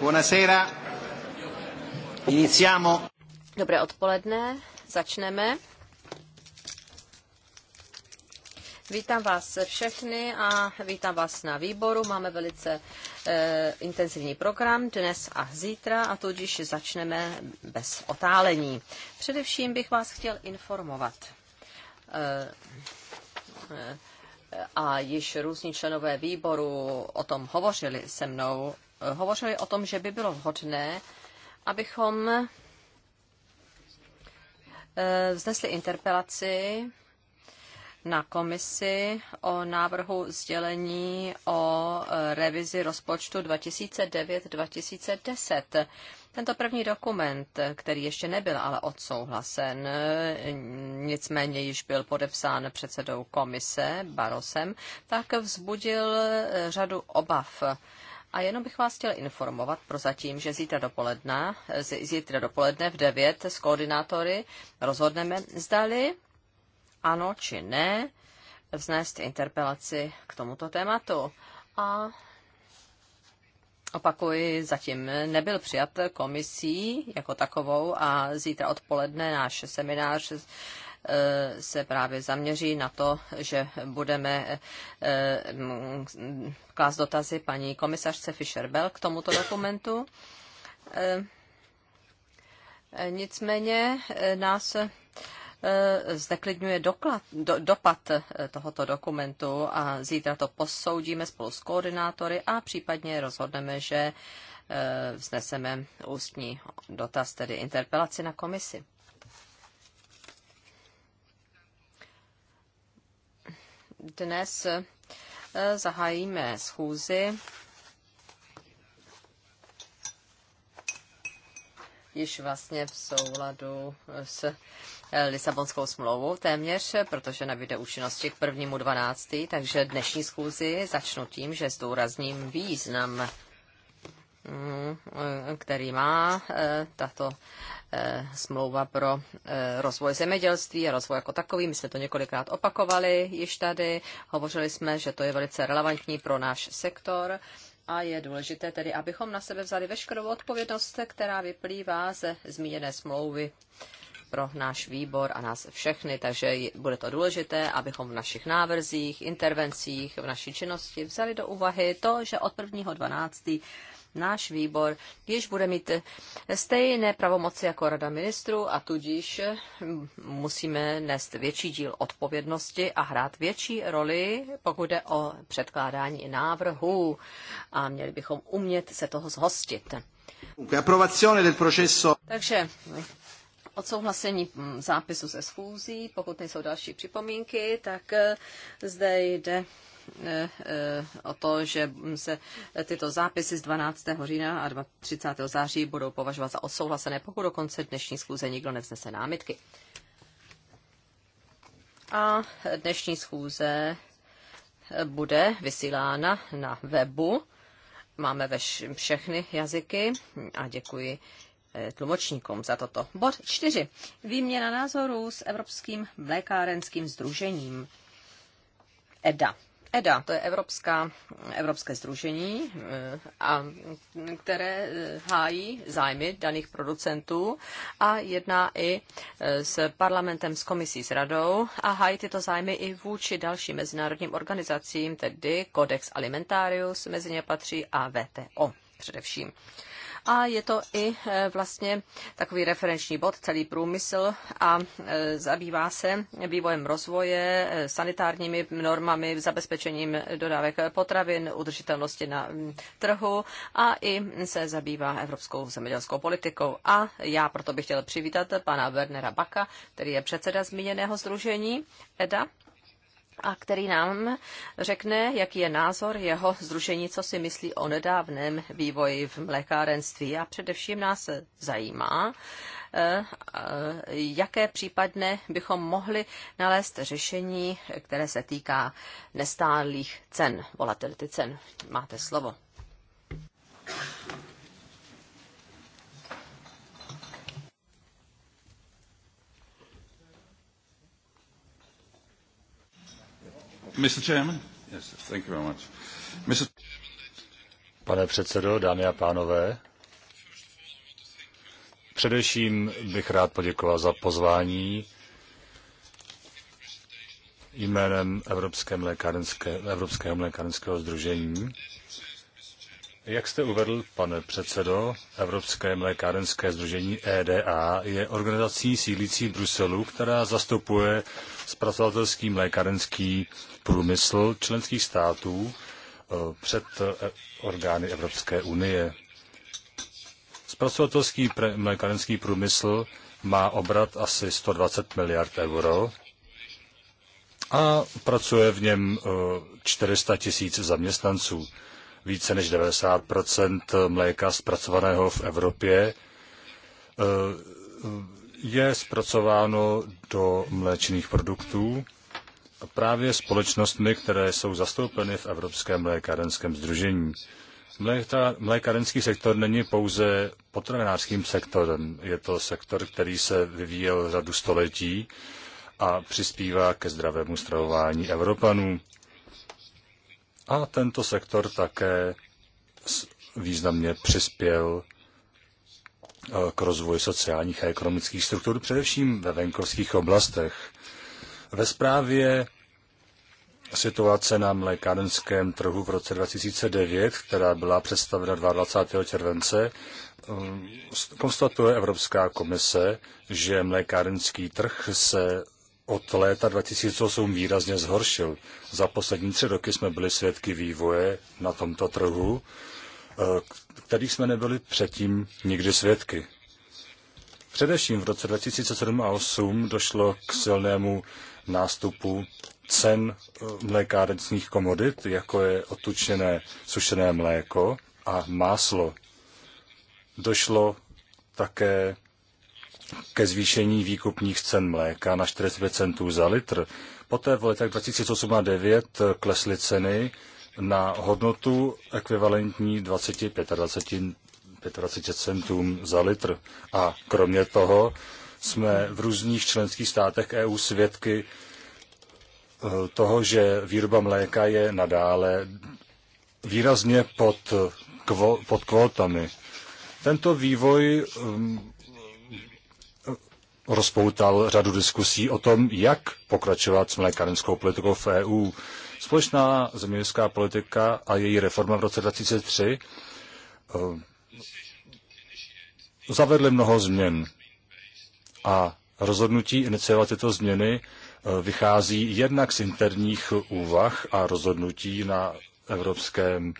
Buonasera. Iniziamo. Dobré odpoledne, začneme. Vítám vás všechny a vítám vás na výboru. Máme velice e, intenzivní program dnes a zítra a tudíž začneme bez otálení. Především bych vás chtěl informovat. E, e, a již různí členové výboru o tom hovořili se mnou hovořili o tom, že by bylo vhodné, abychom eh, vznesli interpelaci na komisi o návrhu sdělení o eh, revizi rozpočtu 2009-2010. Tento první dokument, který ještě nebyl ale odsouhlasen, eh, nicméně již byl podepsán předsedou komise Barosem, tak vzbudil řadu obav a jenom bych vás chtěl informovat prozatím, že zítra dopoledne, zítra dopoledne v 9 s koordinátory rozhodneme, zdali ano či ne, vznést interpelaci k tomuto tématu. A Opakuji, zatím nebyl přijat komisí jako takovou a zítra odpoledne náš seminář Eh, se právě zaměří na to, že budeme eh, klást dotazy paní komisařce Fischer-Bell k tomuto dokumentu. Eh, nicméně nás zneklidňuje doklad, do, dopad tohoto dokumentu a zítra to posoudíme spolu s koordinátory a případně rozhodneme, že vzneseme ústní dotaz, tedy interpelaci na komisi. dnes eh, zahájíme schůzi již vlastně v souladu s eh, Lisabonskou smlouvou téměř, protože navíde účinnosti k prvnímu 12. Takže dnešní schůzi začnu tím, že zdůrazním význam mm, eh, který má tato Eh, smlouva pro eh, rozvoj zemědělství a rozvoj jako takový. My jsme to několikrát opakovali již tady. Hovořili jsme, že to je velice relevantní pro náš sektor. A je důležité tedy, abychom na sebe vzali veškerou odpovědnost, která vyplývá ze zmíněné smlouvy pro náš výbor a nás všechny, takže bude to důležité, abychom v našich návrzích, intervencích, v naší činnosti vzali do úvahy to, že od 1.12 náš výbor již bude mít stejné pravomoci jako Rada ministrů a tudíž musíme nést větší díl odpovědnosti a hrát větší roli, pokud jde o předkládání návrhů a měli bychom umět se toho zhostit. Takže odsouhlasení mm, zápisu ze schůzí, pokud nejsou další připomínky, tak eh, zde jde Eh, eh, o to, že se tyto zápisy z 12. října a 30. září budou považovat za odsouhlasené, pokud do konce dnešní schůze nikdo nevznese námitky. A dnešní schůze bude vysílána na webu. Máme ve všechny jazyky a děkuji eh, tlumočníkům za toto. Bod 4. Výměna názorů s Evropským mlékárenským združením. EDA. EDA, to je Evropská, Evropské združení, eh, a, které eh, hájí zájmy daných producentů a jedná i eh, s parlamentem, s komisí, s radou a hájí tyto zájmy i vůči dalším mezinárodním organizacím, tedy Codex Alimentarius, mezi ně patří a VTO především a je to i eh, vlastně takový referenční bod, celý průmysl a eh, zabývá se vývojem rozvoje, eh, sanitárními normami, zabezpečením dodávek potravin, udržitelnosti na mm, trhu a i se zabývá evropskou zemědělskou politikou. A já proto bych chtěl přivítat pana Wernera Baka, který je předseda zmíněného združení EDA a který nám řekne, jaký je názor jeho zrušení, co si myslí o nedávném vývoji v mlékárenství. A především nás zajímá, eh, jaké případně bychom mohli nalézt řešení, které se týká nestálých cen, volatility cen. Máte slovo. Mr. Chairman? Yes, thank you very much. Mr. Pane předsedo, dámy a pánové, především bych rád poděkoval za pozvání jménem Evropské mlékárenské, Evropského mlékárenského združení. Jak jste uvedl, pane předsedo, Evropské mlékárenské združení EDA je organizací sídlící v Bruselu, která zastupuje zpracovatelský mlékárenský průmysl členských států e, před e, orgány Evropské unie. Zpracovatelský mlékárenský průmysl má obrat asi 120 miliard euro a pracuje v něm 400 e, tisíc zaměstnanců více než 90 mléka zpracovaného v Evropě eh, je zpracováno do mléčných produktů právě společnostmi, které jsou zastoupeny v Evropském mlékárenském združení. Mléka, mlékárenský sektor není pouze potravinářským sektorem. Je to sektor, který se vyvíjel řadu století a přispívá ke zdravému stravování Evropanů. A tento sektor také významně přispěl eh, k rozvoji sociálních a ekonomických struktur, především ve venkovských oblastech. Ve zprávě situace na mlékárenském trhu v roce 2009, která byla představena 22. července, eh, konstatuje Evropská komise, že mlékárenský trh se od léta 2008 výrazně zhoršil. Za poslední tři roky jsme byli svědky vývoje na tomto trhu, eh, kterých jsme nebyli předtím nikdy svědky. Především v roce 2007 a 2008 došlo k silnému nástupu cen eh, mlékárenských komodit, jako je otučené sušené mléko a máslo. Došlo také ke zvýšení výkupních cen mléka na 45 centů za litr. Poté v letech 2008 a 2009 klesly ceny na hodnotu ekvivalentní 25 25 centům za litr. A kromě toho jsme v různých členských státech EU svědky eh, toho, že výroba mléka je nadále výrazně pod, kvo, pod kvótami. Tento vývoj um, rozpoutal řadu diskusí o tom, jak pokračovat s mlékárenskou politikou v EU. Společná zemědělská politika a její reforma v roce 2003 eh, zavedly mnoho změn a rozhodnutí iniciovat tyto změny eh, vychází jednak z interních úvah a rozhodnutí na evropském,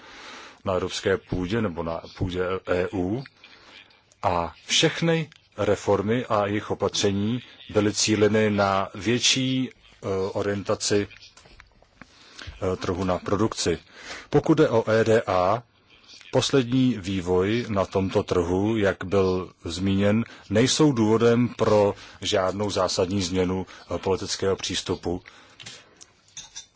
na evropské půdě nebo na půdě EU a všechny reformy a jejich opatření byly cíleny na větší eh, orientaci eh, trhu na produkci. Pokud jde o EDA, poslední vývoj na tomto trhu, jak byl zmíněn, nejsou důvodem pro žádnou zásadní změnu eh, politického přístupu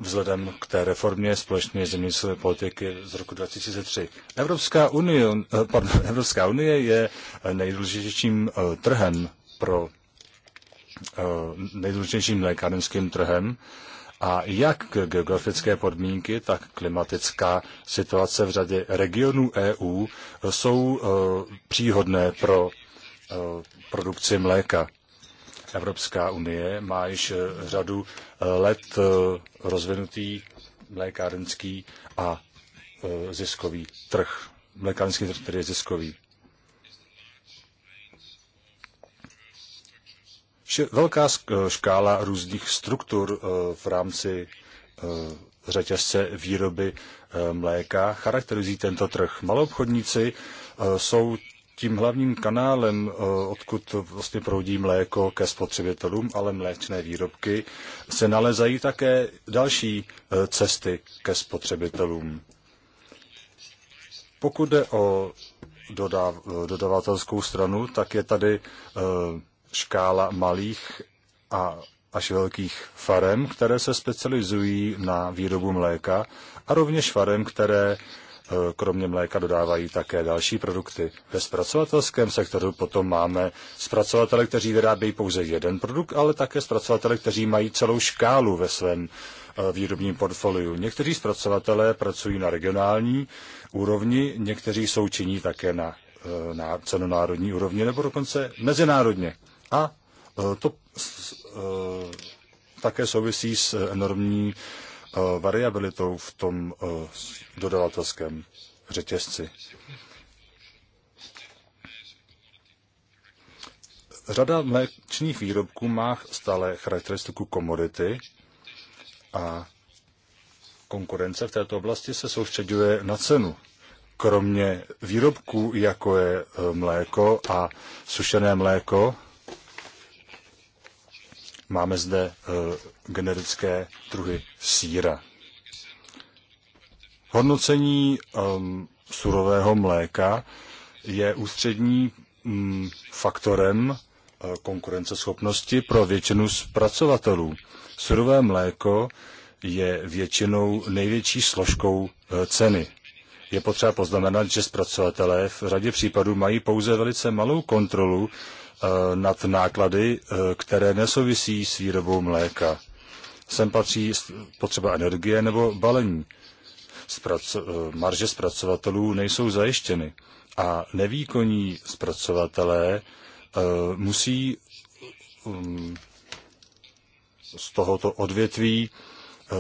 vzhledem k té reformě společné zemědělské politiky z roku 2003. Evropská unie, eh, pardon, Evropská unie je nejdůležitějším eh, trhem pro eh, nejdůležitějším lékárenským trhem a jak geografické podmínky, tak klimatická situace v řadě regionů EU jsou příhodné pro produkci mléka. Evropská unie má již eh, řadu eh, let eh, rozvinutý mlékárenský a ziskový trh. Mlékárenský trh, který je ziskový. Velká škála různých struktur v rámci řetězce výroby mléka charakterizují tento trh. Maloobchodníci jsou tím hlavním kanálem, eh, odkud vlastně proudí mléko ke spotřebitelům, ale mléčné výrobky, se nalezají také další eh, cesty ke spotřebitelům. Pokud jde o dodav, dodavatelskou stranu, tak je tady eh, škála malých a až velkých farem, které se specializují na výrobu mléka a rovněž farem, které Eh, kromě mléka dodávají také další produkty. Ve zpracovatelském sektoru potom máme zpracovatele, kteří vyrábějí pouze jeden produkt, ale také zpracovatele, kteří mají celou škálu ve svém eh, výrobním portfoliu. Někteří zpracovatelé pracují na regionální úrovni, někteří jsou činí také na, eh, na cenonárodní úrovni nebo dokonce mezinárodně. A to také souvisí s enormní Eh, variabilitou v tom eh, dodavatelském řetězci. Řada mléčných výrobků má stále charakteristiku komodity a konkurence v této oblasti se soustředuje na cenu. Kromě výrobků, jako je eh, mléko a sušené mléko, Máme zde eh, generické druhy síra. Hodnocení ehm, surového mléka je ústřední mm, faktorem eh, konkurenceschopnosti pro většinu zpracovatelů. Surové mléko je většinou největší složkou eh, ceny. Je potřeba poznamenat, že zpracovatelé v řadě případů mají pouze velice malou kontrolu Eh, nad náklady, eh, které nesouvisí s výrobou mléka. Sem patří potřeba energie nebo balení. Zpraco- eh, marže zpracovatelů nejsou zajištěny a nevýkonní zpracovatelé musí mm, z tohoto odvětví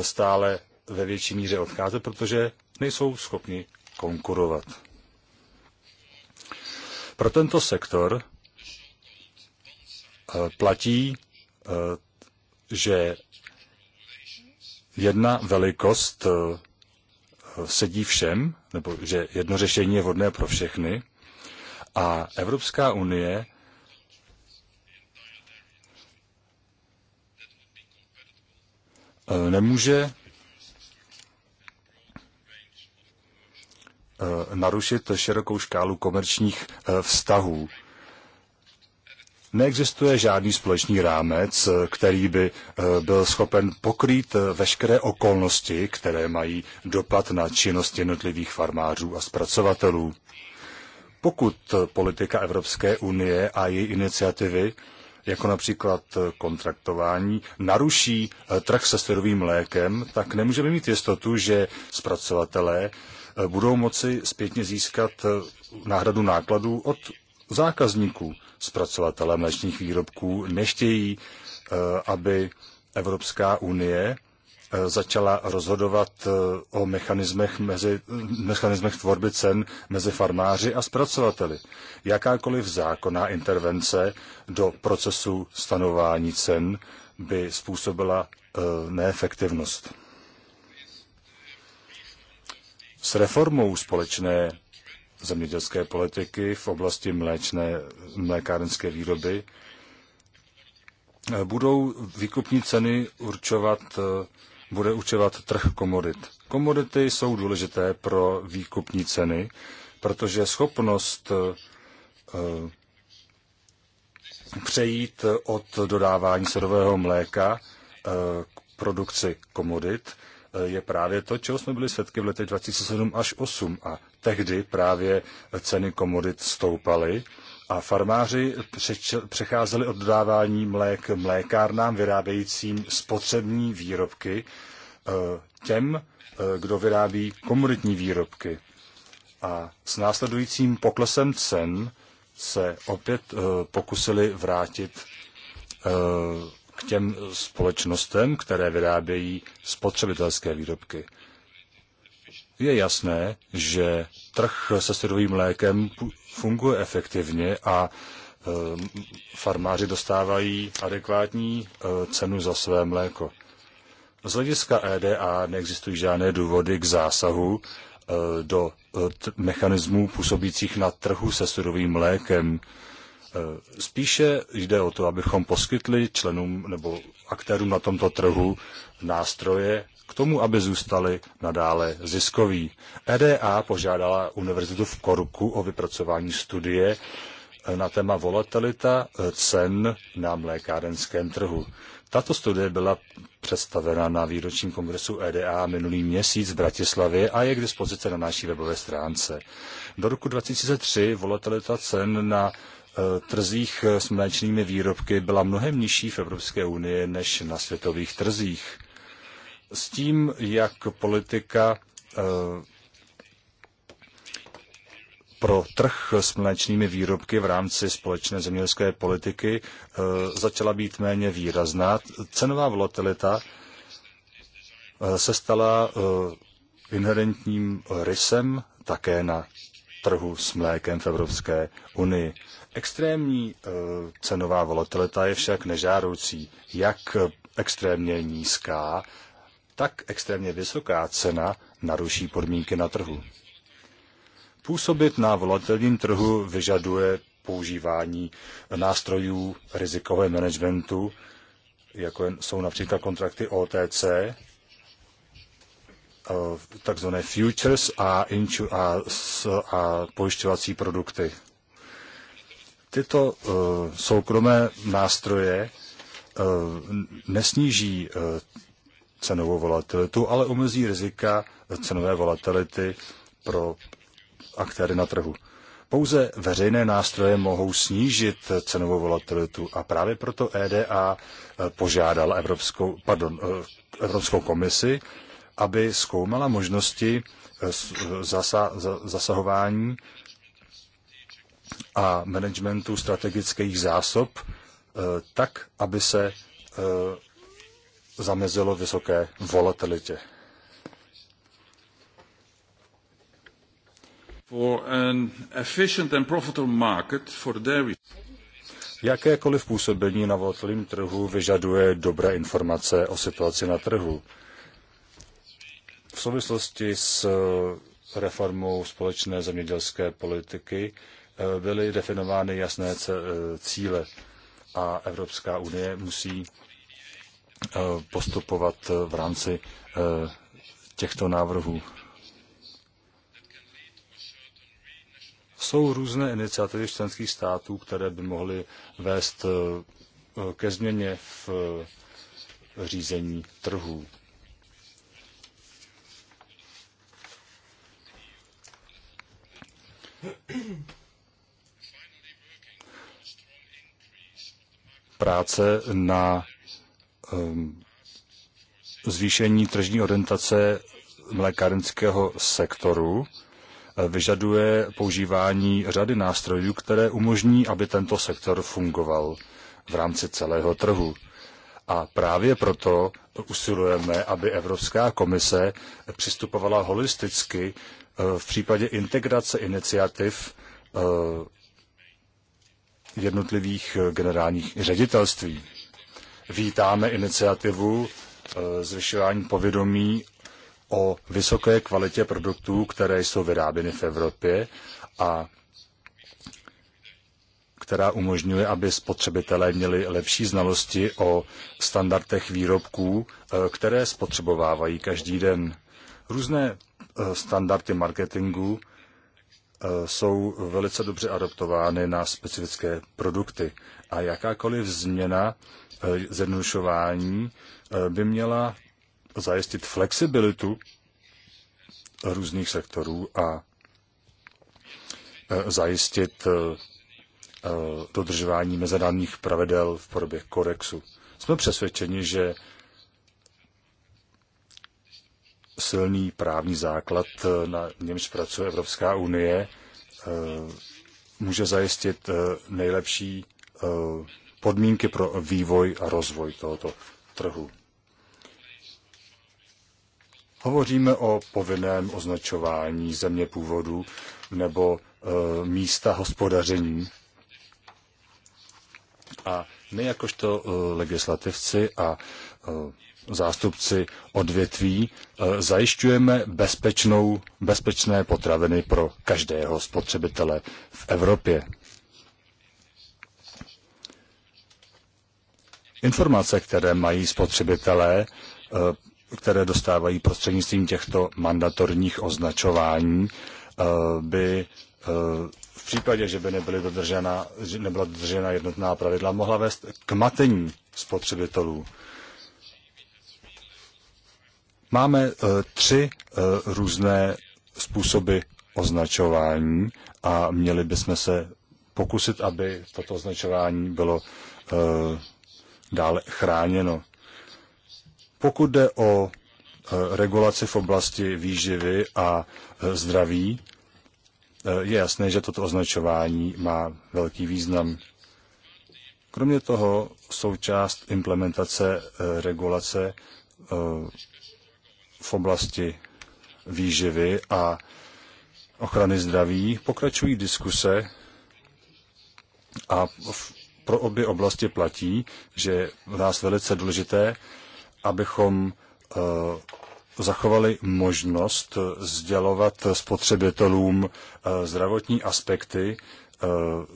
stále ve větší míře odcházet, protože nejsou schopni konkurovat. Pro tento sektor Eh, platí, eh, že jedna velikost eh, sedí všem, nebo že jedno řešení je vhodné pro všechny. A Evropská unie nemůže narušit širokou škálu komerčních vztahů Neexistuje žádný společný rámec, eh, který by eh, byl schopen pokrýt eh, veškeré okolnosti, které mají dopad na činnost jednotlivých farmářů a zpracovatelů. Pokud politika Evropské unie a její iniciativy, jako například kontraktování, naruší trh se svědovým mlékem, tak nemůžeme mít jistotu, že zpracovatelé budou moci zpětně získat náhradu nákladů od zákazníků. Zpracovatele mléčných výrobků nechtějí, eh, aby Evropská unie eh, začala rozhodovat eh, o mechanismech, mezi, mechanismech tvorby cen mezi farmáři a zpracovateli. Jakákoliv zákonná intervence do procesu stanování cen by způsobila neefektivnost. S reformou společné zemědělské politiky v oblasti mléčné, mlékárenské výroby, budou výkupní ceny určovat, bude určovat trh komodit. Komodity jsou důležité pro výkupní ceny, protože schopnost eh, přejít od dodávání sedového mléka eh, k produkci komodit je právě to, čeho jsme byli svědky v letech 2007 až 2008. A tehdy právě ceny komodit stoupaly a farmáři přecházeli od dodávání mlék mlékárnám vyrábějícím spotřební výrobky eh, těm, eh, kdo vyrábí komoditní výrobky. A s následujícím poklesem cen se opět eh, pokusili vrátit k těm společnostem, které vyrábějí spotřebitelské výrobky. Je jasné, že trh se syrovým mlékem funguje efektivně a ehm, farmáři dostávají adekvátní ehm, cenu za své mléko. Z hlediska EDA neexistují žádné důvody k zásahu ehm, do mechanismů působících na trhu se surovým mlékem. Eh, spíše jde o to, abychom poskytli členům nebo aktérům na tomto trhu nástroje k tomu, aby zůstali nadále ziskoví. EDA požádala Univerzitu v Korku o vypracování studie eh, na téma volatilita eh, cen na mlékárenském trhu. Tato studie byla představena na výročním kongresu EDA minulý měsíc v Bratislavě a je k dispozici na naší webové stránce. Do roku 2003 volatilita cen na Eh, trzích eh, s mléčnými výrobky byla mnohem nižší v Evropské unii než na světových trzích. S tím, jak politika eh, pro trh s mléčnými výrobky v rámci společné zemědělské politiky začala být méně výrazná. Cenová volatilita se stala inherentním rysem také na trhu s mlékem v Evropské unii. Extrémní eh, cenová volatilita je však nežádoucí. Jak extrémně nízká, tak extrémně vysoká cena naruší podmínky na trhu. Působit na volatilním trhu vyžaduje používání nástrojů rizikového managementu, jako jsou například kontrakty OTC, eh, takzvané futures a, inču, a, a pojišťovací produkty. Tyto eh, soukromé nástroje eh, nesníží eh, cenovou volatilitu, ale omezí rizika cenové volatility pro aktéry na trhu. Pouze veřejné nástroje mohou snížit cenovou volatilitu a právě proto EDA požádala Evropskou, pardon, Evropskou komisi, aby zkoumala možnosti zasahování a managementu strategických zásob eh, tak, aby se eh, zamezilo vysoké volatilitě. For an efficient and profitable market for dairy. Jakékoliv působení na volatilním trhu vyžaduje dobré informace o situaci na trhu. V souvislosti s eh, reformou společné zemědělské politiky Eh, byly definovány jasné eh, cíle a Evropská unie musí eh, postupovat v rámci těchto návrhů. Jsou různé iniciativy členských států, které by mohly vést ke změně v řízení trhů. práce na ehm, zvýšení tržní orientace mlékárenského sektoru eh, vyžaduje používání řady nástrojů, které umožní, aby tento sektor fungoval v rámci celého trhu. A právě proto usilujeme, aby Evropská komise přistupovala holisticky eh, v případě integrace iniciativ eh, jednotlivých eh, generálních ředitelství. Vítáme iniciativu eh, zvyšování povědomí o vysoké kvalitě produktů, které jsou vyráběny v Evropě a která umožňuje, aby spotřebitelé měli lepší znalosti o standardech výrobků, eh, které spotřebovávají každý den. Různé standardy marketingu Eh, jsou velice dobře adaptovány na specifické produkty. A jakákoliv změna eh, zjednodušování eh, by měla zajistit flexibilitu různých sektorů a zajistit dodržování mezinárodních pravidel v podobě korexu. Jsme přesvědčeni, že silný právní základ, eh, na němž pracuje Evropská unie, eh, může zajistit eh, nejlepší podmínky pro vývoj a rozvoj tohoto trhu. Hovoříme o povinném označování země původu nebo e, místa hospodaření. A my jakožto e, legislativci a e, zástupci odvětví e, zajišťujeme bezpečnou, bezpečné potraviny pro každého spotřebitele v Evropě. Informace, které mají spotřebitelé, e, které dostávají prostřednictvím těchto mandatorních označování, e, by v případě, že by nebyly dodržena, nebyla dodržena jednotná pravidla, mohla vést k matení spotřebitelů. Máme eh, tři eh, různé způsoby označování a měli bychom se pokusit, aby toto označování bylo eh, dále chráněno. Pokud jde o regulaci v oblasti výživy a zdraví, je jasné, že toto označování má velký význam. Kromě toho součást implementace regulace v oblasti výživy a ochrany zdraví pokračují diskuse a pro obě oblasti platí, že je v nás velice důležité, abychom eh, zachovali možnost sdělovat spotřebitelům eh, zdravotní aspekty eh,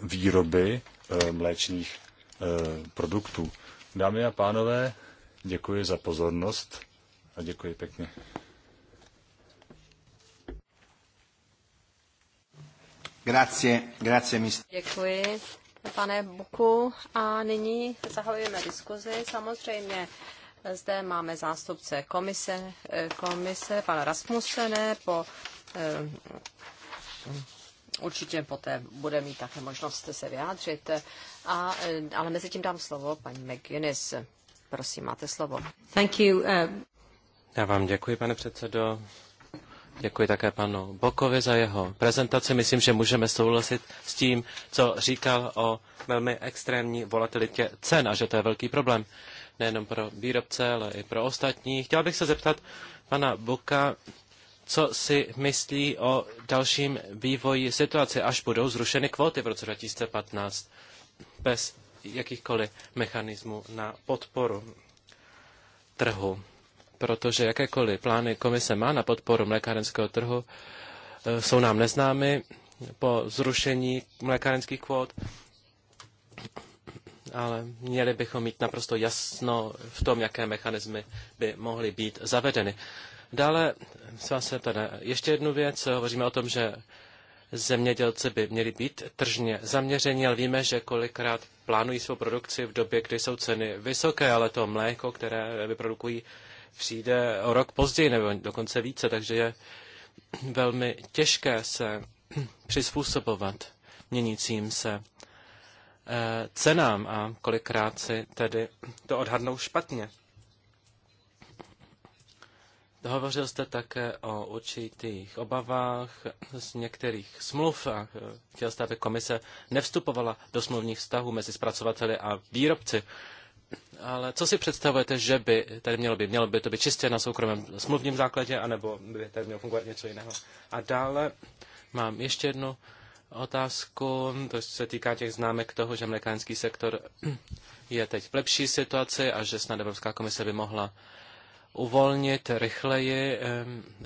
výroby mléčných produktů. Dámy a pánové, děkuji za pozornost. A děkuji pěkně. Grazie, grazie, mistr. Děkuji, pane Buku. A nyní zahajujeme diskuzi. Samozřejmě zde máme zástupce komise, komise pana Rasmusene po eh, Určitě poté bude mít také možnost se vyjádřit. A, eh, ale mezi tím dám slovo paní McGuinness. Prosím, máte slovo. Thank you. Uh... Já vám děkuji, pane předsedo. Děkuji také panu Bokovi za jeho prezentaci. Myslím, že můžeme souhlasit s tím, co říkal o velmi extrémní volatilitě cen a že to je velký problém nejenom pro výrobce, ale i pro ostatní. Chtěl bych se zeptat pana Boka, co si myslí o dalším vývoji situace, až budou zrušeny kvóty v roce 2015 bez jakýchkoliv mechanismů na podporu trhu protože jakékoliv plány komise má na podporu mlékárenského trhu eh, jsou nám neznámy po zrušení mlékárenských kvót, ale měli bychom mít naprosto jasno v tom, jaké mechanismy by mohly být zavedeny. Dále se vás teda ještě jednu věc. Hovoříme o tom, že zemědělci by měli být tržně zaměření, ale víme, že kolikrát plánují svou produkci v době, kdy jsou ceny vysoké, ale to mléko, které vyprodukují, přijde o rok později nebo dokonce více, takže je velmi těžké se přizpůsobovat měnícím se eh, cenám a kolikrát si tedy to odhadnou špatně. Hovořil jste také o určitých obavách z některých smluv a eh, chtěl jste, aby komise nevstupovala do smluvních vztahů mezi zpracovateli a výrobci ale co si představujete, že by tady mělo být? Mělo by to být čistě na soukromém smluvním základě, anebo by tady mělo fungovat něco jiného? A dále mám ještě jednu otázku, to se týká těch známek toho, že mlékárenský sektor je teď v lepší situaci a že snad Evropská komise by mohla uvolnit rychleji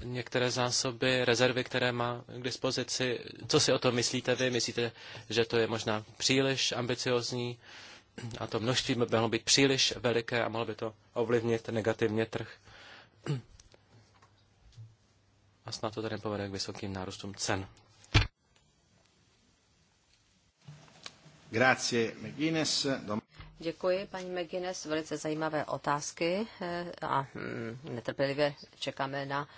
některé zásoby, rezervy, které má k dispozici. Co si o tom myslíte vy? Myslíte, že to je možná příliš ambiciozní a to množství by mohlo být příliš veliké a mohlo by to ovlivnit negativně trh. A snad to tady povede k vysokým nárůstům cen. Grazie, McGuinness. Děkuji, paní McGuinness, velice zajímavé otázky eh, a hm, netrpělivě čekáme na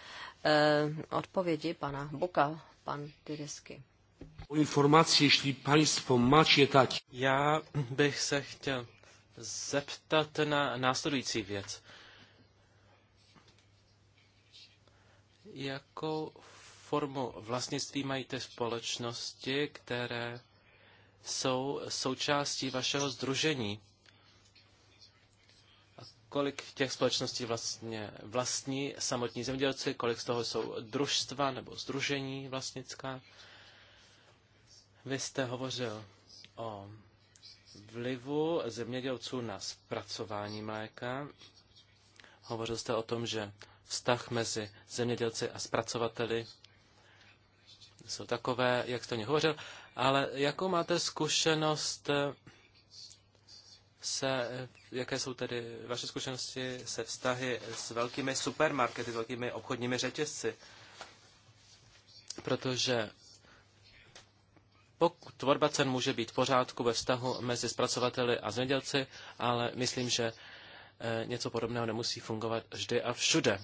eh, odpovědi pana Buka, pan Tyresky. O informaci, jestli państwo máte tak. Já bych se chtěl zeptat na následující věc. Jakou formu vlastnictví mají ty společnosti, které jsou součástí vašeho združení? A kolik těch společností vlastně vlastní samotní zemědělci, kolik z toho jsou družstva nebo združení vlastnická? Vy jste hovořil o vlivu zemědělců na zpracování mléka. Hovořil jste o tom, že vztah mezi zemědělci a zpracovateli jsou takové, jak jste o hovořil, ale jakou máte zkušenost se, jaké jsou tedy vaše zkušenosti se vztahy s velkými supermarkety, s velkými obchodními řetězci? Protože pokud tvorba cen může být v pořádku ve vztahu mezi zpracovateli a zemědělci, ale myslím, že e, něco podobného nemusí fungovat vždy a všude.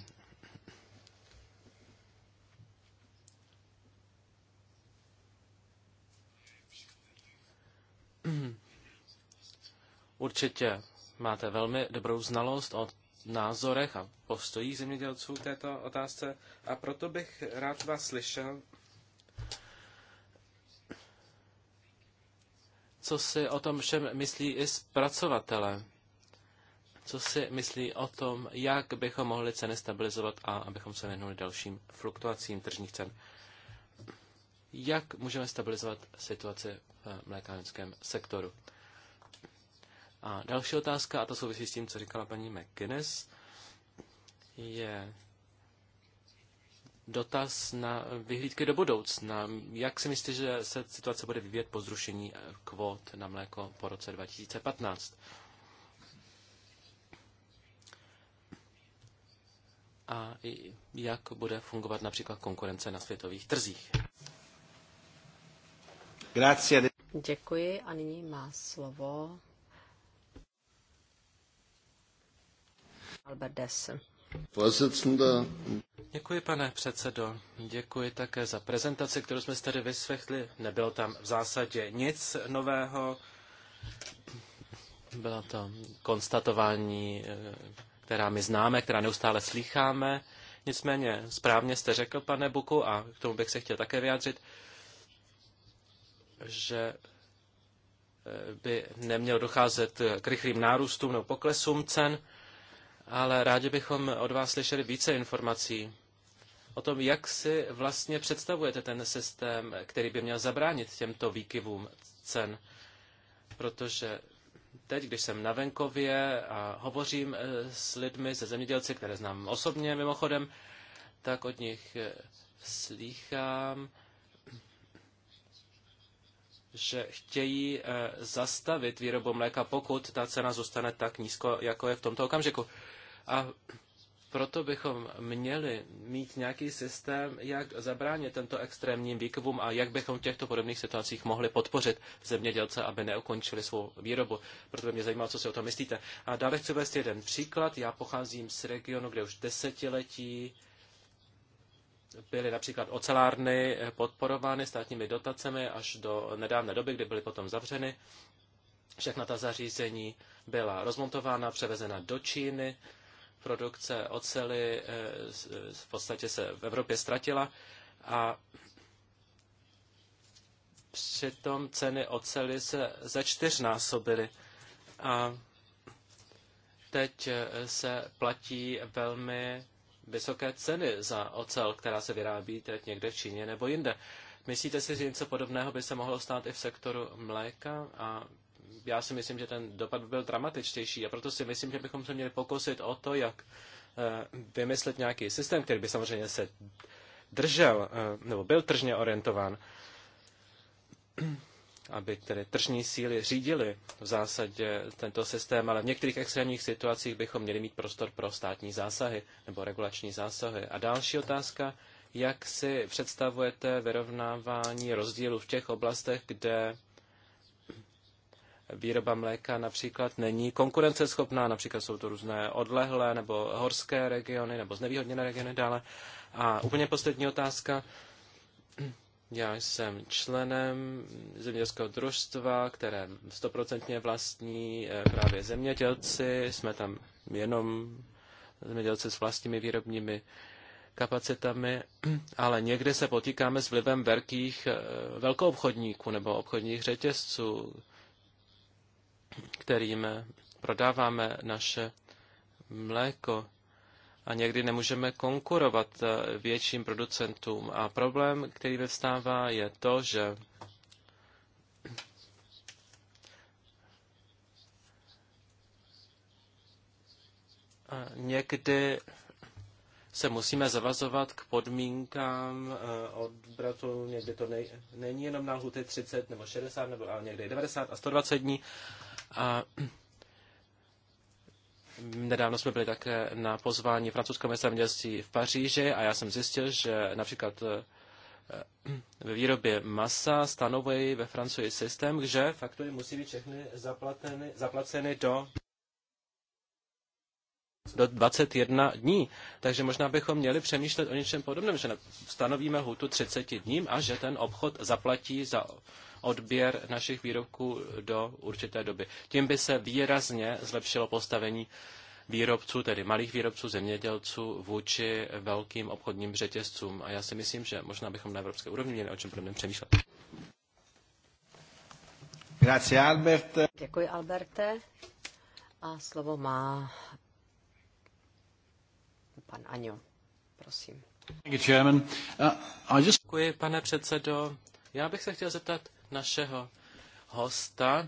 Určitě máte velmi dobrou znalost o názorech a postojích zemědělců k této otázce a proto bych rád vás slyšel co si o tom všem myslí i zpracovatele. Co si myslí o tom, jak bychom mohli ceny stabilizovat a abychom se vyhnuli dalším fluktuacím tržních cen. Jak můžeme stabilizovat situaci v mlékárenském sektoru? A další otázka, a to souvisí s tím, co říkala paní McGuinness, je dotaz na vyhlídky do budoucna. Jak si myslíte, že se situace bude vyvíjet po zrušení eh, kvót na mléko po roce 2015? A jak bude fungovat například konkurence na světových trzích? Děkuji a nyní má slovo Albert Dessen. Děkuji, pane předsedo. Děkuji také za prezentaci, kterou jsme tady vysvětli. Nebylo tam v zásadě nic nového. Byla to konstatování, eh, která my známe, která neustále slýcháme. Nicméně správně jste řekl, pane Buku, a k tomu bych se chtěl také vyjádřit, že eh, by nemělo docházet k rychlým nárůstům nebo poklesům cen ale rádi bychom od vás slyšeli více informací o tom, jak si vlastně představujete ten systém, který by měl zabránit těmto výkyvům cen. Protože teď, když jsem na venkově a hovořím eh, s lidmi, se zemědělci, které znám osobně mimochodem, tak od nich eh, slýchám, že chtějí eh, zastavit výrobu mléka, pokud ta cena zůstane tak nízko, jako je v tomto okamžiku. A proto bychom měli mít nějaký systém, jak zabránit tento extrémním výkovům a jak bychom v těchto podobných situacích mohli podpořit zemědělce, aby neukončili svou výrobu. Proto by mě zajímalo, co si o tom myslíte. A dále chci uvést jeden příklad. Já pocházím z regionu, kde už desetiletí byly například ocelárny podporovány státními dotacemi až do nedávné doby, kdy byly potom zavřeny. Všechna ta zařízení byla rozmontována, převezena do Číny produkce ocely eh, v podstatě se v Evropě ztratila a přitom ceny ocely se za čtyřnásobily. A teď eh, se platí velmi vysoké ceny za ocel, která se vyrábí teď někde v Číně nebo jinde. Myslíte si, že něco podobného by se mohlo stát i v sektoru mléka a já si myslím, že ten dopad by byl dramatičtější a proto si myslím, že bychom se měli pokusit o to, jak eh, vymyslet nějaký systém, který by samozřejmě se držel, eh, nebo byl tržně orientován, aby tedy tržní síly řídily v zásadě tento systém, ale v některých extrémních situacích bychom měli mít prostor pro státní zásahy nebo regulační zásahy. A další otázka, jak si představujete vyrovnávání rozdílů v těch oblastech, kde výroba mléka například není konkurenceschopná, například jsou to různé odlehlé nebo horské regiony nebo znevýhodněné regiony dále. A úplně poslední otázka. Já jsem členem zemědělského družstva, které stoprocentně vlastní eh, právě zemědělci. Jsme tam jenom zemědělci s vlastními výrobními kapacitami, ale někdy se potýkáme s vlivem velkých, eh, obchodníků nebo obchodních řetězců, kterým prodáváme naše mléko. A někdy nemůžeme konkurovat eh, větším producentům. A problém, který vyvstává, je to, že někdy se musíme zavazovat k podmínkám eh, od někdy to nej, není jenom na lhuty 30 nebo 60, nebo ale někdy 90 a 120 dní. A Nedávno jsme byli také na pozvání francouzského města zemědělství v Paříži a já jsem zjistil, že například eh, ve výrobě masa stanovují ve Francii systém, že faktury musí být všechny zaplateny, zaplaceny do do 21 dní. Takže možná bychom měli přemýšlet o něčem podobném, že stanovíme hutu 30 dní a že ten obchod zaplatí za odběr našich výrobků do určité doby. Tím by se výrazně zlepšilo postavení výrobců, tedy malých výrobců, zemědělců vůči velkým obchodním řetězcům. A já si myslím, že možná bychom na evropské úrovni měli o čem podobném přemýšlet. Grazie, Albert. Děkuji, Alberte. A slovo má pan Aňo. Prosím. Uh, Děkuji, pane předsedo. Já bych se chtěl zeptat, našeho hosta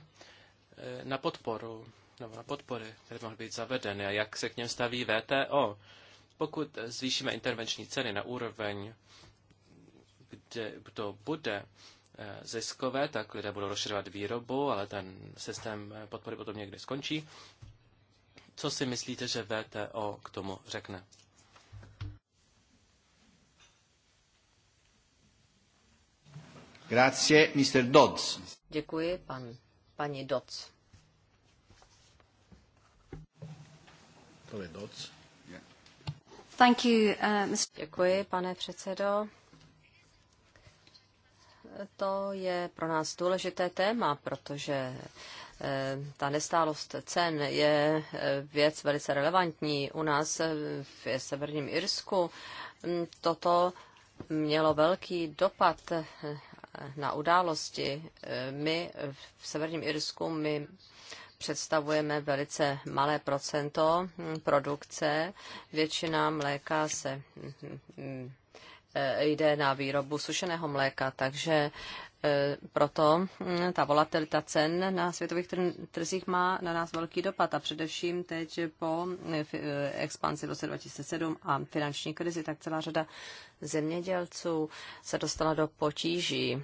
eh, na podporu, nebo na podpory, které mohly být zavedeny a jak se k něm staví VTO. Pokud zvýšíme intervenční ceny na úroveň, kde to bude eh, ziskové, tak lidé budou rozšiřovat výrobu, ale ten systém podpory potom někdy skončí. Co si myslíte, že VTO k tomu řekne? Grazie, Mr. Dodds. Děkuji, pan, paní Dodds. To je Dodds. Thank you, uh, Mr. Děkuji, pane předsedo. To je pro nás důležité téma, protože eh, ta nestálost cen je eh, věc velice relevantní. U nás eh, v Severním Irsku mm, toto mělo velký dopad na události. My v Severním Irsku my představujeme velice malé procento produkce. Většina mléka se mm, mm, mm, e, jde na výrobu sušeného mléka, takže E, proto mm, ta volatilita cen na světových trzích má na nás velký dopad a především teď po e, e, expanzi v roce 2007 a finanční krizi, tak celá řada zemědělců se dostala do potíží.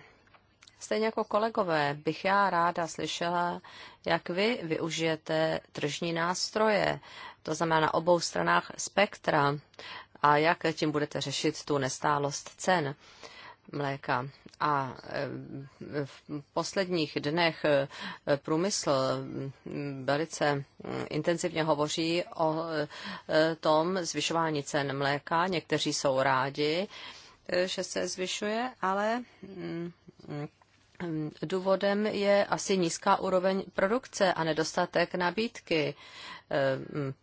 Stejně jako kolegové bych já ráda slyšela, jak vy využijete tržní nástroje, to znamená na obou stranách spektra, a jak tím budete řešit tu nestálost cen mléka. A eh, v posledních dnech eh, průmysl mm, velice mm, intenzivně hovoří o eh, tom zvyšování cen mléka. Někteří jsou rádi, že se zvyšuje, ale mm, důvodem je asi nízká úroveň produkce a nedostatek nabídky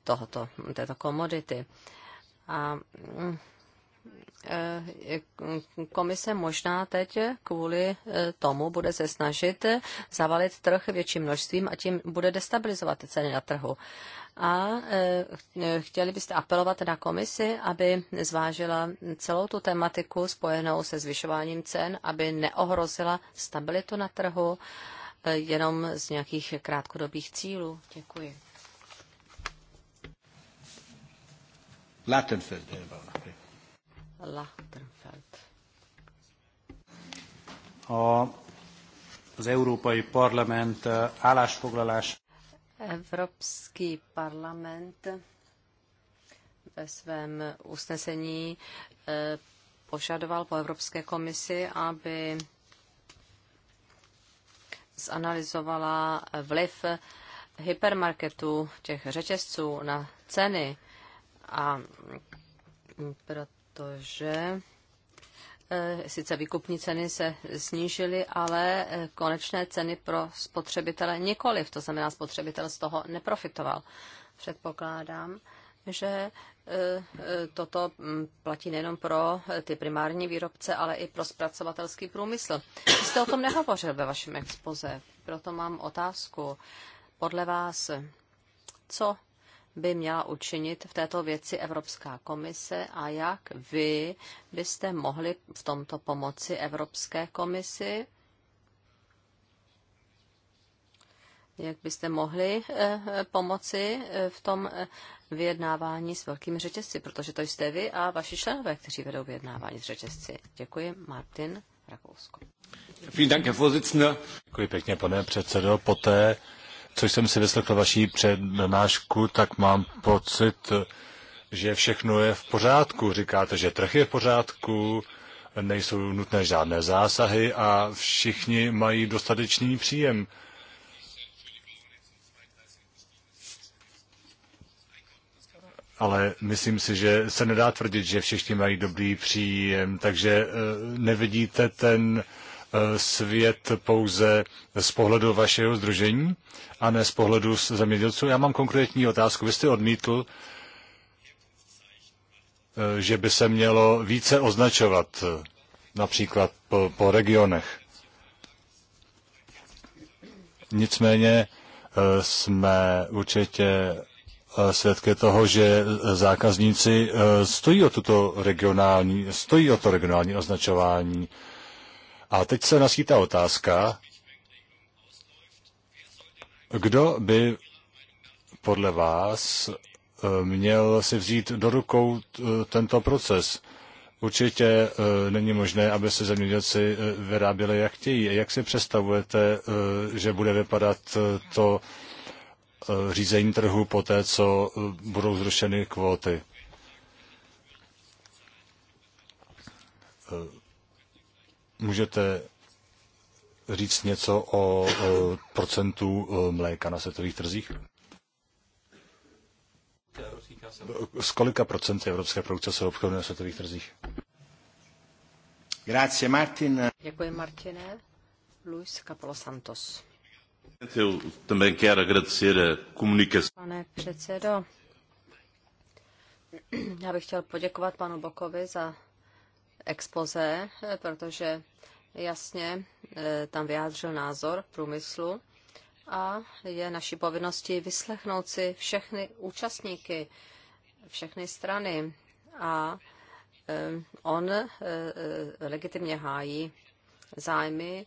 tohoto, této komodity. A Eh, komise možná teď kvůli eh, tomu bude se snažit eh, zavalit trh větším množstvím a tím bude destabilizovat ceny na trhu. A chtěli byste apelovat na komisi, aby zvážila celou tu tematiku spojenou se zvyšováním cen, aby neohrozila stabilitu na trhu jenom z nějakých krátkodobých cílů. Děkuji. Lattenfeld, Lachtenfeld. A az Európai Parlament eh, állásfoglalás. Evropský parlament ve svém usnesení eh, požadoval po Evropské komisi, aby zanalizovala vliv hypermarketů, těch řetězců na ceny a proto protože eh, sice výkupní ceny se snížily, ale eh, konečné ceny pro spotřebitele nikoliv. To znamená, spotřebitel z toho neprofitoval. Předpokládám, že eh, toto mm, platí nejenom pro ty primární výrobce, ale i pro zpracovatelský průmysl. Vy jste o tom nehovořil ve vašem expoze, proto mám otázku. Podle vás, co by měla učinit v této věci Evropská komise a jak vy byste mohli v tomto pomoci Evropské komisi? Jak byste mohli eh, eh, pomoci eh, v tom vyjednávání s velkými řetězci, protože to jste vy a vaši členové, kteří vedou vyjednávání s řetězci. Děkuji, Martin Rakousko. Děkuji pěkně, pane předsedo. Poté, což jsem si vyslechl vaší přednášku, tak mám pocit, že všechno je v pořádku. Říkáte, že trh je v pořádku, nejsou nutné žádné zásahy a všichni mají dostatečný příjem. ale myslím si, že se nedá tvrdit, že všichni mají dobrý příjem, takže eh, nevidíte ten svět pouze z pohledu vašeho združení a ne z pohledu zemědělců. Já mám konkrétní otázku. Vy jste odmítl, eh, že by se mělo více označovat, eh, například po, po regionech. Nicméně eh, jsme určitě svědky toho, že zákazníci stojí o, tuto regionální, stojí o to regionální označování a teď se naskýtá otázka, kdo by podle vás eh, měl si vzít do rukou eh, tento proces? Určitě eh, není možné, aby se zemědělci vyráběli, jak chtějí. Jak si představujete, že bude vypadat to řízení trhu po té, co budou zrušeny kvóty? Můžete říct něco o procentu e, mléka na světových trzích? Z kolika procent evropské produkce se obchoduje na světových trzích? Grazie, Martin. Děkuji, Martine. Luis Capolo Santos. Pane předsedo, já bych chtěl poděkovat panu Bokovi za expoze, protože jasně eh, tam vyjádřil názor průmyslu a je naší povinností vyslechnout si všechny účastníky, všechny strany a eh, on eh, legitimně hájí zájmy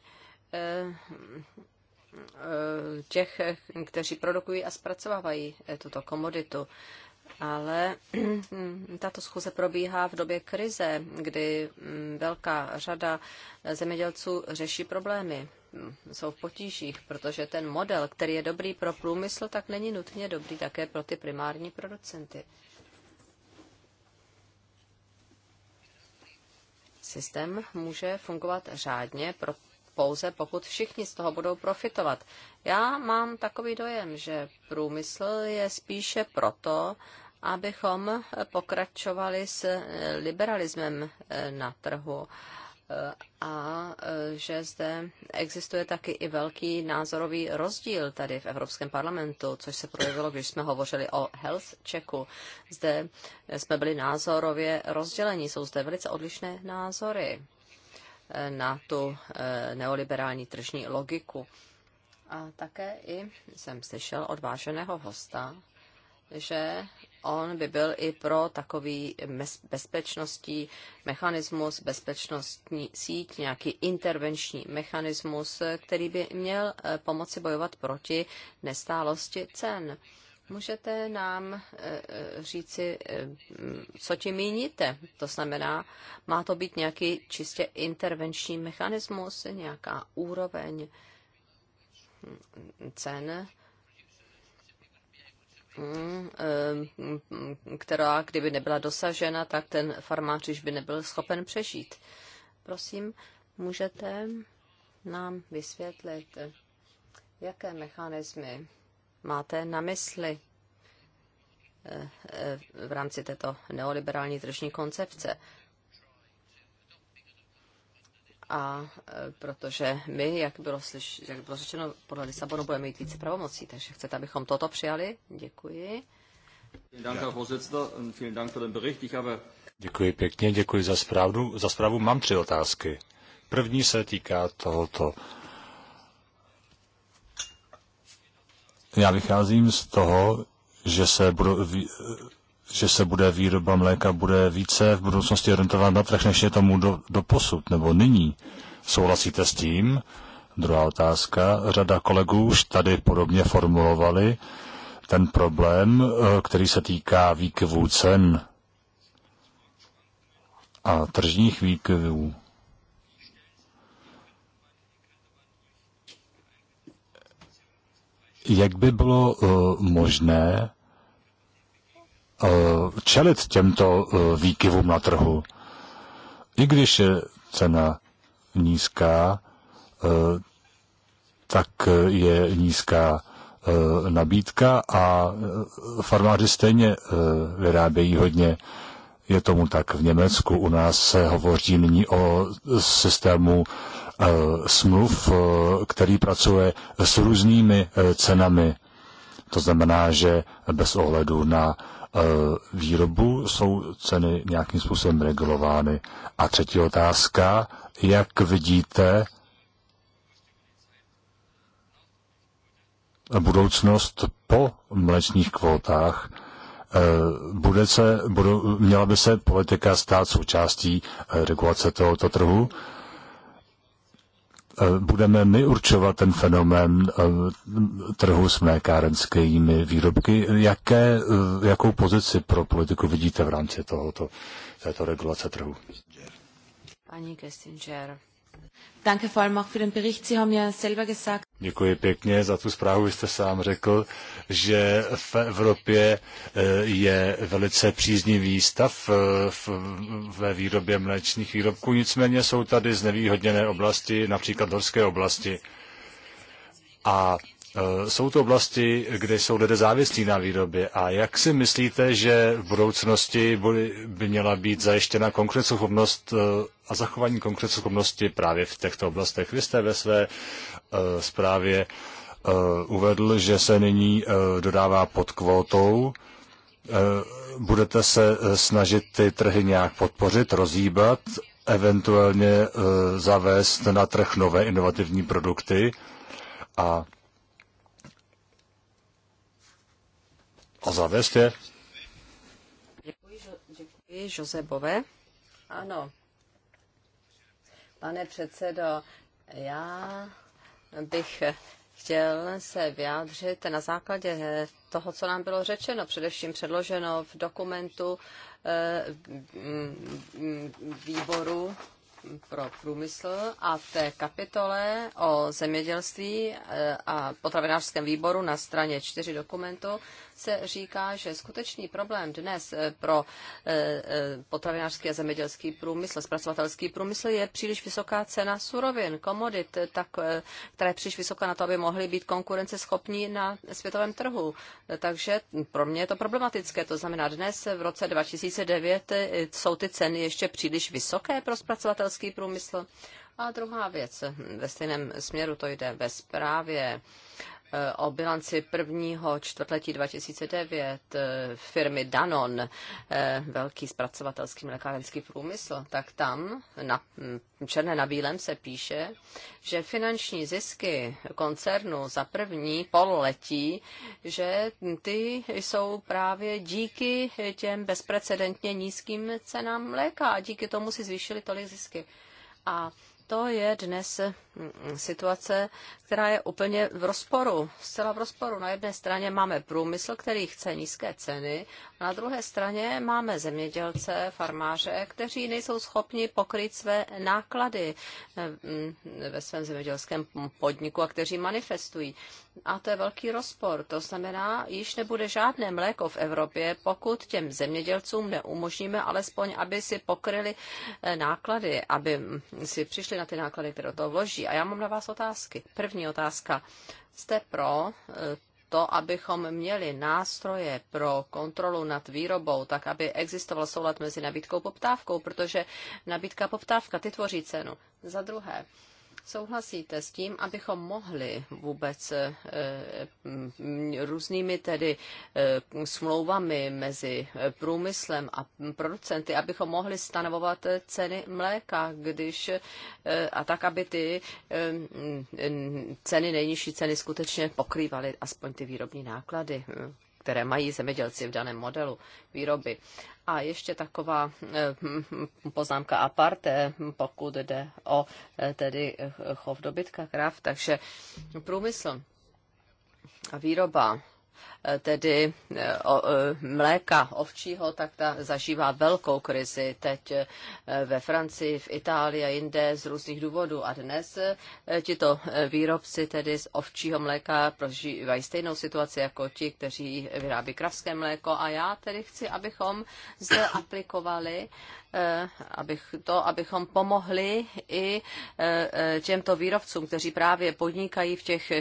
těch, kteří produkují a zpracovávají tuto komoditu ale tato schůze probíhá v době krize, kdy mm, velká řada zemědělců řeší problémy. Mm, jsou v potížích, protože ten model, který je dobrý pro průmysl, tak není nutně dobrý také pro ty primární producenty. Systém může fungovat řádně pro pouze pokud všichni z toho budou profitovat. Já mám takový dojem, že průmysl je spíše proto, abychom pokračovali s liberalismem eh, na trhu eh, a eh, že zde existuje taky i velký názorový rozdíl tady v Evropském parlamentu, což se projevilo, když jsme hovořili o health checku. Zde jsme byli názorově rozděleni, jsou zde velice odlišné názory na tu neoliberální tržní logiku. A také i jsem slyšel od váženého hosta, že on by byl i pro takový bezpečnostní mechanismus, bezpečnostní síť, nějaký intervenční mechanismus, který by měl eh, pomoci bojovat proti nestálosti cen. Můžete nám eh, eh, říci, co tím míníte? To znamená, má to být nějaký čistě intervenční mechanismus, nějaká úroveň hm, cen, Eh, která kdyby nebyla dosažena, tak ten farmář již by nebyl schopen přežít. Prosím, můžete nám vysvětlit, jaké mechanismy máte na mysli eh, eh, v rámci této neoliberální tržní koncepce a e, protože my, jak bylo, slyš, jak bylo řečeno, podle Lisabonu budeme mít více pravomocí, takže chcete, abychom toto přijali? Děkuji. Děkuji pěkně, děkuji za zprávu. Za zprávu mám tři otázky. První se týká tohoto. Já vycházím z toho, že se budou, že se bude výroba mléka bude více v budoucnosti orientovat na trh, než je tomu do, do posud, nebo nyní. Souhlasíte s tím? Druhá otázka. Řada kolegů už tady podobně formulovali ten problém, eh, který se týká výkvů cen a tržních výkvů. Jak by bylo eh, možné Eh, čelit těmto eh, výkyvům na trhu. I když je cena nízká, eh, tak je nízká nabídka a farmáři stejně vyrábějí hodně. Je tomu tak v Německu. U nás se hovoří nyní o systému smluv, který pracuje s různými cenami. To znamená, že bez ohledu na E, výrobu, jsou ceny nějakým způsobem regulovány. A třetí otázka, jak vidíte budoucnost po mlečních kvótách, e, bude se, budu, měla by se politika stát součástí e, regulace tohoto trhu Eh, budeme my určovat ten fenomén eh, trhu s mlékárenskými výrobky. Jaké, eh, jakou pozici pro politiku vidíte v rámci tohoto, této regulace trhu? Paní Kessinger, Děkuji pěkně za tu zprávu. Vy jste sám řekl, že v Evropě eh, je velice příznivý stav eh, ve výrobě mléčných výrobků, nicméně jsou tady znevýhodněné oblasti, například horské oblasti. A eh, jsou to oblasti, kde jsou lidé závislí na výrobě. A jak si myslíte, že v budoucnosti by měla být zajištěna konkurenceschopnost a zachování konkurenceschopnosti právě v těchto oblastech. Vy jste ve své e, zprávě e, uvedl, že se nyní e, dodává pod kvótou. Budete se snažit ty trhy nějak podpořit, rozjíbat, eventuálně zavést na trh nové inovativní produkty a, a zavést je? Děkuji, Josebové. Ano, Pane předsedo, já bych chtěl se vyjádřit na základě toho, co nám bylo řečeno, především předloženo v dokumentu eh, výboru pro průmysl a v té kapitole o zemědělství eh, a potravinářském výboru na straně čtyři dokumentu se říká, že skutečný problém dnes eh, pro eh, eh, potravinářský a zemědělský průmysl, zpracovatelský průmysl je příliš vysoká cena surovin, komodit, tak, která je příliš vysoká na to, aby mohly být konkurenceschopní na světovém trhu. Takže pro mě je to problematické. To znamená, dnes v roce 2009 jsou ty ceny ještě příliš vysoké pro zpracovatelský průmysl. A druhá věc, hm, ve stejném směru to jde ve zprávě o bilanci prvního čtvrtletí 2009 eh, firmy Danon, eh, velký zpracovatelský mlékárenský průmysl, tak tam na mm, černé na bílém se píše, že finanční zisky koncernu za první pololetí, že ty jsou právě díky těm bezprecedentně nízkým cenám mléka a díky tomu si zvýšili tolik zisky. A to je dnes mm, mm, situace, která je úplně v rozporu, zcela v rozporu. Na jedné straně máme průmysl, který chce nízké ceny, a na druhé straně máme zemědělce, farmáře, kteří nejsou schopni pokryt své náklady eh, mm, ve svém zemědělském podniku a kteří manifestují. A to je velký rozpor. To znamená, již nebude žádné mléko v Evropě, pokud těm zemědělcům neumožníme alespoň, aby si pokryli eh, náklady, aby hm, si přišli na ty náklady, které to vloží. A já mám na vás otázky. První otázka. Jste pro eh, to, abychom měli nástroje pro kontrolu nad výrobou, tak aby existoval soulad mezi nabídkou a poptávkou, protože nabídka a poptávka, ty tvoří cenu. Za druhé, Souhlasíte s tím, abychom mohli vůbec eh, eh, různými tedy eh, smlouvami mezi průmyslem a producenty, abychom mohli stanovovat ceny mléka, když a tak, aby ty ceny, nejnižší ceny skutečně pokrývaly aspoň ty výrobní náklady, které mají zemědělci v daném modelu výroby. A ještě taková eh, poznámka aparte, pokud jde o eh, tedy eh, chov dobytka krav, takže průmysl a výroba tedy eh, eh, mléka ovčího, tak ta zažívá velkou krizi teď eh, ve Francii, v Itálii a jinde z různých důvodů. A dnes tito výrobci tedy z ovčího mléka prožívají stejnou situaci jako ti, kteří vyrábí kravské mléko. A já tedy chci, abychom zde aplikovali abych, to, abychom pomohli i těmto výrobcům, kteří právě podnikají v těch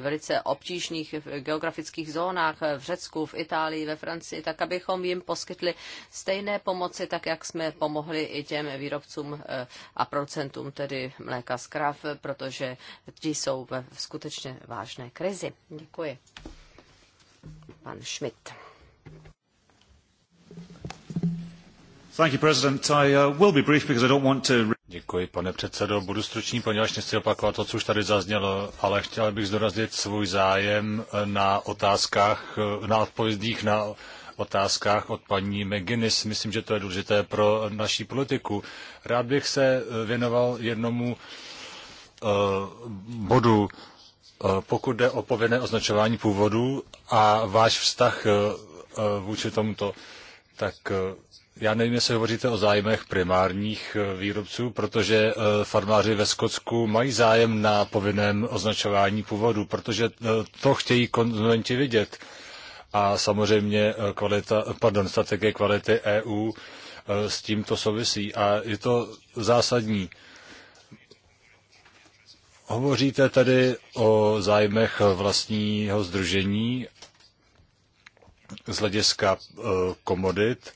velice obtížných geografických zónách, stranách, v Řecku, v Itálii, ve Francii, tak abychom jim poskytli stejné pomoci, tak jak jsme pomohli i těm výrobcům eh, a producentům, tedy mléka z krav, protože ti jsou ve skutečně vážné krizi. Děkuji. Pan Schmidt. Thank you, President. I uh, will be brief because I don't want to... Děkuji, pane předsedo. Budu stručný, poněvadž nechci opakovat to, co už tady zaznělo, ale chtěl bych zdůraznit svůj zájem na otázkách, na odpovědích na otázkách od paní McGuinness. Myslím, že to je důležité pro naší politiku. Rád bych se věnoval jednomu uh, bodu, eh, pokud jde o povinné označování původu a váš vztah uh, vůči tomuto, tak uh, já nevím, jestli hovoříte o zájmech primárních eh, výrobců, protože eh, farmáři ve Skotsku mají zájem na povinném označování původu, protože eh, to chtějí konzumenti vidět. A samozřejmě kvalita, pardon, strategie kvality EU s tím to souvisí a je to zásadní. Hovoříte tady o zájmech vlastního združení z hlediska komodit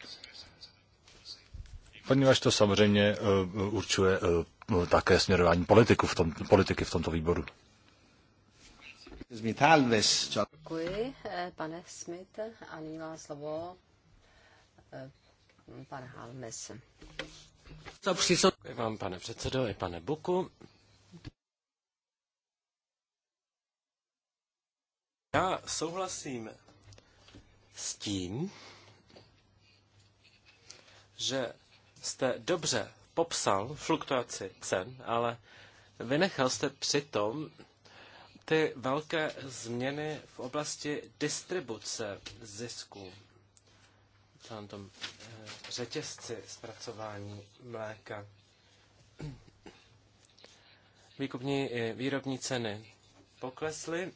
poněvadž to samozřejmě eh, určuje eh, také směrování politiku v tom, politiky v tomto výboru. Děkuji, eh, pane Smith. A nyní má slovo pan Halmes. Děkuji vám, pane předsedo, i pane Buku. Já souhlasím s tím, že jste dobře popsal fluktuaci cen, ale vynechal jste přitom ty velké změny v oblasti distribuce zisku v tom eh, řetězci zpracování mléka. Výkupní i eh, výrobní ceny poklesly.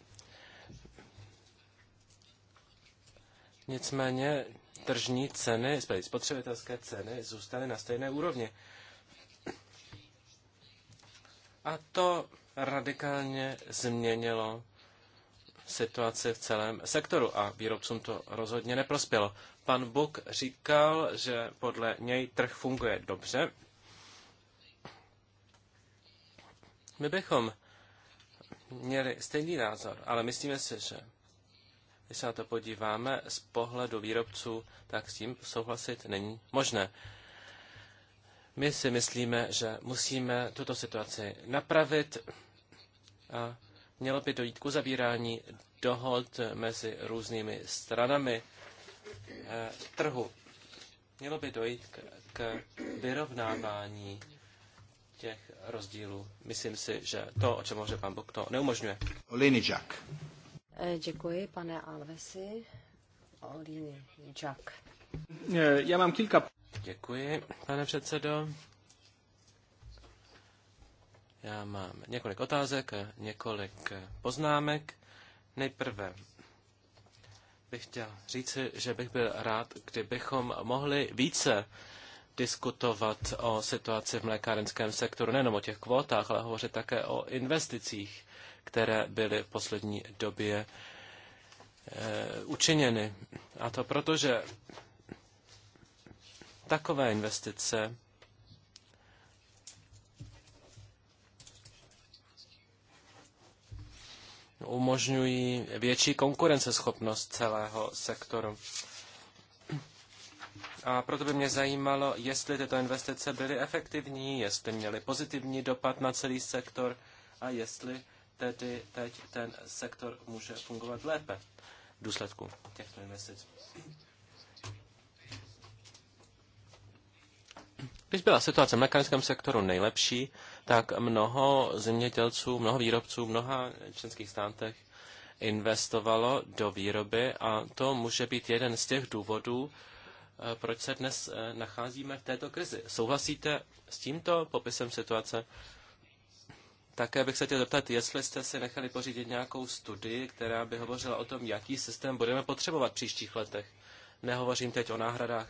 Nicméně tržní ceny, spotřebitelské ceny zůstaly na stejné úrovni. A to radikálně změnilo situaci v celém sektoru a výrobcům to rozhodně neprospělo. Pan Buk říkal, že podle něj trh funguje dobře. My bychom měli stejný názor, ale myslíme si, že když se na to podíváme z pohledu výrobců, tak s tím souhlasit není možné. My si myslíme, že musíme tuto situaci napravit a mělo by dojít k uzavírání dohod mezi různými stranami eh, trhu. Mělo by dojít k, k vyrovnávání těch rozdílů. Myslím si, že to, o čem hovořil pan Bok, to neumožňuje. Olejničák. Eh, děkuji, pane Alvesi. Olíny Jack. Eh, já mám kilka... Děkuji, pane předsedo. Já mám několik otázek, několik poznámek. Nejprve bych chtěl říci, že bych byl rád, kdybychom mohli více diskutovat o situaci v mlékárenském sektoru, nejenom o těch kvótách, ale hovořit také o investicích které byly v poslední době eh, učiněny. A to proto, že takové investice umožňují větší konkurenceschopnost celého sektoru. A proto by mě zajímalo, jestli tyto investice byly efektivní, jestli měly pozitivní dopad na celý sektor a jestli tedy teď ten sektor může fungovat lépe v důsledku těchto investic. Když byla situace v mechanickém sektoru nejlepší, tak mnoho zemědělců, mnoho výrobců, mnoha členských státech investovalo do výroby a to může být jeden z těch důvodů, eh, proč se dnes eh, nacházíme v této krizi. Souhlasíte s tímto popisem situace? Také bych se chtěl zeptat, jestli jste si nechali pořídit nějakou studii, která by hovořila o tom, jaký systém budeme potřebovat v příštích letech. Nehovořím teď o náhradách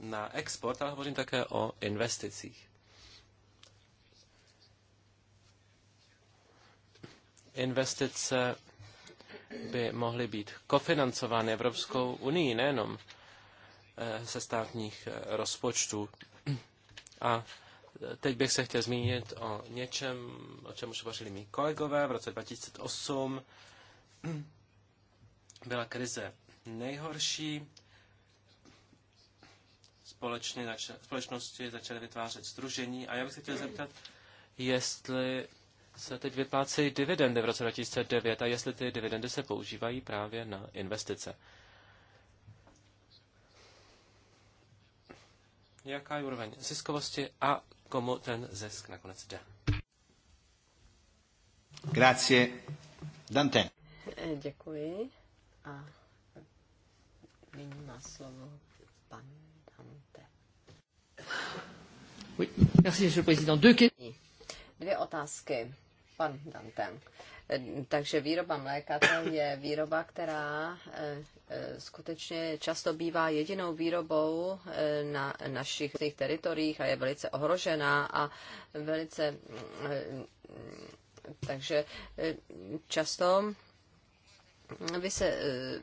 na export, ale hovořím také o investicích. Investice by mohly být kofinancovány Evropskou unii, nejenom se eh, státních eh, rozpočtů. A Teď bych se chtěl zmínit o něčem, o čem už hovořili mý kolegové. V roce 2008 byla krize nejhorší. Společně zača- společnosti začaly vytvářet združení a já bych se chtěl zeptat, jestli se teď vyplácejí dividendy v roce 2009 a jestli ty dividendy se používají právě na investice. jaká je úroveň ziskovosti a komu ten zisk nakonec jde. Grazie. Dante. Děkuji. A nyní má slovo pan Dante. Oui. Merci, monsieur le président. Deux... Dvě otázky pan Danten. Takže výroba mléka to je výroba, která eh, eh, skutečně často bývá jedinou výrobou eh, na našich teritoriích a je velice ohrožená a velice takže často vy se eh,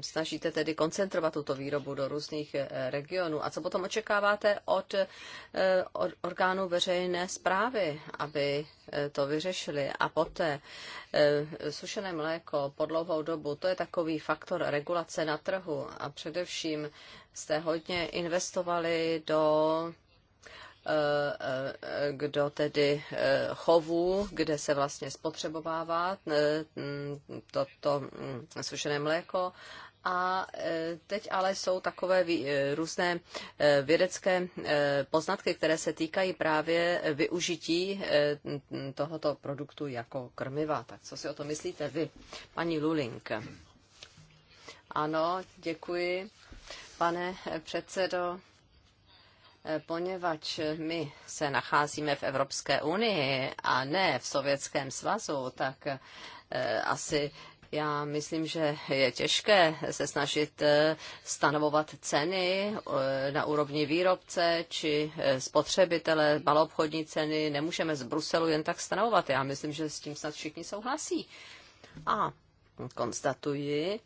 snažíte tedy koncentrovat tuto výrobu do různých eh, regionů. A co potom očekáváte od eh, orgánů veřejné zprávy, aby to vyřešili? A poté sušené mléko po dlouhou dobu, to je takový faktor regulace na trhu. A především jste hodně investovali do kdo tedy eh, chovů, kde se vlastně spotřebovává eh, toto mm, sušené mléko. A eh, teď ale jsou takové různé vědecké poznatky, které se týkají právě využití tohoto produktu jako krmiva. Tak co si o to myslíte vy, paní Lulink? Ano, děkuji, pane předsedo poněvadž my se nacházíme v Evropské unii a ne v Sovětském svazu, tak eh, asi já myslím, že je těžké se snažit eh, stanovovat ceny eh, na úrovni výrobce či spotřebitele, malobchodní ceny. Nemůžeme z Bruselu jen tak stanovovat. Já myslím, že s tím snad všichni souhlasí. A konstatuji,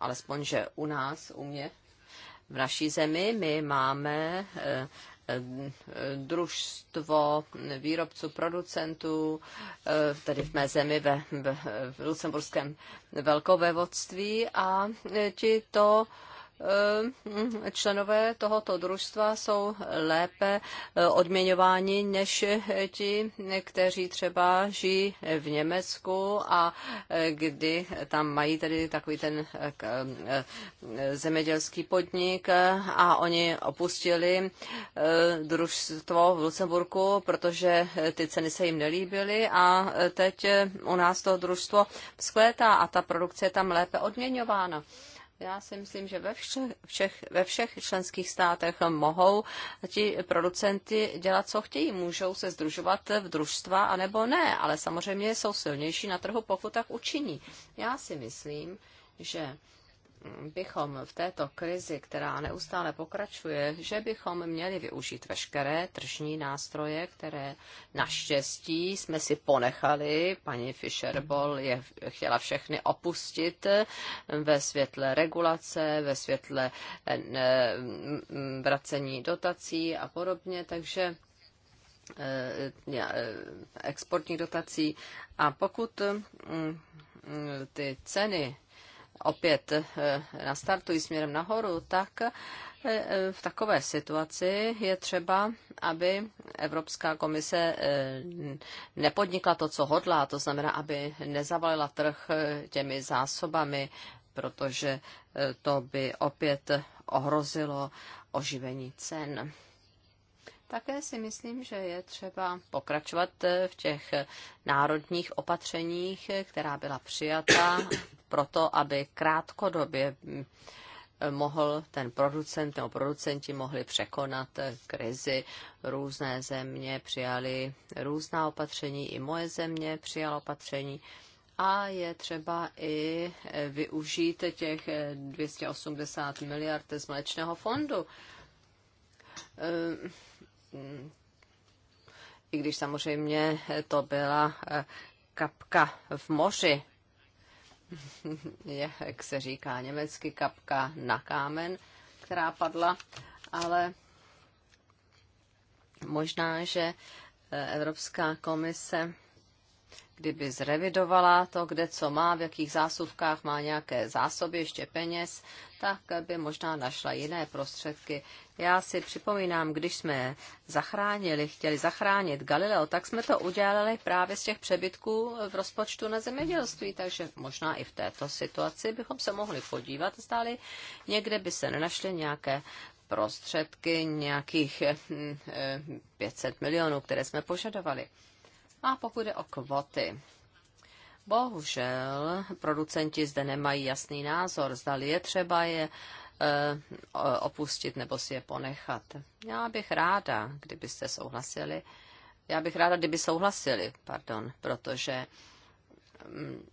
alespoň, že u nás, u mě v naší zemi my máme eh, eh, družstvo výrobců, producentů, eh, tedy v mé zemi ve, v, v Lucemburském velkovévodství a ti to Eh, členové tohoto družstva jsou lépe eh, odměňováni než ti, kteří třeba žijí v Německu a eh, kdy tam mají tedy takový ten zemědělský podnik a oni opustili družstvo v Lucemburku, protože ty ceny se jim nelíbily a teď u nás to družstvo vzkvétá a ta produkce je tam lépe odměňována. Já si myslím, že ve všech, všech, ve všech členských státech mohou ti producenti dělat, co chtějí. Můžou se združovat v družstva, anebo ne, ale samozřejmě jsou silnější na trhu, pokud tak učiní. Já si myslím, že bychom v této krizi, která neustále pokračuje, že bychom měli využít veškeré tržní nástroje, které naštěstí jsme si ponechali. Paní Fisherbol je chtěla všechny opustit ve světle regulace, ve světle eh, mm, vracení dotací a podobně, takže eh, eh, exportních dotací. A pokud mm, ty ceny opět eh, nastartují směrem nahoru, tak eh, v takové situaci je třeba, aby Evropská komise eh, nepodnikla to, co hodlá, to znamená, aby nezavalila trh těmi zásobami, protože to by opět ohrozilo oživení cen. Také si myslím, že je třeba pokračovat v těch národních opatřeních, která byla přijata proto, aby krátkodobě hm, mohl ten producent nebo producenti mohli překonat krizi. Různé země přijali různá opatření, i moje země přijala opatření a je třeba i využít těch 280 miliard z mléčného fondu. Ehm, hm, I když samozřejmě to byla eh, kapka v moři jak se říká německy, kapka na kámen, která padla, ale možná, že Evropská komise kdyby zrevidovala to, kde co má, v jakých zásuvkách má nějaké zásoby ještě peněz, tak by možná našla jiné prostředky. Já si připomínám, když jsme zachránili, chtěli zachránit Galileo, tak jsme to udělali právě z těch přebytků v rozpočtu na zemědělství, takže možná i v této situaci bychom se mohli podívat, zdali někde by se nenašly nějaké prostředky nějakých 500 hm, eh, milionů, které jsme požadovali. A pokud je o kvoty, bohužel producenti zde nemají jasný názor, Zda je třeba je eh, opustit nebo si je ponechat. Já bych ráda, kdybyste souhlasili, já bych ráda, kdyby souhlasili, pardon, protože mm,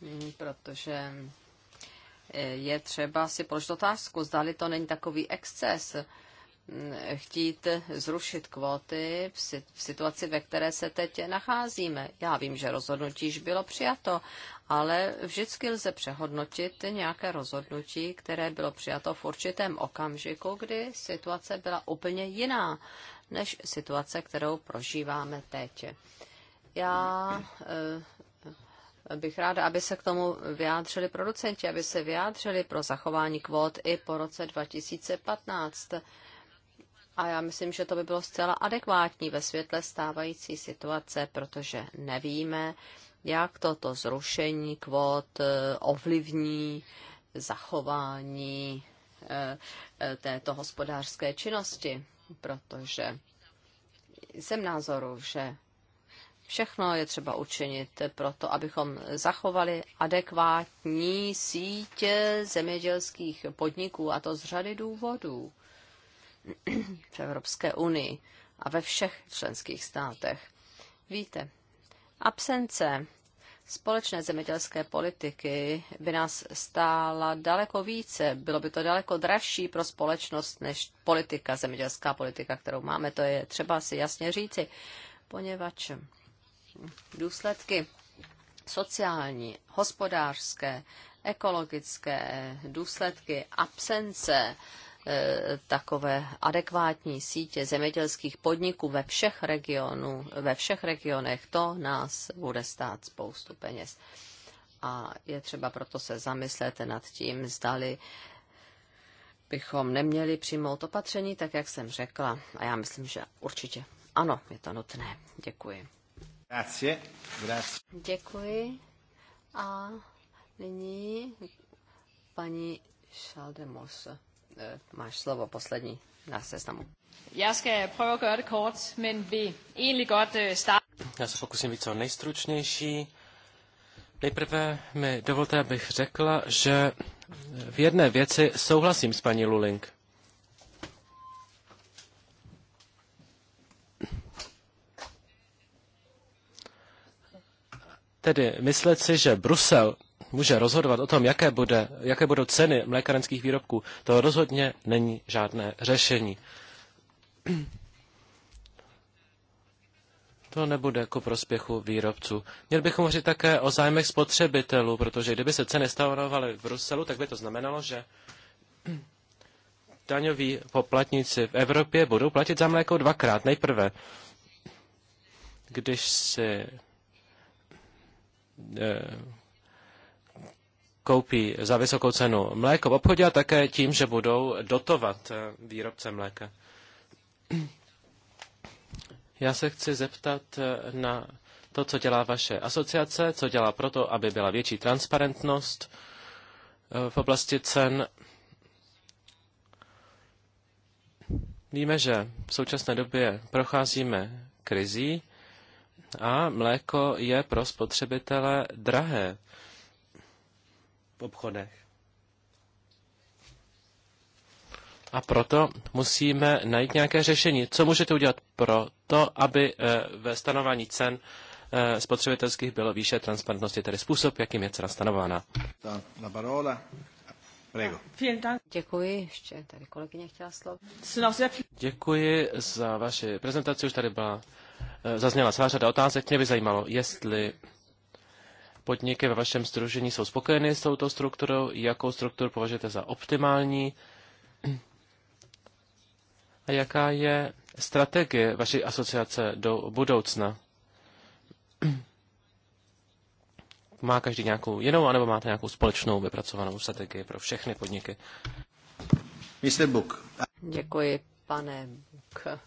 mm, protože eh, je třeba si položit otázku, zdali to není takový exces, chtít zrušit kvóty v situaci, ve které se teď nacházíme. Já vím, že rozhodnutí již bylo přijato, ale vždycky lze přehodnotit nějaké rozhodnutí, které bylo přijato v určitém okamžiku, kdy situace byla úplně jiná než situace, kterou prožíváme teď. Já eh, bych ráda, aby se k tomu vyjádřili producenti, aby se vyjádřili pro zachování kvót i po roce 2015. A já myslím, že to by bylo zcela adekvátní ve světle stávající situace, protože nevíme, jak toto zrušení kvót eh, ovlivní zachování eh, eh, této hospodářské činnosti, protože jsem názoru, že všechno je třeba učinit proto, abychom zachovali adekvátní síť zemědělských podniků, a to z řady důvodů v Evropské unii a ve všech členských státech. Víte, absence společné zemědělské politiky by nás stála daleko více, bylo by to daleko dražší pro společnost než politika, zemědělská politika, kterou máme, to je třeba si jasně říci, poněvadž důsledky sociální, hospodářské, ekologické důsledky absence takové adekvátní sítě zemědělských podniků ve všech regionu ve všech regionech, to nás bude stát spoustu peněz. A je třeba proto se zamyslet nad tím, zdali bychom neměli přijmout opatření, tak jak jsem řekla. A já myslím, že určitě ano, je to nutné. Děkuji. Grazie. Grazie. Děkuji. A nyní paní Šaldemos. Eh, máš slovo poslední na seznamu. Já prøve at gøre det kort, men egentlig godt eh, Já se pokusím být co nejstručnější. Nejprve mi dovolte, abych řekla, že v jedné věci souhlasím s paní Luling. Tedy myslet si, že Brusel může rozhodovat o tom, jaké, bude, jaké budou ceny mlékárenských výrobků, to rozhodně není žádné řešení. To nebude ku prospěchu výrobců. Měli bychom hovořit také o zájmech spotřebitelů, protože kdyby se ceny stanovovaly v Bruselu, tak by to znamenalo, že daňoví poplatníci v Evropě budou platit za mléko dvakrát. Nejprve, když si eh, koupí za vysokou cenu mléko v obchodě a také tím, že budou dotovat eh, výrobce mléka. Já se chci zeptat eh, na to, co dělá vaše asociace, co dělá proto, aby byla větší transparentnost eh, v oblasti cen. Víme, že v současné době procházíme krizí a mléko je pro spotřebitele drahé v obchodech. A proto musíme najít nějaké řešení. Co můžete udělat pro to, aby eh, ve stanování cen eh, spotřebitelských bylo výše transparentnosti, tedy způsob, jakým je cena stanována. Děkuji, ještě tady kolegyně chtěla slovo. Děkuji za vaši prezentaci, už tady byla, eh, zazněla celá řada otázek. Mě by zajímalo, jestli podniky ve vašem združení jsou spokojeny s touto strukturou, jakou strukturu považujete za optimální a jaká je strategie vaší asociace do budoucna. Má každý nějakou jinou, anebo máte nějakou společnou vypracovanou strategii pro všechny podniky? Mr. Book. Děkuji, pane Book.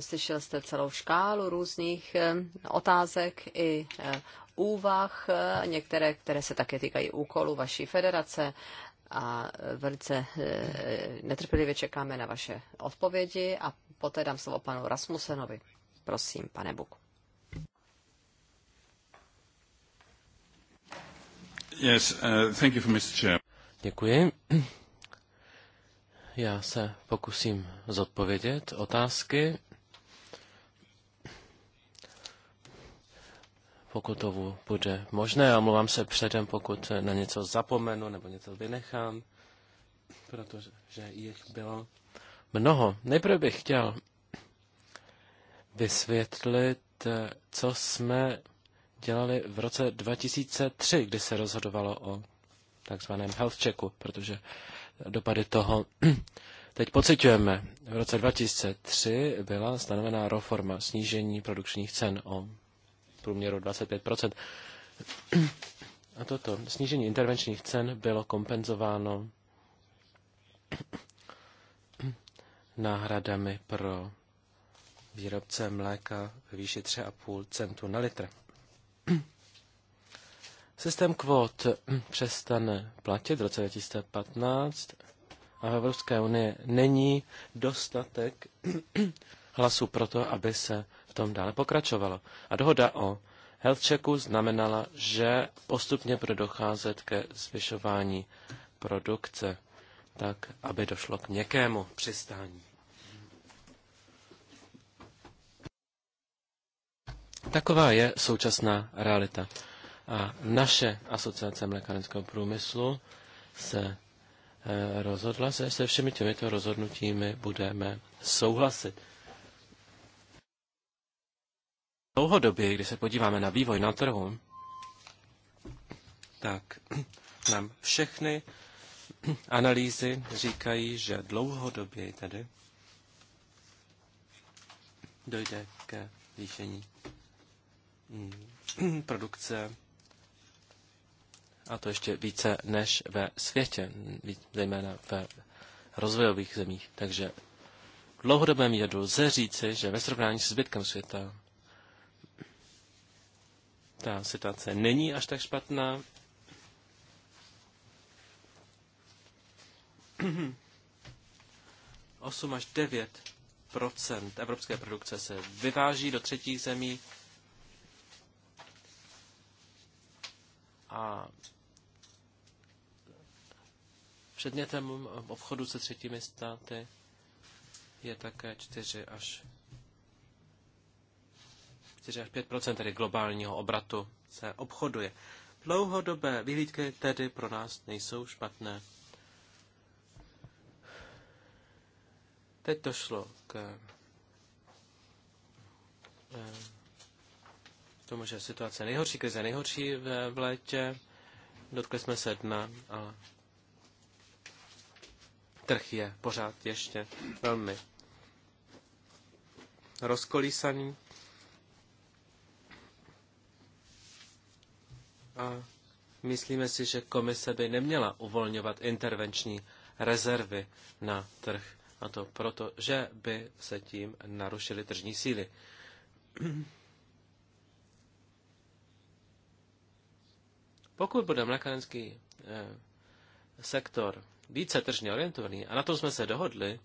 Slyšel jste celou škálu různých eh, otázek i eh, úvah, eh, některé, které se také týkají úkolu vaší federace a velice eh, netrpělivě čekáme na vaše odpovědi a poté dám slovo panu Rasmusenovi. Prosím, pane Buk. Yes, uh, thank you for Mr. Chair. Děkuji. Já se pokusím zodpovědět otázky. pokud to bude možné. A mluvám se předem, pokud na něco zapomenu nebo něco vynechám, protože jich bylo mnoho. Nejprve bych chtěl vysvětlit, co jsme dělali v roce 2003, kdy se rozhodovalo o takzvaném health checku, protože dopady toho teď pociťujeme. V roce 2003 byla stanovená reforma snížení produkčních cen o průměru 25 A toto snížení intervenčních cen bylo kompenzováno náhradami pro výrobce mléka ve výši 3,5 centu na litr. Systém kvót přestane platit v roce 2015 a v Evropské unii není dostatek hlasů pro to, aby se v tom dále pokračovalo. A dohoda o health checku znamenala, že postupně bude docházet ke zvyšování produkce, tak aby došlo k měkkému přistání. Taková je současná realita. A naše asociace mlékárenského průmyslu se eh, rozhodla, že se všemi těmito rozhodnutími budeme souhlasit. dlouhodobě, když se podíváme na vývoj na trhu, tak nám všechny analýzy říkají, že dlouhodobě tedy dojde ke zvýšení mm, produkce a to ještě více než ve světě, zejména ve rozvojových zemích. Takže v dlouhodobém jedu lze říci, že ve srovnání s zbytkem světa ta situace není až tak špatná. Osm až devět procent evropské produkce se vyváží do třetích zemí a předmětem obchodu se třetími státy je také 4 až 4 až 5 tedy globálního obratu se obchoduje. Dlouhodobé vyhlídky tedy pro nás nejsou špatné. Teď došlo k eh, tomu, že situace nejhorší, krize nejhorší v, v létě. Dotkli jsme se dna, ale trh je pořád ještě velmi rozkolísaný. a myslíme si, že komise by neměla uvolňovat intervenční rezervy na trh. A to proto, že by se tím narušily tržní síly. Pokud bude mlékárenský eh, sektor více tržně orientovaný, a na tom jsme se dohodli,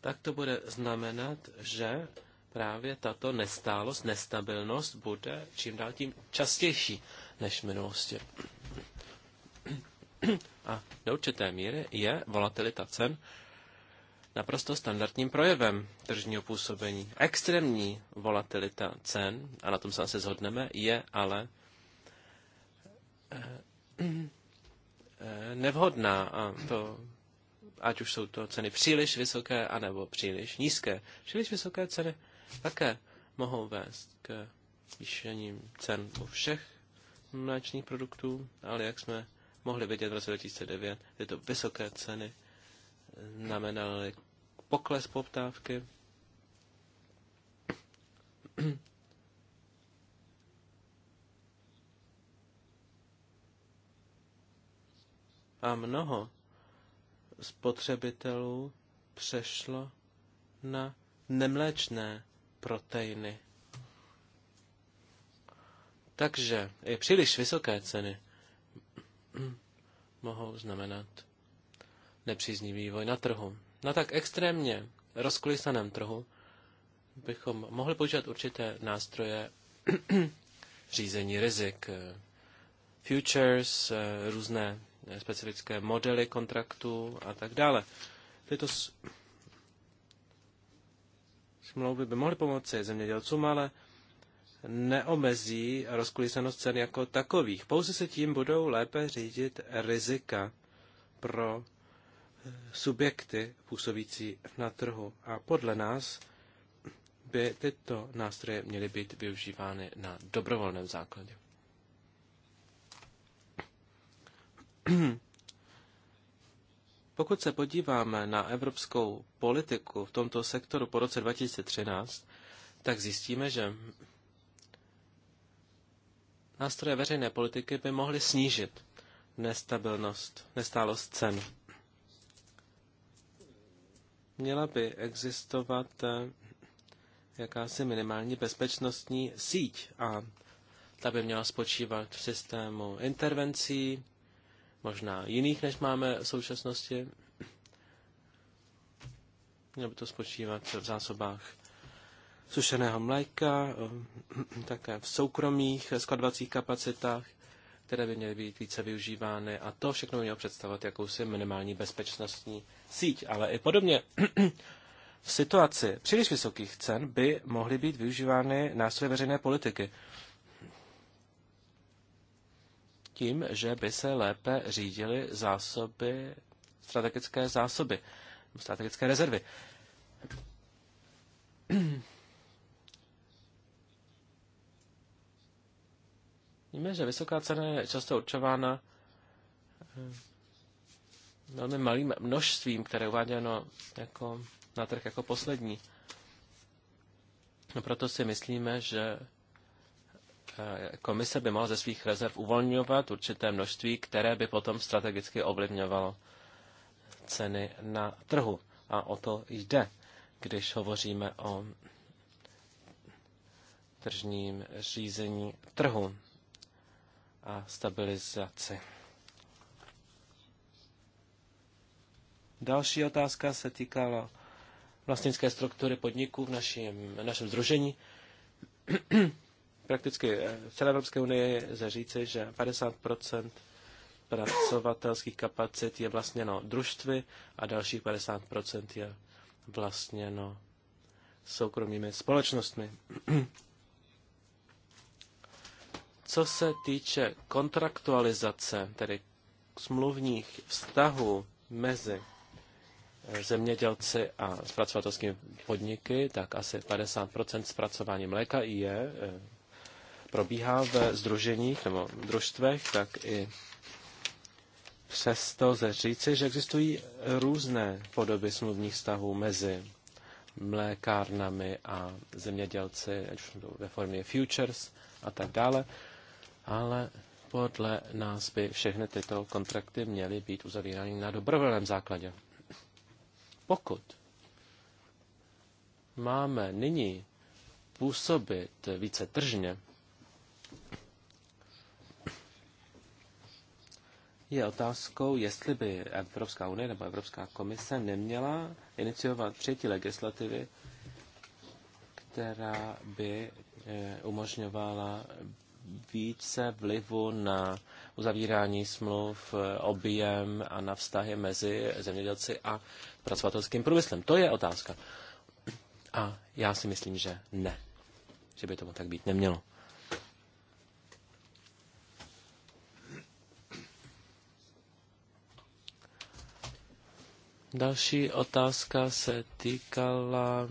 tak to bude znamenat, že právě tato nestálost, nestabilnost bude čím dál tím častější než v minulosti. A do určité míry je volatilita cen naprosto standardním projevem tržního působení. Extrémní volatilita cen, a na tom se asi zhodneme, je ale eh, eh, nevhodná. A to, ať už jsou to ceny příliš vysoké, anebo příliš nízké. Příliš vysoké ceny také mohou vést k zvýšením cen u všech mléčných produktů, ale jak jsme mohli vidět v roce 2009, tyto vysoké ceny znamenaly pokles poptávky. A mnoho spotřebitelů přešlo na nemléčné proteiny. Takže i příliš vysoké ceny mohou znamenat nepřízní vývoj na trhu. Na tak extrémně rozkulisaném trhu bychom mohli používat určité nástroje řízení rizik, eh, futures, eh, různé specifické modely kontraktů a tak dále. Tyto smlouvy by mohly pomoci zemědělcům, ale neomezí rozkolísanost cen jako takových. Pouze se tím budou lépe řídit rizika pro subjekty působící na trhu. A podle nás by tyto nástroje měly být využívány na dobrovolném základě. Pokud se podíváme na evropskou politiku v tomto sektoru po roce 2013, tak zjistíme, že Nástroje veřejné politiky by mohly snížit nestabilnost, nestálost cen. Měla by existovat eh, jakási minimální bezpečnostní síť a ta by měla spočívat v systému intervencí, možná jiných, než máme v současnosti. Mělo by to spočívat v zásobách sušeného mléka, eh, také v soukromých skladovacích kapacitách, které by měly být více využívány a to všechno by mělo představovat jakousi minimální bezpečnostní síť. Ale i podobně v situaci příliš vysokých cen by mohly být využívány nástroje veřejné politiky. Tím, že by se lépe řídily zásoby, strategické zásoby, strategické rezervy. Víme, že vysoká cena je často určována eh, velmi malým množstvím, které je uváděno jako, na trh jako poslední. No proto si myslíme, že eh, komise by mohla ze svých rezerv uvolňovat určité množství, které by potom strategicky ovlivňovalo ceny na trhu. A o to jde, když hovoříme o tržním řízení trhu a stabilizaci. Další otázka se týkala vlastnické struktury podniků v našem, našem združení. Prakticky eh, v celé Evropské unii je říci, že 50 pracovatelských kapacit je vlastněno družstvy a dalších 50 je vlastněno soukromými společnostmi. Co se týče kontraktualizace, tedy smluvních vztahů mezi eh, zemědělci a zpracovatelskými podniky, tak asi 50 zpracování mléka je, eh, probíhá ve združeních nebo družstvech, tak i přesto lze říci, že existují různé podoby smluvních vztahů mezi mlékárnami a zemědělci, ve formě futures a tak dále ale podle nás by všechny tyto kontrakty měly být uzavírány na dobrovolném základě. Pokud máme nyní působit více tržně, je otázkou, jestli by Evropská unie nebo Evropská komise neměla iniciovat přijetí legislativy, která by eh, umožňovala více vlivu na uzavírání smluv, objem a na vztahy mezi zemědělci a pracovatelským průmyslem. To je otázka. A já si myslím, že ne. Že by tomu tak být nemělo. Další otázka se týkala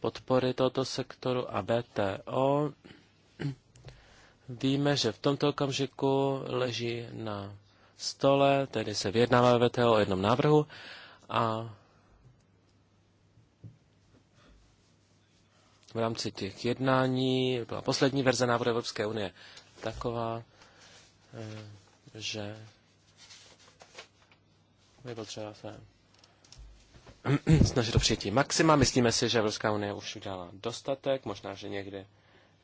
podpory tohoto sektoru a BTO. Víme, že v tomto okamžiku leží na stole, tedy se vyjednává ve VTO o jednom návrhu a v rámci těch jednání byla poslední verze návrhu Evropské unie taková, eh, že by potřeba se snažit o přijetí maxima. Myslíme si, že Evropská unie už udělala dostatek, možná, že někdy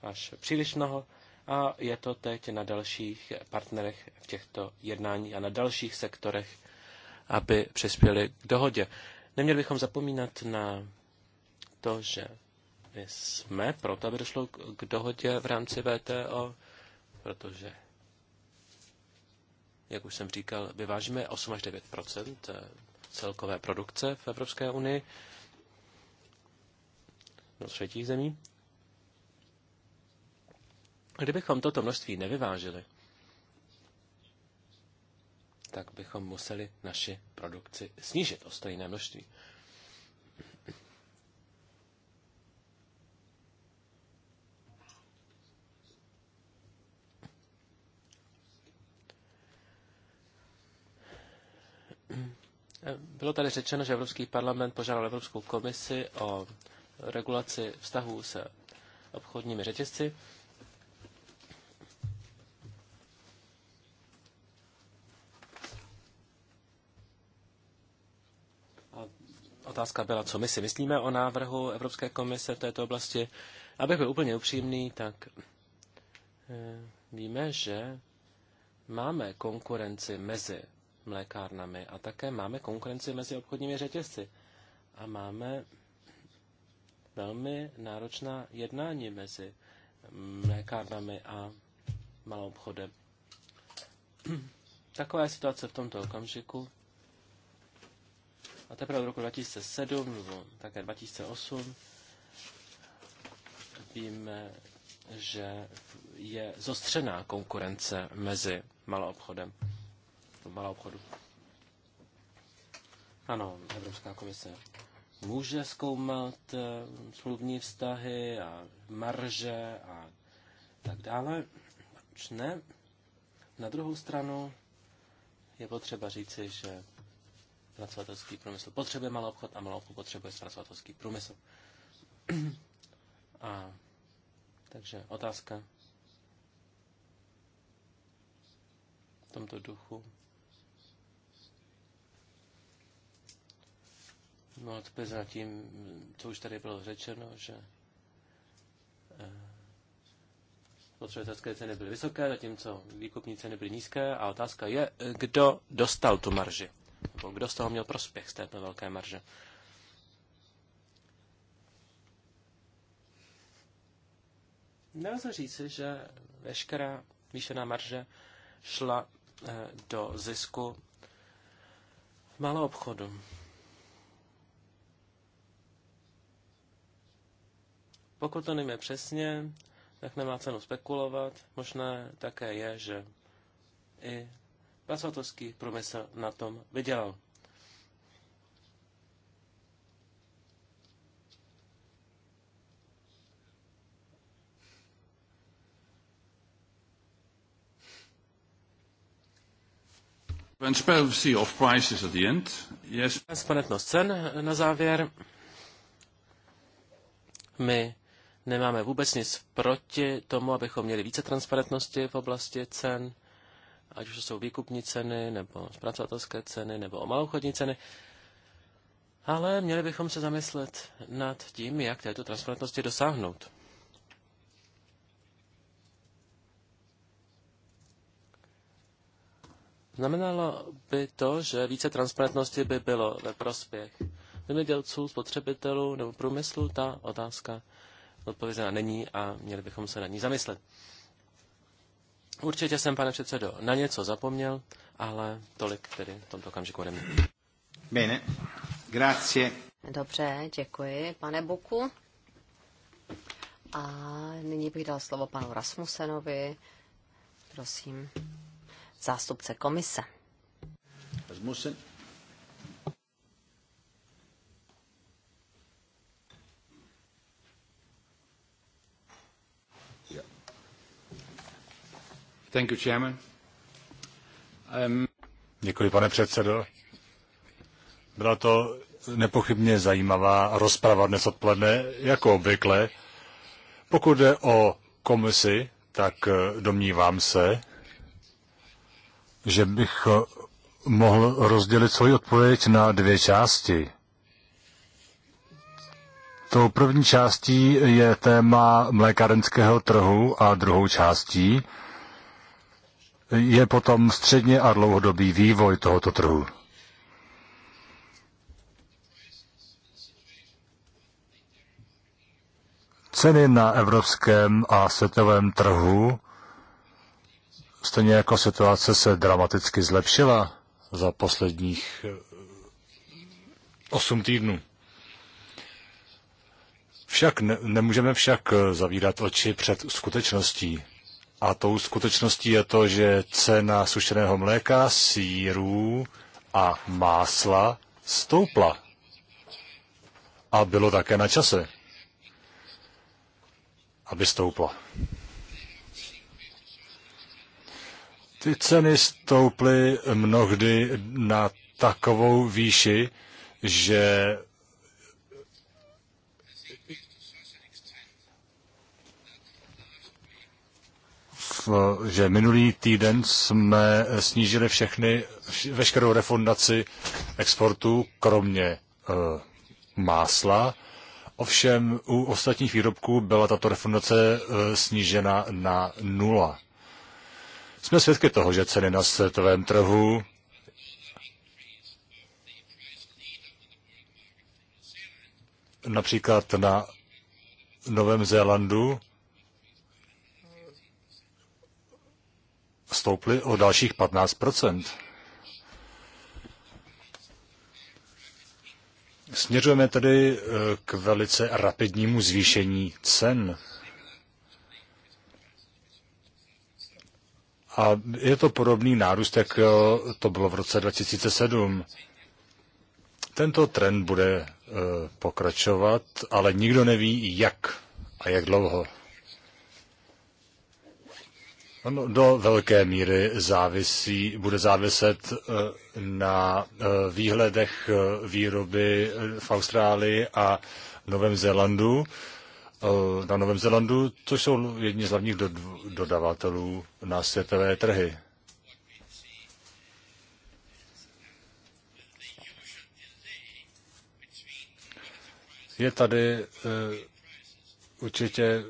až příliš mnoho a je to teď na dalších partnerech v těchto jednáních a na dalších sektorech, aby přispěli k dohodě. Neměli bychom zapomínat na to, že my jsme proto, aby došlo k dohodě v rámci VTO, protože, jak už jsem říkal, vyvážíme 8 až 9 eh, celkové produkce v Evropské unii do no, třetích zemí. Kdybychom toto množství nevyvážili, tak bychom museli naši produkci snížit o stejné množství. Bylo tady řečeno, že Evropský parlament požádal Evropskou komisi o regulaci vztahů se obchodními řetězci. Otázka byla, co my si myslíme o návrhu Evropské komise v této oblasti. Abych byl úplně upřímný, tak eh, víme, že máme konkurenci mezi mlékárnami a také máme konkurenci mezi obchodními řetězci. A máme velmi náročná jednání mezi mlékárnami a malou obchodem. Taková je situace v tomto okamžiku. A teprve v roku 2007 nebo také 2008 víme, že je zostřená konkurence mezi maloobchodem. Maloobchodu. Ano, Evropská komise může zkoumat eh, smluvní vztahy a marže a tak dále. Proč ne? Na druhou stranu je potřeba říci, že zpracovatelský průmysl potřebuje malou obchod a malou obchod potřebuje zpracovatelský průmysl. A takže otázka v tomto duchu. No, odpověď na tím, co už tady bylo řečeno, že eh, spotřebitelské ceny byly vysoké, zatímco výkupní ceny byly nízké a otázka je, kdo dostal tu marži. Nebo kdo z toho měl prospěch z této velké marže? Nelze říci, že veškerá výšená marže šla eh, do zisku malou obchodu. Pokud to nejme přesně, tak nemá cenu spekulovat. Možné také je, že i Basvatovský promysl na tom vydělal. Transparency of prices at the end. Yes. Transparentnost cen na závěr. My nemáme vůbec nic proti tomu, abychom měli více transparentnosti v oblasti cen ať už jsou výkupní ceny, nebo zpracovatelské ceny, nebo maloobchodní ceny. Ale měli bychom se zamyslet nad tím, jak této transparentnosti dosáhnout. Znamenalo by to, že více transparentnosti by bylo ve prospěch zemědělců, spotřebitelů nebo průmyslu. Ta otázka odpovězena není a měli bychom se nad ní zamyslet. Určitě jsem, pane předsedo, na něco zapomněl, ale tolik tedy v tomto okamžiku ode mě. Bene. Grazie. Dobře, děkuji, pane Buku. A nyní bych dal slovo panu Rasmusenovi. Prosím, zástupce komise. Rasmussen. Um, pane předsedo. Byla to nepochybně zajímavá rozprava dnes odpoledne, jako obvykle. Pokud jde o komisi, tak eh, domnívám se, že bych eh, mohl rozdělit svoji odpověď na dvě části. Tou první částí je téma mlékárenského trhu a druhou částí je potom středně a dlouhodobý vývoj tohoto trhu. Ceny na evropském a světovém trhu, stejně jako situace se dramaticky zlepšila za posledních 8 eh, týdnů. Však ne, nemůžeme však eh, zavírat oči před skutečností. A tou skutečností je to, že cena sušeného mléka, sírů a másla stoupla. A bylo také na čase, aby stoupla. Ty ceny stouply mnohdy na takovou výši, že že minulý týden jsme snížili všechny, veškerou refundaci exportu, kromě e, másla. Ovšem u ostatních výrobků byla tato refundace e, snížena na nula. Jsme svědky toho, že ceny na světovém trhu například na Novém Zélandu stouply o dalších 15 Směřujeme tedy eh, k velice rapidnímu zvýšení cen. A je to podobný nárůst, jak eh, to bylo v roce 2007. Tento trend bude eh, pokračovat, ale nikdo neví, jak a jak dlouho. No, do velké míry závisí, bude záviset eh, na eh, výhledech eh, výroby v Austrálii a Novém Zélandu. Na Novém Zélandu, což jsou jedni z hlavních dodavatelů na světové trhy. Je tady určitě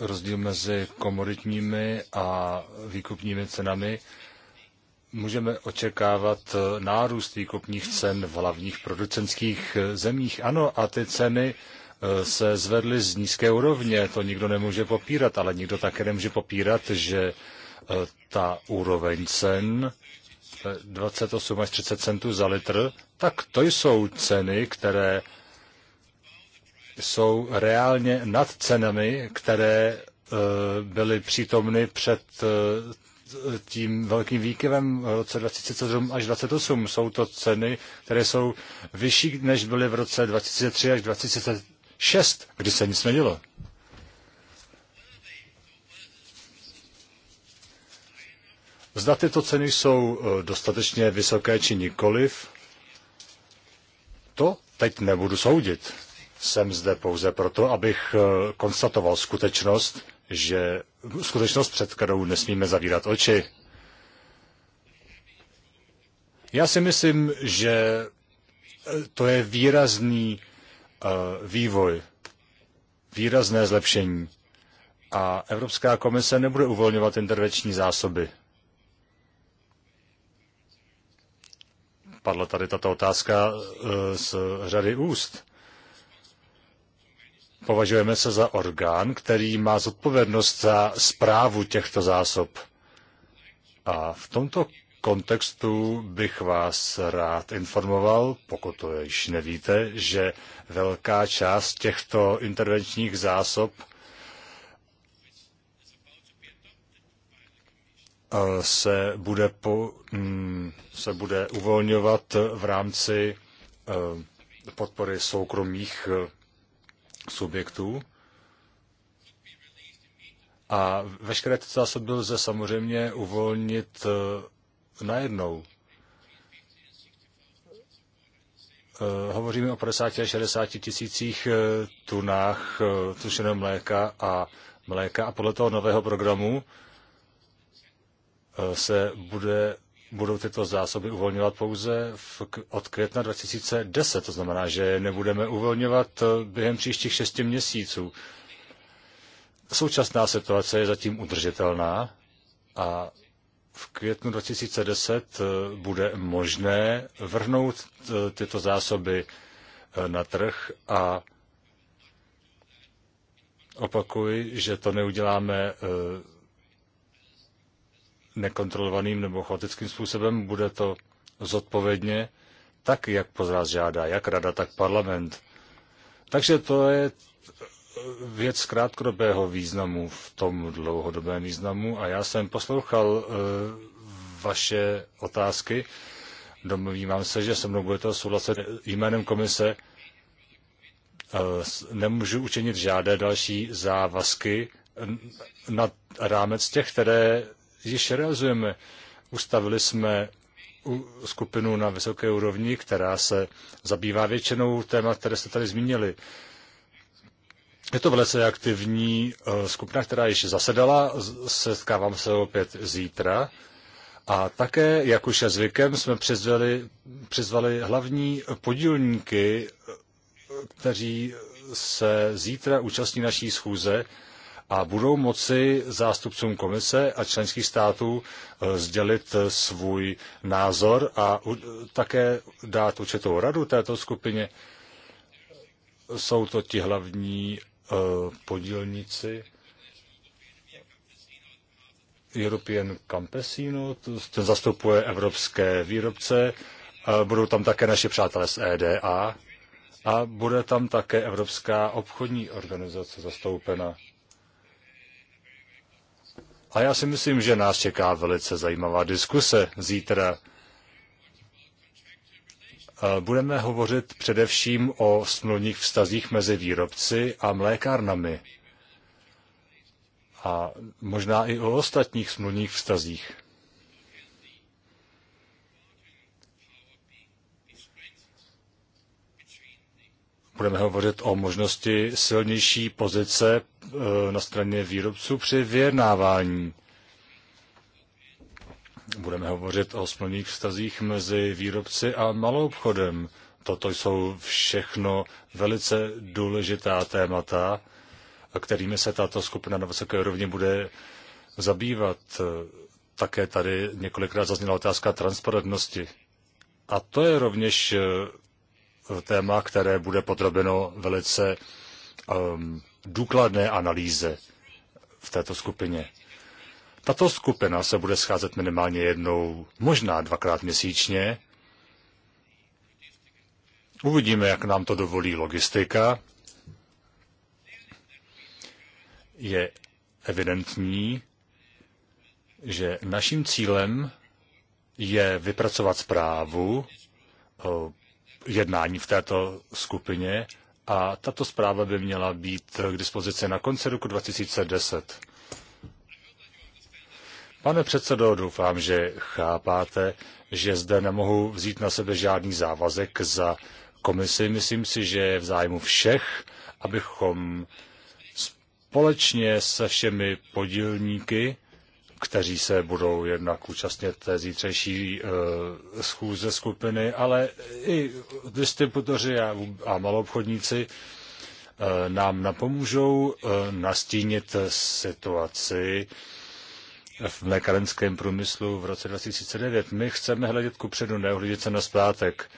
rozdíl mezi komoditními a výkupními cenami, můžeme očekávat nárůst výkupních cen v hlavních producentských zemích. Ano, a ty ceny eh, se zvedly z nízké úrovně, to nikdo nemůže popírat, ale nikdo také nemůže popírat, že eh, ta úroveň cen 28 eh, až 30 centů za litr, tak to jsou ceny, které jsou reálně nad cenami, které eh, byly přítomny před eh, tím velkým výkyvem v roce 2007 až 2028. Jsou to ceny, které jsou vyšší, než byly v roce 2003 až 2006, kdy se nic nedělo. Zda tyto ceny jsou eh, dostatečně vysoké či nikoliv, to teď nebudu soudit. Jsem zde pouze proto, abych eh, konstatoval skutečnost, že skutečnost, před kterou nesmíme zavírat oči. Já si myslím, že eh, to je výrazný eh, vývoj, výrazné zlepšení. A Evropská komise nebude uvolňovat intervenční zásoby. Padla tady tato otázka z řady úst. Považujeme se za orgán, který má zodpovědnost za zprávu těchto zásob. A v tomto kontextu bych vás rád informoval, pokud to již nevíte, že velká část těchto intervenčních zásob eh, se bude, po, mm, se bude uvolňovat v rámci eh, podpory soukromých subjektů. A veškeré ty zásoby lze samozřejmě uvolnit e, najednou. E, hovoříme o 50 až 60 tisících e, tunách tušeného mléka a mléka a podle toho nového programu se bude budou tyto zásoby uvolňovat pouze v, od května 2010, to znamená, že nebudeme uvolňovat eh, během příštích šesti měsíců. Současná situace je zatím udržitelná a v květnu 2010 eh, bude možné vrhnout eh, tyto zásoby na trh a opakuji, že to neuděláme nekontrolovaným nebo chaotickým způsobem, bude to zodpovědně, tak jak po nás žádá, jak rada, tak parlament. Takže to je věc krátkodobého významu v tom dlouhodobém významu a já jsem poslouchal eh, vaše otázky. Domluvím se, že se mnou budete souhlasit jménem komise. Eh, nemůžu učinit žádné další závazky nad rámec těch, které již realizujeme. Ustavili jsme skupinu na vysoké úrovni, která se zabývá většinou témat, které jste tady zmínili. Je to velice aktivní eh, skupina, která již zasedala, setkávám se opět zítra. A také, jak už je zvykem, jsme přizvali, přizvali hlavní podílníky, eh, kteří se zítra účastní naší schůze a budou moci zástupcům komise a členských států eh, sdělit eh, svůj názor a také dát určitou radu této skupině. Jsou to ti hlavní eh, podílníci European Campesino, ten zastupuje evropské výrobce, budou tam také naši přátelé z EDA a bude tam také Evropská obchodní organizace zastoupena. A já si myslím, že nás čeká velice zajímavá diskuse zítra. Eh, budeme hovořit především o smluvních vztazích mezi výrobci a mlékárnami. A možná i o ostatních smluvních vztazích. budeme hovořit o možnosti silnější pozice e, na straně výrobců při vyjednávání. Budeme hovořit o smluvních vztazích mezi výrobci a malou obchodem. Toto jsou všechno velice důležitá témata, kterými se tato skupina na vysoké úrovni bude zabývat. Také tady několikrát zazněla otázka transparentnosti. A to je rovněž e, téma, které bude podrobeno velice um, důkladné analýze v této skupině. Tato skupina se bude scházet minimálně jednou, možná dvakrát měsíčně. Uvidíme, jak nám to dovolí logistika. Je evidentní, že naším cílem je vypracovat zprávu, jednání v této skupině a tato zpráva by měla být k dispozici na konci roku 2010. Pane předsedo, doufám, že chápáte, že zde nemohu vzít na sebe žádný závazek za komisi. Myslím si, že je v zájmu všech, abychom společně se všemi podílníky kteří se budou jednak účastnit té zítřejší e, schůze skupiny, ale i distributoři a, a maloobchodníci e, nám napomůžou e, nastínit situaci v mlékárenském průmyslu v roce 2009. My chceme hledět kupředu, neohledět se na zpátek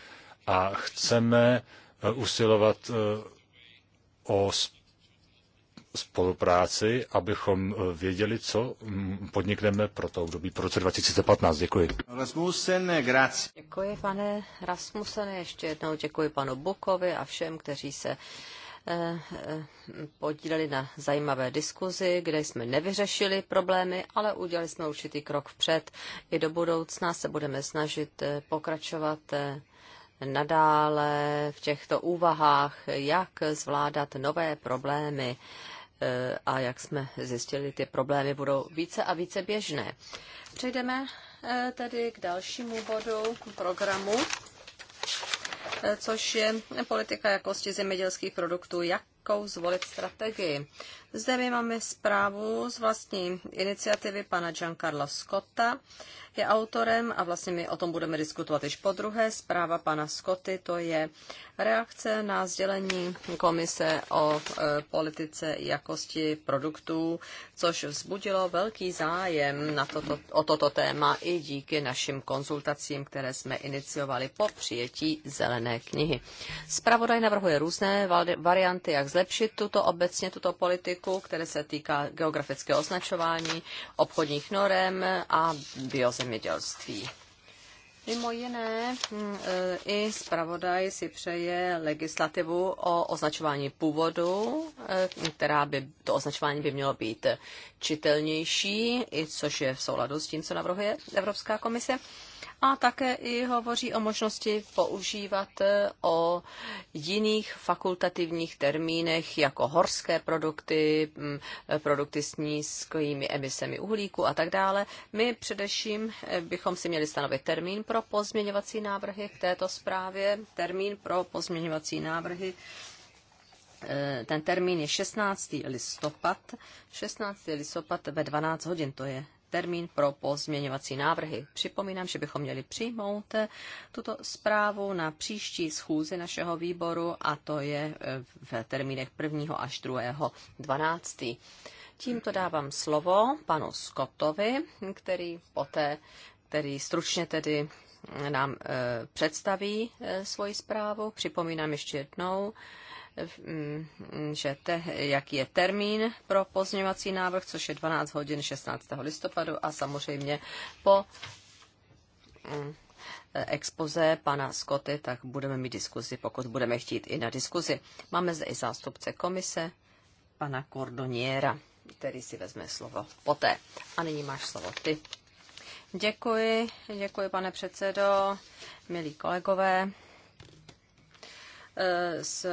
a chceme usilovat o spolupráci, abychom eh, věděli, co mm, podnikneme pro to období po roce 2015. Děkuji. Rasmussen, grazie. Děkuji, pane Rasmussen. Ještě jednou děkuji panu Bukovi a všem, kteří se eh, eh, podíleli na zajímavé diskuzi, kde jsme nevyřešili problémy, ale udělali jsme určitý krok vpřed. I do budoucna se budeme snažit pokračovat nadále v těchto úvahách, jak zvládat nové problémy a jak jsme zjistili, ty problémy budou více a více běžné. Přejdeme eh, tedy k dalšímu bodu programu, eh, což je politika jakosti zemědělských produktů, jakou zvolit strategii. Zde my máme zprávu z vlastní iniciativy pana Giancarlo Scotta. Je autorem a vlastně my o tom budeme diskutovat již po druhé. Zpráva pana Scotty to je reakce na sdělení komise o e, politice jakosti produktů, což vzbudilo velký zájem na toto, o toto téma i díky našim konzultacím, které jsme iniciovali po přijetí zelené knihy. Zpravodaj navrhuje různé varianty, jak zlepšit tuto obecně tuto politiku politiku, které se týká geografického označování, obchodních norem a biozemědělství. Mimo jiné, hm, e, i zpravodaj si přeje legislativu o označování původu, e, která by, to označování by mělo být čitelnější, i což je v souladu s tím, co navrhuje Evropská komise a také i hovoří o možnosti používat eh, o jiných fakultativních termínech jako horské produkty, mm, eh, produkty s nízkými emisemi uhlíku a tak dále. My především eh, bychom si měli stanovit termín pro pozměňovací návrhy k této zprávě, termín pro pozměňovací návrhy ten termín je 16. listopad. 16. listopad ve 12 hodin, to je termín pro pozměňovací návrhy. Připomínám, že bychom měli přijmout eh, tuto zprávu na příští schůzi našeho výboru a to je eh, v termínech 1. až 2. 12. Tímto dávám slovo panu Scottovi, který poté, který stručně tedy eh, nám e, představí e, svoji zprávu. Připomínám ještě jednou, Mm, že te, jaký je termín pro pozměňovací návrh, což je 12 hodin 16. listopadu a samozřejmě po mm, expoze pana Skoty, tak budeme mít diskuzi, pokud budeme chtít i na diskuzi. Máme zde i zástupce komise, pana Kordoniera, který si vezme slovo poté. A nyní máš slovo ty. Děkuji, děkuji pane předsedo, milí kolegové. Eh, s,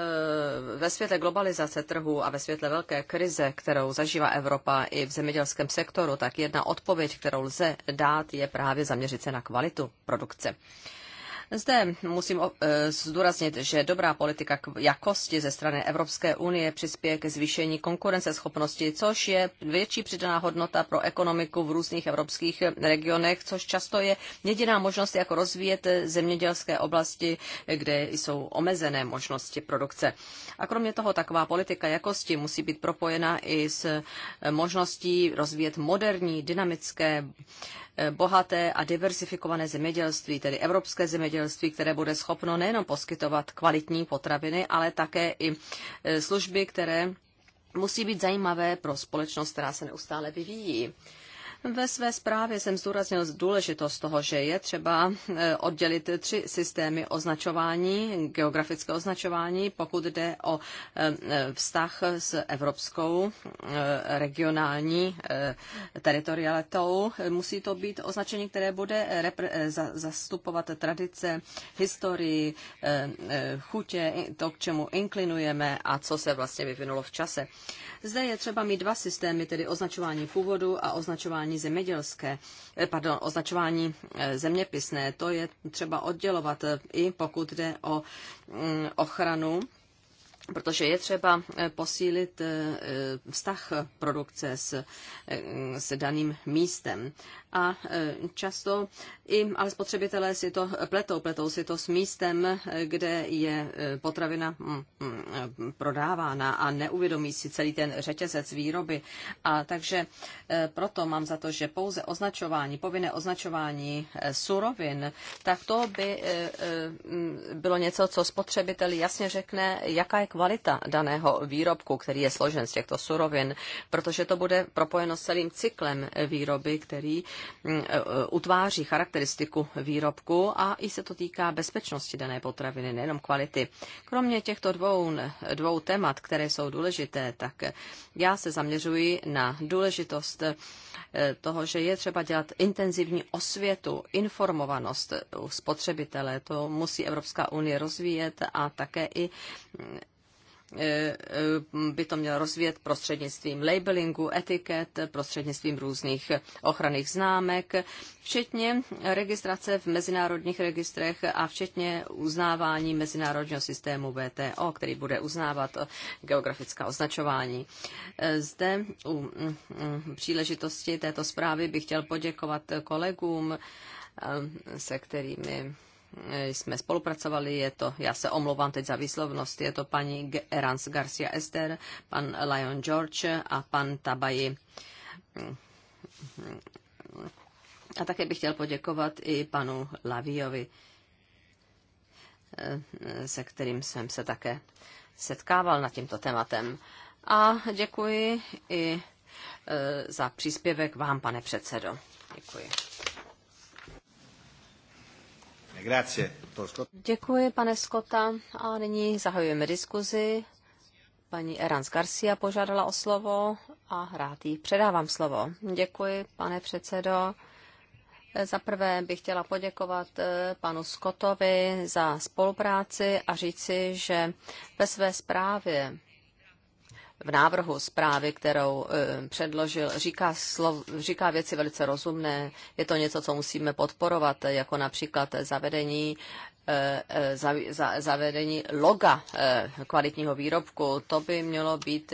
ve světle globalizace trhu a ve světle velké krize, kterou zažívá Evropa i v zemědělském sektoru, tak jedna odpověď, kterou lze dát, je právě zaměřit se na kvalitu produkce. Uh, zde musím e, zdůraznit, že dobrá politika jakosti ze strany Evropské unie přispěje ke zvýšení konkurenceschopnosti, což je větší přidaná hodnota pro ekonomiku v různých evropských regionech, což často je jediná možnost, jak rozvíjet zemědělské oblasti, kde jsou omezené možnosti produkce. A kromě toho taková politika jakosti musí být propojena i s možností rozvíjet moderní, dynamické bohaté a diversifikované zemědělství, tedy evropské zemědělství, které bude schopno nejenom poskytovat kvalitní potraviny, ale také i e, služby, které musí být zajímavé pro společnost, která se neustále vyvíjí. Ve své zprávě jsem zdůraznil důležitost toho, že je třeba eh, oddělit tři systémy označování, geografické označování, pokud jde o eh, eh, vztah s evropskou regionální teritorialitou. Musí to být označení, které bude zastupovat tradice, historii, chutě, to, k čemu inklinujeme a co se vlastně vyvinulo v čase. Zde je třeba mít dva systémy, tedy označování původu a označování označování zemědělské, eh, pardon, označování eh, zeměpisné, to je třeba oddělovat eh, i pokud jde o mm, ochranu protože je třeba eh, posílit eh, eh, vztah produkce s, s daným místem. A často i ale spotřebitelé si to pletou, pletou si to s místem, kde je potravina mm, mm, prodávána a neuvědomí si celý ten řetězec výroby. A takže proto mám za to, že pouze označování, povinné označování surovin, tak to by mm, bylo něco, co spotřebiteli jasně řekne, jaká je kvalita daného výrobku, který je složen z těchto surovin, protože to bude propojeno s celým cyklem výroby, který mm, e, e, utváří charakteristiku výrobku a i se to týká bezpečnosti dané potraviny, nejenom kvality. Kromě těchto dvou, dvou témat, které jsou důležité, tak já se zaměřuji na důležitost e, toho, že je třeba dělat intenzivní osvětu, informovanost spotřebitele. To musí Evropská unie rozvíjet a také i Eh, eh, by to měl rozvíjet prostřednictvím labelingu, etiket, prostřednictvím různých ochranných známek, včetně registrace v mezinárodních registrech a včetně uznávání mezinárodního systému VTO, který bude uznávat geografická označování. Eh, zde u mm, příležitosti této zprávy bych chtěl poděkovat kolegům, se kterými jsme spolupracovali, je to, já se omlouvám teď za výslovnost, je to paní Erans Garcia Ester, pan Lion George a pan Tabaji. A také bych chtěl poděkovat i panu Laviovi, se kterým jsem se také setkával nad tímto tématem. A děkuji i e, za příspěvek vám, pane předsedo. Děkuji. Děkuji, pane Skota. A nyní zahajujeme diskuzi. Paní Erans Garcia požádala o slovo a rád jí předávám slovo. Děkuji, pane předsedo. Za prvé bych chtěla poděkovat eh, panu Skotovi za spolupráci a říci, že ve své zprávě v návrhu zprávy, kterou eh, předložil, říká, slov, říká věci velice rozumné. Je to něco, co musíme podporovat, jako například zavedení Eh, eh, zavedení loga eh, kvalitního výrobku. To by mělo být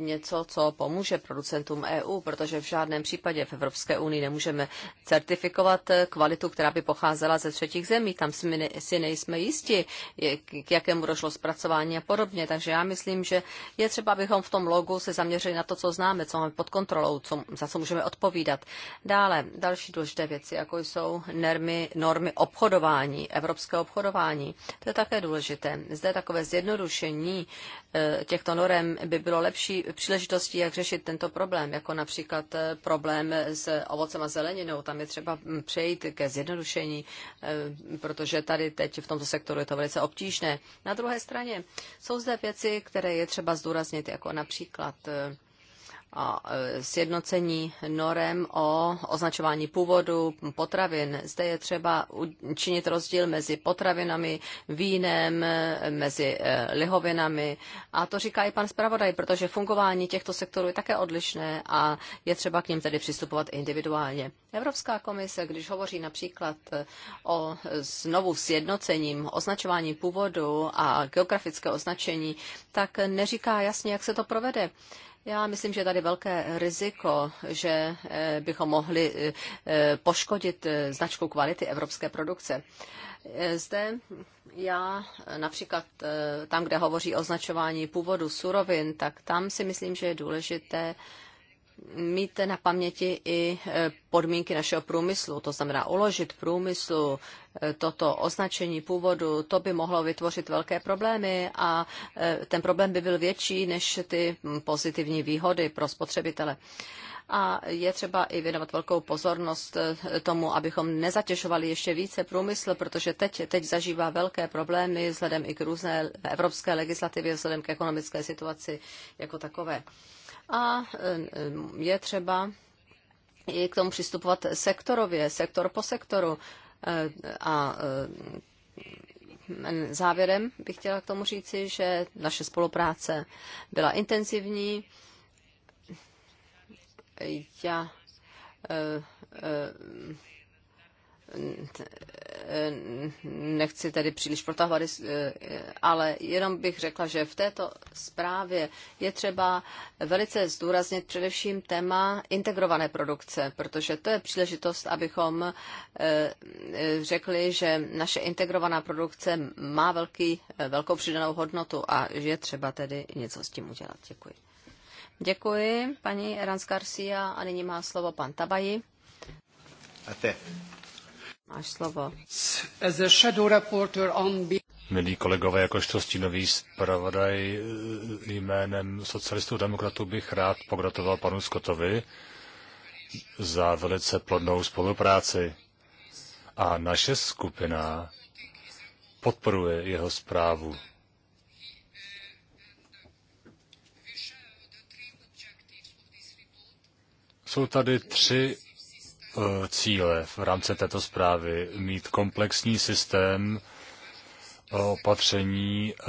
něco, co pomůže producentům EU, protože v žádném případě v Evropské unii nemůžeme certifikovat kvalitu, která by pocházela ze třetích zemí. Tam si nejsme jisti, k jakému došlo zpracování a podobně. Takže já myslím, že je třeba, abychom v tom logu se zaměřili na to, co známe, co máme pod kontrolou, co, za co můžeme odpovídat. Dále další důležité věci, jako jsou normy, normy obchodování, evropského obchodování. To je také důležité. Zde takové zjednodušení eh, těchto norem by bylo lepší příležitostí, jak řešit tento problém, jako například eh, problém s ovocem a zeleninou. Tam je třeba hm, přejít ke zjednodušení, eh, protože tady teď v tomto sektoru je to velice obtížné. Na druhé straně jsou zde věci, které je třeba zdůraznit, jako například a e, sjednocení norem o označování původu potravin. Zde je třeba učinit rozdíl mezi potravinami, vínem, e, mezi e, lihovinami. A to říká i pan zpravodaj, protože fungování těchto sektorů je také odlišné a je třeba k ním tedy přistupovat individuálně. Evropská komise, když hovoří například o znovu sjednocením označování původu a geografické označení, tak neříká jasně, jak se to provede. Já myslím, že je tady velké riziko, že eh, bychom mohli eh, eh, poškodit značku kvality evropské produkce. Zde já například tam, kde hovoří o označování původu surovin, tak tam si myslím, že je důležité mít na paměti i e, podmínky našeho průmyslu, to znamená uložit průmyslu e, toto označení původu, to by mohlo vytvořit velké problémy a e, ten problém by byl větší než ty pozitivní výhody pro spotřebitele. A je třeba i věnovat velkou pozornost tomu, abychom nezatěžovali ještě více průmysl, protože teď, teď zažívá velké problémy vzhledem i k různé evropské legislativě, vzhledem k ekonomické situaci jako takové a eh, je třeba i k tomu přistupovat sektorově, sektor po sektoru. Eh, a eh, závěrem bych chtěla k tomu říci, že naše spolupráce byla intenzivní. Já nechci tady příliš protahovat, ale jenom bych řekla, že v této zprávě je třeba velice zdůraznit především téma integrované produkce, protože to je příležitost, abychom eh, řekli, že naše integrovaná produkce má velký, velkou přidanou hodnotu a že je třeba tedy něco s tím udělat. Děkuji. Děkuji, paní Erans Garcia, a nyní má slovo pan Tabaji. A te. Máš slovo. Milí kolegové, jakožto stínový zpravodaj eh, jménem socialistů demokratů bych rád pogratuloval panu Skotovi za velice plodnou spolupráci. A naše skupina podporuje jeho zprávu. Jsou tady tři Eh, cíle v rámci této zprávy. Mít komplexní systém eh, opatření eh,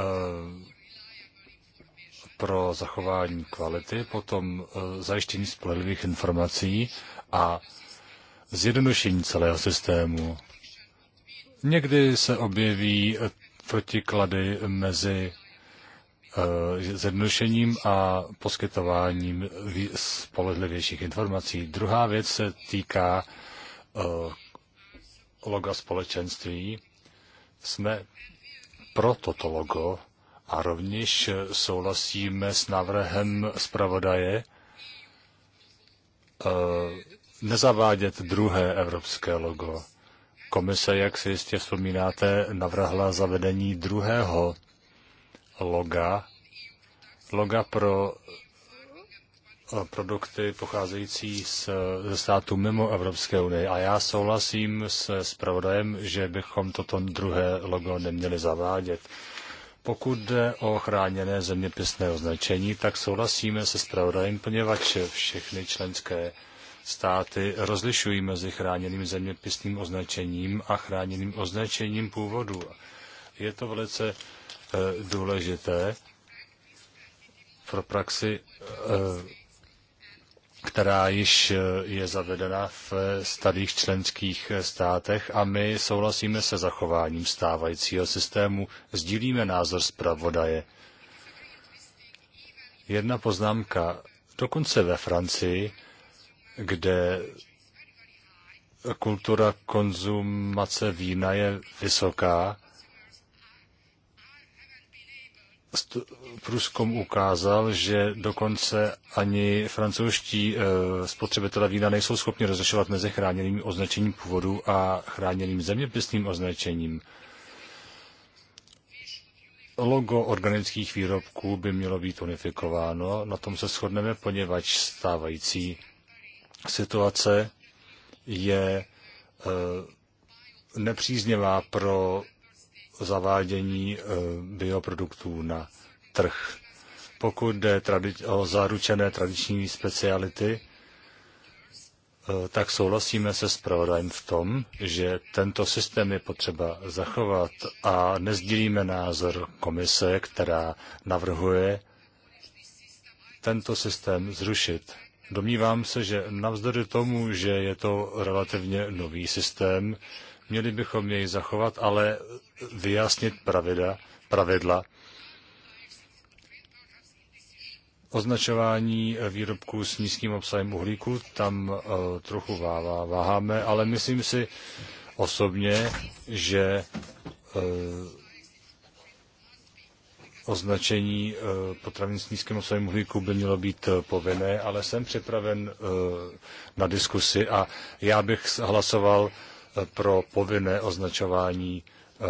pro zachování kvality, potom zajištění spolehlivých informací a zjednodušení celého systému. Někdy se objeví protiklady mezi Eh, zjednodušením a poskytováním spolehlivějších informací. Druhá věc se týká eh, loga společenství. Jsme pro toto logo a rovněž souhlasíme s návrhem zpravodaje eh, nezavádět druhé evropské logo. Komise, jak si jistě vzpomínáte, navrhla zavedení druhého loga, loga pro eh, produkty pocházející z, ze států mimo Evropské unie. A já souhlasím s zpravodajem, že bychom toto druhé logo neměli zavádět. Pokud jde o chráněné zeměpisné označení, tak souhlasíme se zpravodajem, poněvadž všechny členské státy rozlišují mezi chráněným zeměpisným označením a chráněným označením původu. Je to velice Eh, důležité pro praxi, eh, která již eh, je zavedena v starých členských státech a my souhlasíme se zachováním stávajícího systému, sdílíme názor zpravodaje. Jedna poznámka, dokonce ve Francii, kde kultura konzumace vína je vysoká, průzkum ukázal, že dokonce ani francouzští eh, spotřebitelé vína nejsou schopni rozlišovat mezi chráněným označením původu a chráněným zeměpisným označením. Logo organických výrobků by mělo být unifikováno, na tom se shodneme, poněvadž stávající situace je eh, nepříznivá pro zavádění eh, bioproduktů na trh. Pokud jde o zaručené tradiční speciality, eh, tak souhlasíme se zpravodajem v tom, že tento systém je potřeba zachovat a nezdílíme názor komise, která navrhuje tento systém zrušit. Domnívám se, že navzdory tomu, že je to relativně nový systém, Měli bychom jej zachovat, ale vyjasnit pravidla, pravidla označování výrobků s nízkým obsahem uhlíku, tam eh, trochu vává, váháme, ale myslím si osobně, že eh, označení eh, potravin s nízkým obsahem uhlíku by mělo být povinné, ale jsem připraven na diskusi a já bych hlasoval pro povinné označování eh,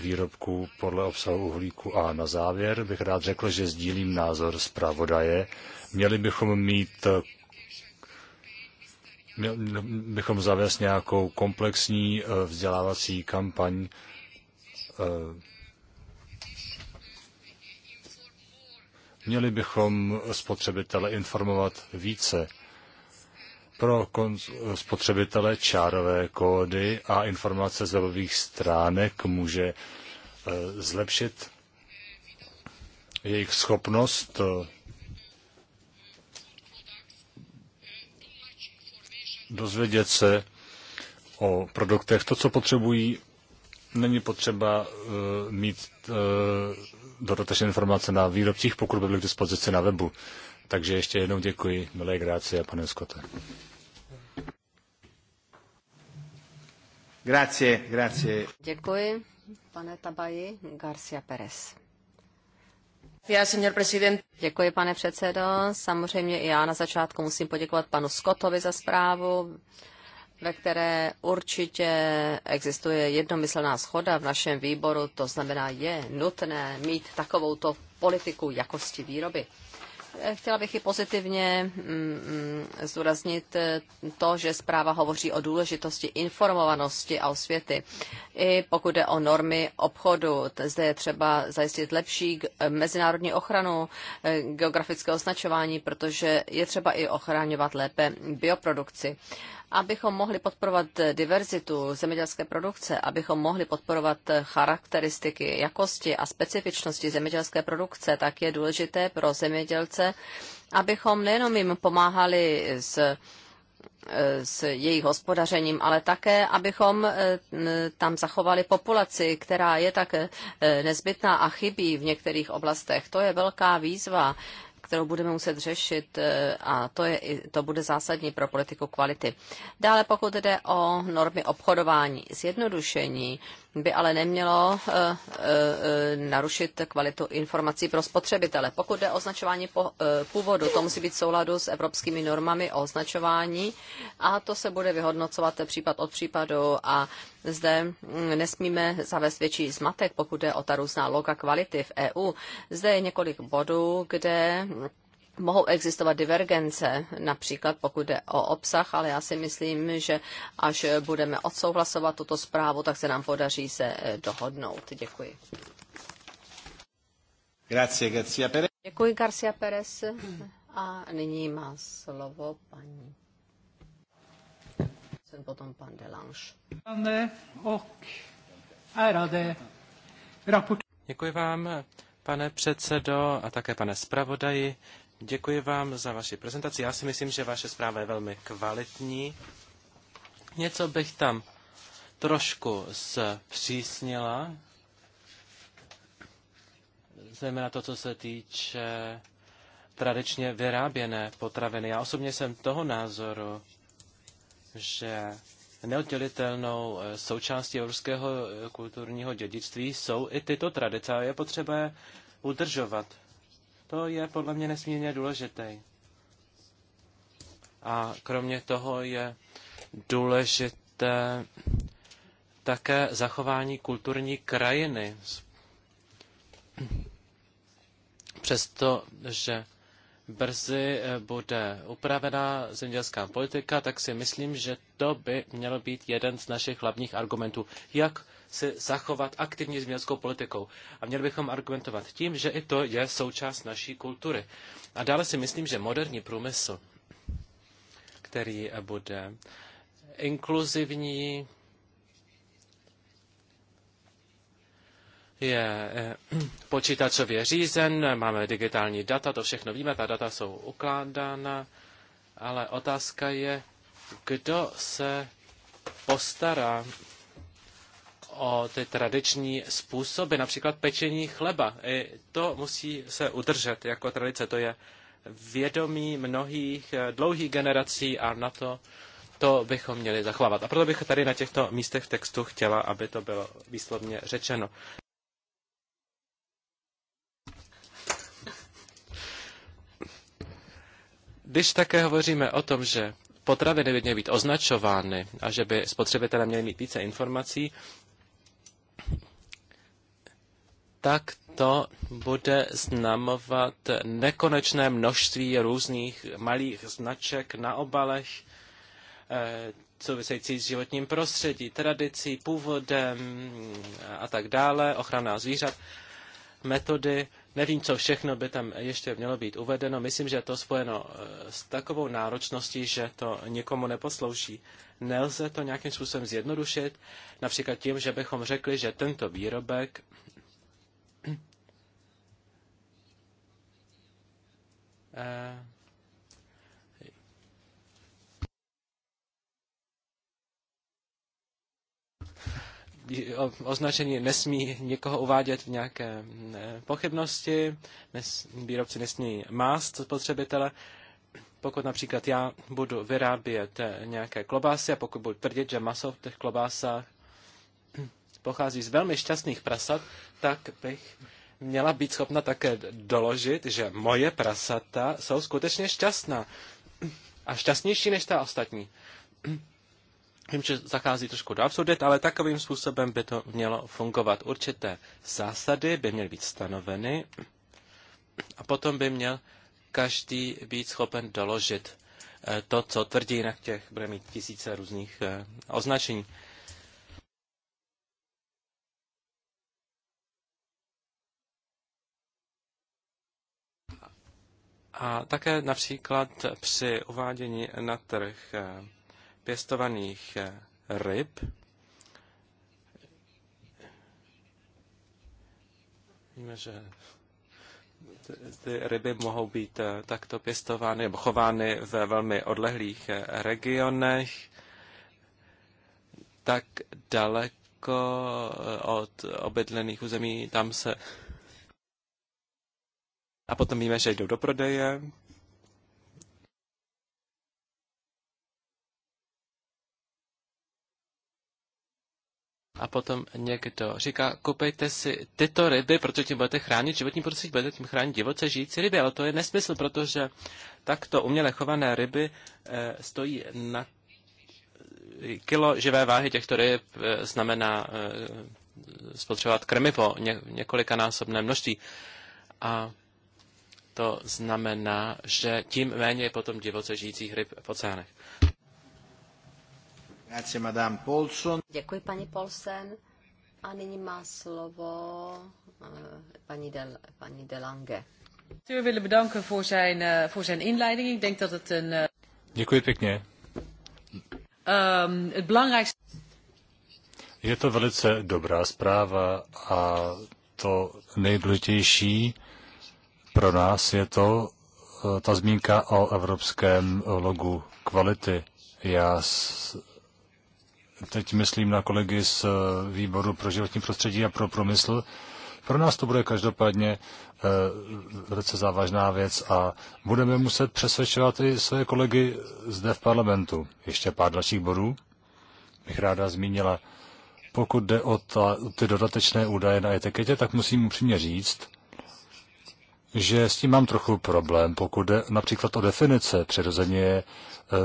výrobků podle obsahu uhlíku. A na závěr bych rád řekl, že sdílím názor zpravodaje. Měli bychom mít eh, měli bychom zavést nějakou komplexní eh, vzdělávací kampaň Měli bychom spotřebitele informovat více pro spotřebitele čárové kódy a informace z webových stránek může eh, zlepšit jejich schopnost eh, dozvědět se o produktech. To, co potřebují, není potřeba eh, mít dodatečné informace na výrobcích, pokud by byly k dispozici na webu. Takže ještě jednou děkuji, milé grácie a pane Skote. Grazie, grazie. Děkuji, pane Tabaji Garcia Perez. Děkuji, pane předsedo. Samozřejmě i já na začátku musím poděkovat panu Scottovi za zprávu, ve které určitě existuje jednomyslná schoda v našem výboru, to znamená, je nutné mít takovouto politiku jakosti výroby. Chtěla bych i pozitivně mm, mm, zdůraznit eh, to, že zpráva hovoří o důležitosti informovanosti a osvěty. I pokud jde o normy obchodu, zde je třeba zajistit lepší eh, mezinárodní ochranu eh, geografického označování, protože je třeba i ochraňovat lépe bioprodukci abychom mohli podporovat diverzitu zemědělské produkce, abychom mohli podporovat charakteristiky, jakosti a specifičnosti zemědělské produkce, tak je důležité pro zemědělce, abychom nejenom jim pomáhali s s jejich hospodařením, ale také, abychom eh, tam zachovali populaci, která je tak eh, nezbytná a chybí v některých oblastech. To je velká výzva kterou budeme muset řešit eh, a to, je, to bude zásadní pro politiku kvality. Dále pokud jde o normy obchodování, zjednodušení, by ale nemělo eh, eh, eh, narušit kvalitu informací pro spotřebitele. Pokud jde o označování původu, to musí být v souladu s evropskými normami o označování a to se bude vyhodnocovat případ od případu a zde mm, nesmíme zavést větší zmatek, pokud jde o ta různá loga kvality v EU. Zde je několik bodů, kde mohou existovat divergence, například pokud jde o obsah, ale já si myslím, že až budeme odsouhlasovat tuto zprávu, tak se nám podaří se eh, dohodnout. Děkuji. Děkuji, Garcia Perez. A nyní má slovo paní. Jsem potom pan Delange. Děkuji vám, pane předsedo a také pane zpravodaji. Děkuji vám za vaši prezentaci. Já si myslím, že vaše zpráva je velmi kvalitní. Něco bych tam trošku zpřísnila, zejména to, co se týče tradičně vyráběné potraviny. Já osobně jsem toho názoru, že neoddělitelnou eh, součástí evropského kulturního dědictví jsou i tyto tradice a je potřeba je udržovat. To je podle mě nesmírně důležité. A kromě toho je důležité také zachování kulturní krajiny. Přestože brzy eh, bude upravená zemědělská politika, tak si myslím, že to by mělo být jeden z našich hlavních argumentů, jak se zachovat aktivní zemědělskou politikou. A měli bychom argumentovat tím, že i to je součást naší kultury. A dále si myslím, že moderní průmysl, který bude inkluzivní, je eh, počítačově řízen, máme digitální data, to všechno víme, ta data jsou ukládána, ale otázka je, kdo se postará o ty tradiční způsoby, například pečení chleba. I to musí se udržet jako tradice. To je vědomí mnohých eh, dlouhých generací a na to to bychom měli zachovávat. A proto bych tady na těchto místech v textu chtěla, aby to bylo výslovně řečeno. Když také hovoříme o tom, že potraviny by měly být označovány a že by spotřebitelé měli mít více informací, tak to bude znamovat nekonečné množství různých malých značek na obalech eh, související s životním prostředí, tradicí, původem a tak dále, ochrana zvířat, metody. Nevím, co všechno by tam ještě mělo být uvedeno. Myslím, že je to spojeno eh, s takovou náročností, že to nikomu neposlouží. Nelze to nějakým způsobem zjednodušit, například tím, že bychom řekli, že tento výrobek Eh, označení nesmí někoho uvádět v nějaké eh, pochybnosti, nes, výrobci nesmí mást spotřebitele. Pokud například já budu vyrábět eh, nějaké klobásy a pokud budu tvrdit, že maso v těch klobásách pochází z velmi šťastných prasat, tak bych měla být schopna také doložit, že moje prasata jsou skutečně šťastná. A šťastnější než ta ostatní. Vím, že zachází trošku do absurdit, ale takovým způsobem by to mělo fungovat. Určité zásady by měly být stanoveny a potom by měl každý být schopen doložit eh, to, co tvrdí, jinak těch bude mít tisíce různých eh, označení. A také například při uvádění na trh eh, pěstovaných eh, ryb víme, že ty, ty ryby mohou být eh, takto pěstovány nebo chovány ve velmi odlehlých regionech, tak daleko od obydlených území, tam se a potom víme, že jdou do prodeje. A potom někdo říká, kupejte si tyto ryby, protože tím budete chránit životní prostředí, budete tím chránit divoce žijící ryby. Ale to je nesmysl, protože takto uměle chované ryby e, stojí na kilo živé váhy těchto ryb e, znamená e, spotřebovat krmivo ně, několikanásobné množství. A to znamená, že tím méně je potom divoce žijících ryb v oceánech. Děkuji, paní Polsen. A nyní má slovo eh, paní, Del, paní Delange. Eh, eh, Děkuji pěkně. Ehm, je to velice dobrá zpráva a to nejdůležitější pro nás je to eh, ta zmínka o evropském logu kvality. Já s, teď myslím na kolegy z eh, výboru pro životní prostředí a pro promysl. Pro nás to bude každopádně eh, velice závažná věc a budeme muset přesvědčovat i své kolegy zde v parlamentu. Ještě pár dalších bodů bych ráda zmínila. Pokud jde o ta, ty dodatečné údaje na etiketě, tak musím upřímně říct, že s tím mám trochu problém, pokud jde například o definice. Přirozeně eh,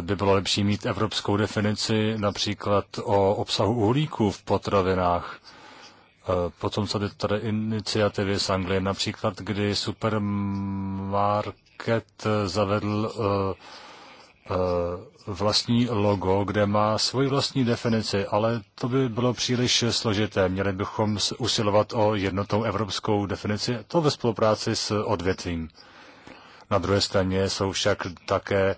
by bylo lepší mít evropskou definici například o obsahu uhlíku v potravinách. Eh, potom jsou tady iniciativy z Anglie, například kdy supermarket zavedl uh, uh, vlastní logo, kde má svoji vlastní definici, ale to by bylo příliš složité. Měli bychom usilovat o jednotnou evropskou definici, to ve spolupráci s odvětvím. Na druhé straně jsou však také e,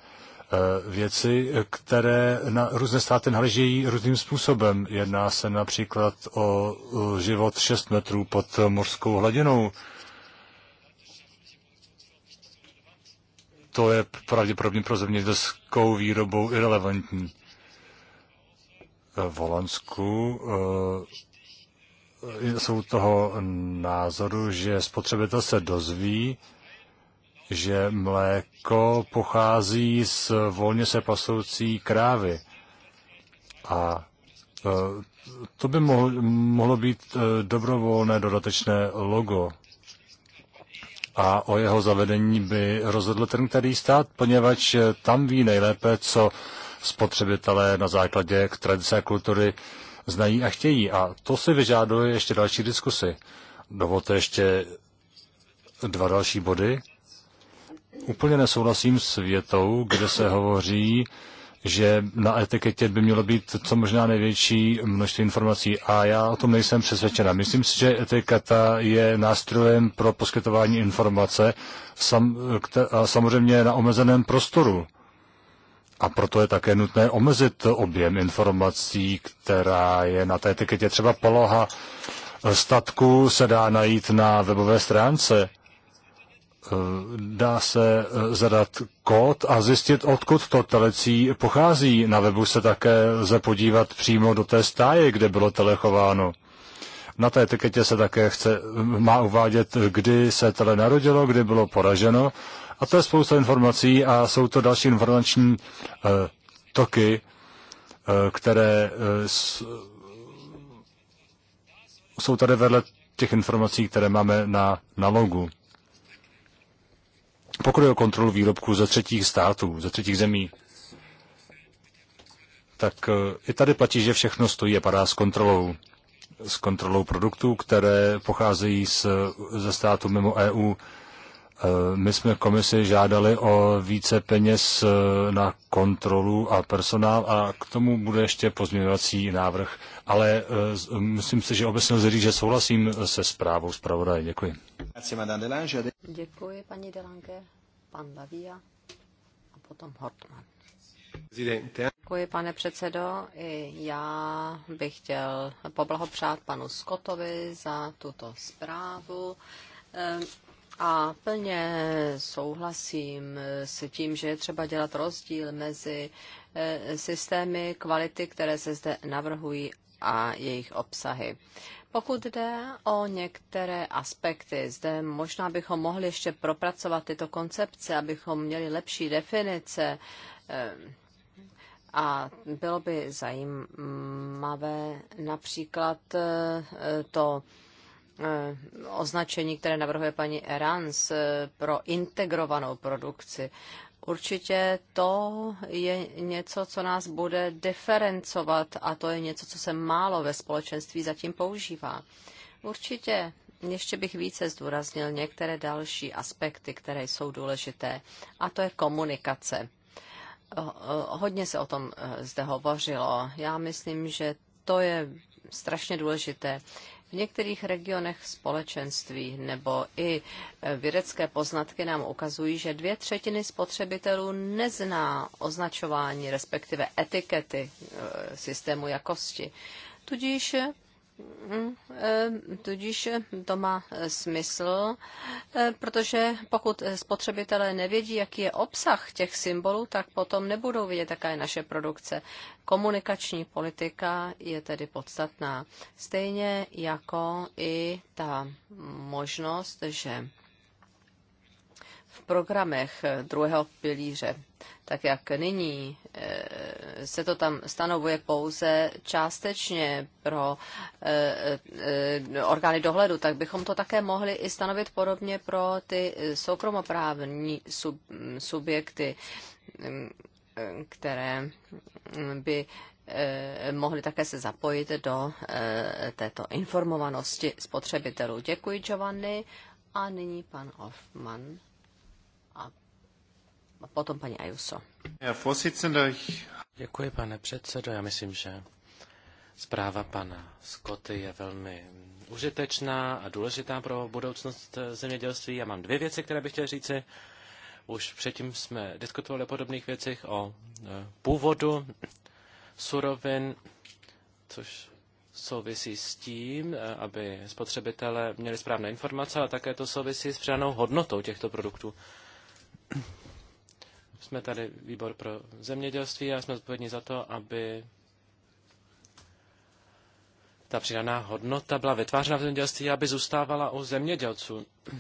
věci, které na různé státy nahlížejí různým způsobem. Jedná se například o život 6 metrů pod mořskou hladinou. to je pravděpodobně pro zemědělskou výrobou irrelevantní. V Holandsku eh, jsou toho názoru, že spotřebitel se dozví, že mléko pochází z volně se pasoucí krávy. A eh, to by mohlo být eh, dobrovolné dodatečné logo a o jeho zavedení by rozhodl ten, který stát, poněvadž tam ví nejlépe, co spotřebitelé na základě tradice a kultury znají a chtějí. A to si vyžáduje ještě další diskusy. Dovolte ještě dva další body. Úplně nesouhlasím s větou, kde se hovoří, že na etiketě by mělo být co možná největší množství informací a já o tom nejsem přesvědčena. Myslím si, že etiketa je nástrojem pro poskytování informace sam, a samozřejmě na omezeném prostoru. A proto je také nutné omezit objem informací, která je na té etiketě. Třeba poloha statku se dá najít na webové stránce Eh, dá se eh, zadat kód a zjistit, odkud to telecí pochází. Na webu se také lze podívat přímo do té stáje, kde bylo telechováno. Na té etiketě se také chce, má uvádět, kdy se tele narodilo, kdy bylo poraženo. A to je spousta informací a jsou to další informační eh, toky, eh, které eh, jsou tady vedle těch informací, které máme na, na logu pokud je o kontrolu výrobků ze třetích států, ze třetích zemí, tak eh, i tady platí, že všechno stojí a padá s kontrolou. S kontrolou produktů, které pocházejí z, ze států mimo EU. Eh, my jsme komisi žádali o více peněz eh, na kontrolu a personál a k tomu bude ještě pozměňovací návrh. Ale eh, myslím si, že obecně lze říct, že souhlasím se zprávou zpravodaje. Děkuji. Děkuji, paní Delange, pan Lavia a potom Hortman. Děkuji, pane předsedo. I já bych chtěl poblahopřát panu Skotovi za tuto zprávu ehm, a plně souhlasím s tím, že je třeba dělat rozdíl mezi eh, systémy kvality, které se zde navrhují a jejich obsahy. Pokud jde o některé aspekty, zde možná bychom mohli ještě propracovat tyto koncepce, abychom měli lepší definice eh, a bylo by zajímavé například eh, to Eh, označení, které navrhuje paní Erans eh, pro integrovanou produkci. Určitě to je něco, co nás bude diferencovat a to je něco, co se málo ve společenství zatím používá. Určitě ještě bych více zdůraznil některé další aspekty, které jsou důležité, a to je komunikace. Eh, hodně se o tom zde hovořilo. Já myslím, že to je strašně důležité v některých regionech společenství nebo i e, vědecké poznatky nám ukazují, že dvě třetiny spotřebitelů nezná označování, respektive etikety e, systému jakosti. Tudíž Mm, eh, tudíž to má eh, smysl, eh, protože pokud spotřebitelé nevědí, jaký je obsah těch symbolů, tak potom nebudou vidět jaká je naše produkce. Komunikační politika je tedy podstatná. Stejně jako i ta možnost, že programech druhého pilíře, tak jak nyní eh, se to tam stanovuje pouze částečně pro eh, eh, orgány dohledu, tak bychom to také mohli i stanovit podobně pro ty soukromoprávní subjekty, které by mohli také se zapojit do této informovanosti spotřebitelů. Děkuji, Giovanni. A nyní pan Hoffman a potom paní Ayuso. Děkuji, pane předsedo. Já myslím, že zpráva pana Scotty je velmi užitečná a důležitá pro budoucnost zemědělství. Já mám dvě věci, které bych chtěl říci. Už předtím jsme diskutovali o podobných věcech, o e, původu surovin, což souvisí s tím, e, aby spotřebitelé měli správné informace, ale také to souvisí s přidanou hodnotou těchto produktů. Jsme tady výbor pro zemědělství a jsme zodpovědní za to, aby ta přidaná hodnota byla vytvářena v zemědělství, aby zůstávala u zemědělců.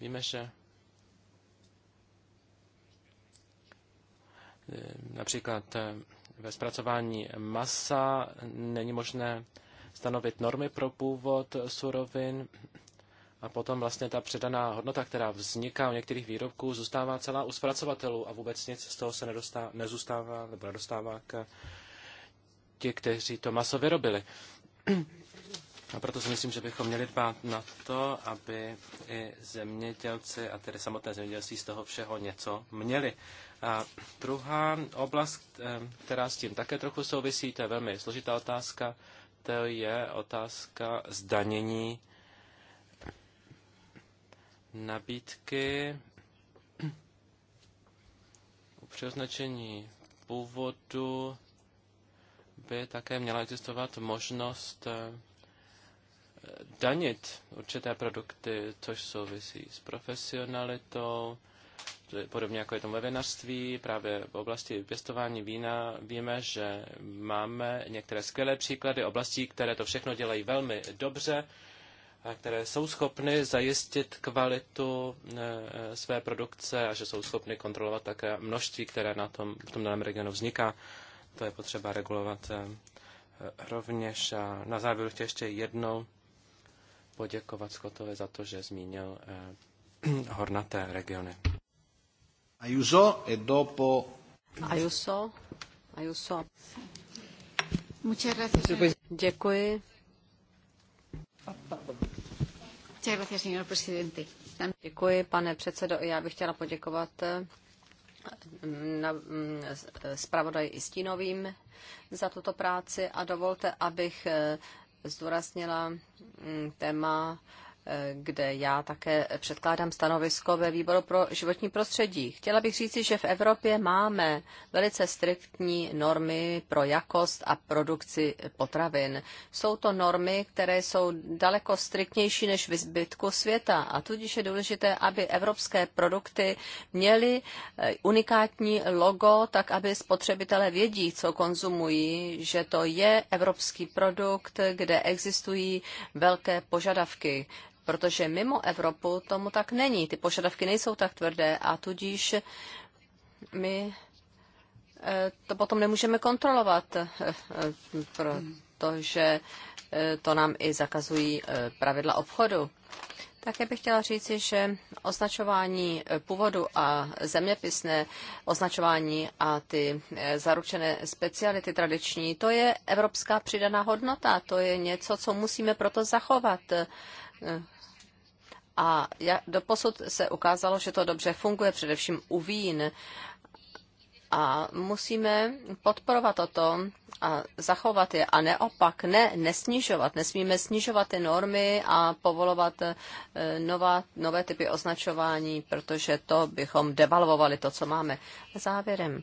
Víme, že eh, například eh, ve zpracování masa není možné stanovit normy pro původ surovin a potom vlastně ta předaná hodnota, která vzniká u některých výrobků, zůstává celá u zpracovatelů a vůbec nic z toho se nedostá, nezůstává nebo nedostává k ti, kteří to maso vyrobili. A proto si myslím, že bychom měli dbát na to, aby i zemědělci a tedy samotné zemědělství z toho všeho něco měli. A druhá oblast, eh, která s tím také trochu souvisí, to je velmi složitá otázka, to je otázka zdanění nabídky u přeoznačení původu by také měla existovat možnost eh, danit určité produkty, což souvisí s profesionalitou, podobně jako je to ve vinařství, právě v oblasti pěstování vína víme, že máme některé skvělé příklady oblastí, které to všechno dělají velmi dobře které jsou schopny zajistit kvalitu eh, eh, své produkce a že jsou schopny kontrolovat také množství, které na tom, v tom daném regionu vzniká. To je potřeba regulovat eh, rovněž. A na závěr chtěl ještě jednou poděkovat Skotovi za to, že zmínil hornaté regiony. Ayuso e dopo... Ayuso, Ayuso. Muchas gracias. Děkuji. Děkuji, pane předsedo. Já bych chtěla poděkovat eh, mm, eh, zpravodaji zpravodaj i stínovým za tuto práci a dovolte, abych eh, zdůraznila mm, téma kde já také předkládám stanovisko ve výboru pro životní prostředí. Chtěla bych říci, že v Evropě máme velice striktní normy pro jakost a produkci potravin. Jsou to normy, které jsou daleko striktnější než v zbytku světa a tudíž je důležité, aby evropské produkty měly eh, unikátní logo, tak aby spotřebitelé vědí, co konzumují, že to je evropský produkt, kde existují velké požadavky protože mimo Evropu tomu tak není. Ty požadavky nejsou tak tvrdé a tudíž my eh, to potom nemůžeme kontrolovat, eh, protože eh, to nám i zakazují pravidla obchodu. Také bych chtěla říci, že označování původu a zeměpisné označování a ty zaručené speciality tradiční, to je evropská přidaná hodnota, to je něco, co musíme proto zachovat a doposud se ukázalo, že to dobře funguje, především u vín. A musíme podporovat toto a zachovat je a neopak, ne, nesnižovat. Nesmíme snižovat ty normy a povolovat e, nová, nové typy označování, protože to bychom devalvovali to, co máme. Závěrem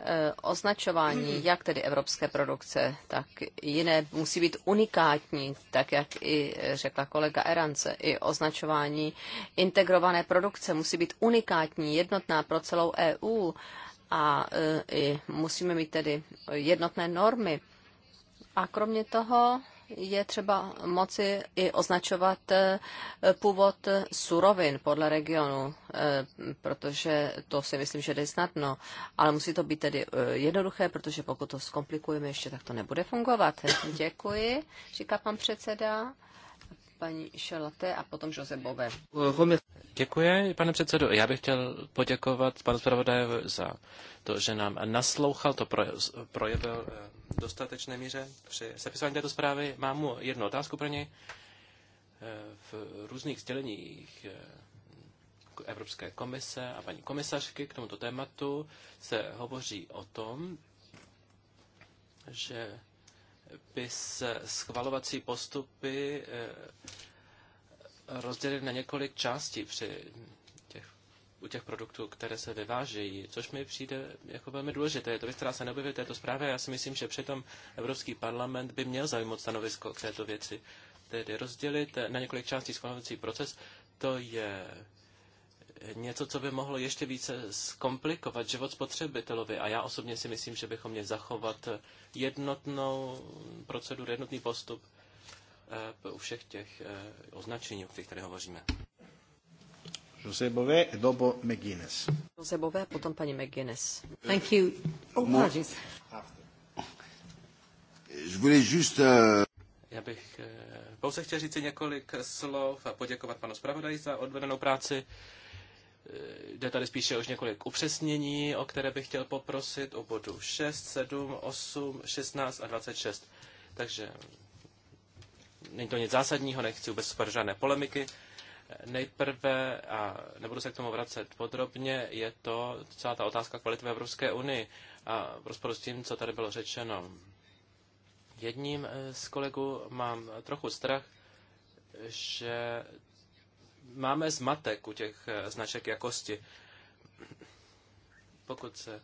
Eh, označování, jak tedy evropské produkce, tak jiné, musí být unikátní, tak jak i eh, řekla kolega Erance. I označování integrované produkce musí být unikátní, jednotná pro celou EU a eh, i musíme mít tedy jednotné normy. A kromě toho je třeba moci i označovat eh, původ surovin podle regionu, eh, protože to si myslím, že jde snadno, ale musí to být tedy eh, jednoduché, protože pokud to zkomplikujeme ještě, tak to nebude fungovat. Děkuji, říká pan předseda paní Šarlaté a potom Bové. Děkuji, pane předsedo. Já bych chtěl poděkovat panu zpravodajovi za to, že nám naslouchal, to projevil eh, dostatečné míře při sepisování této zprávy. Mám mu jednu otázku pro něj. Eh, v různých sděleních eh, Evropské komise a paní komisařky k tomuto tématu se hovoří o tom, že by se schvalovací postupy eh, rozdělily na několik částí při těch, u těch produktů, které se vyvážejí, což mi přijde jako velmi důležité. Je to věc, která se neobjeví v této zprávě. Já si myslím, že přitom Evropský parlament by měl zajmout stanovisko k této věci. Tedy rozdělit na několik částí schvalovací proces, to je něco, co by mohlo ještě více zkomplikovat život spotřebitelovi. A já osobně si myslím, že bychom měli zachovat jednotnou proceduru, jednotný postup eh, u všech těch eh, označení, o kterých tady hovoříme. Josebové, dobo McGuinness. Josebové, potom paní McGuinness. Thank you. Oh, Mo- Je voulais juste... Euh, já bych eh, pouze chtěl říct několik slov a poděkovat panu zpravodaji za odvedenou práci. Eh, jde tady spíše už několik upřesnění, o které bych chtěl poprosit o bodu 6, 7, 8, 16 a 26. Takže není to nic zásadního, nechci vůbec super žádné polemiky. Eh, nejprve, a nebudu se k tomu vracet podrobně, je to celá ta otázka kvality v Evropské unii a v rozporu s tím, co tady bylo řečeno. Jedním eh, z kolegů mám trochu strach, že máme zmatek u těch eh, značek jakosti. Pokud se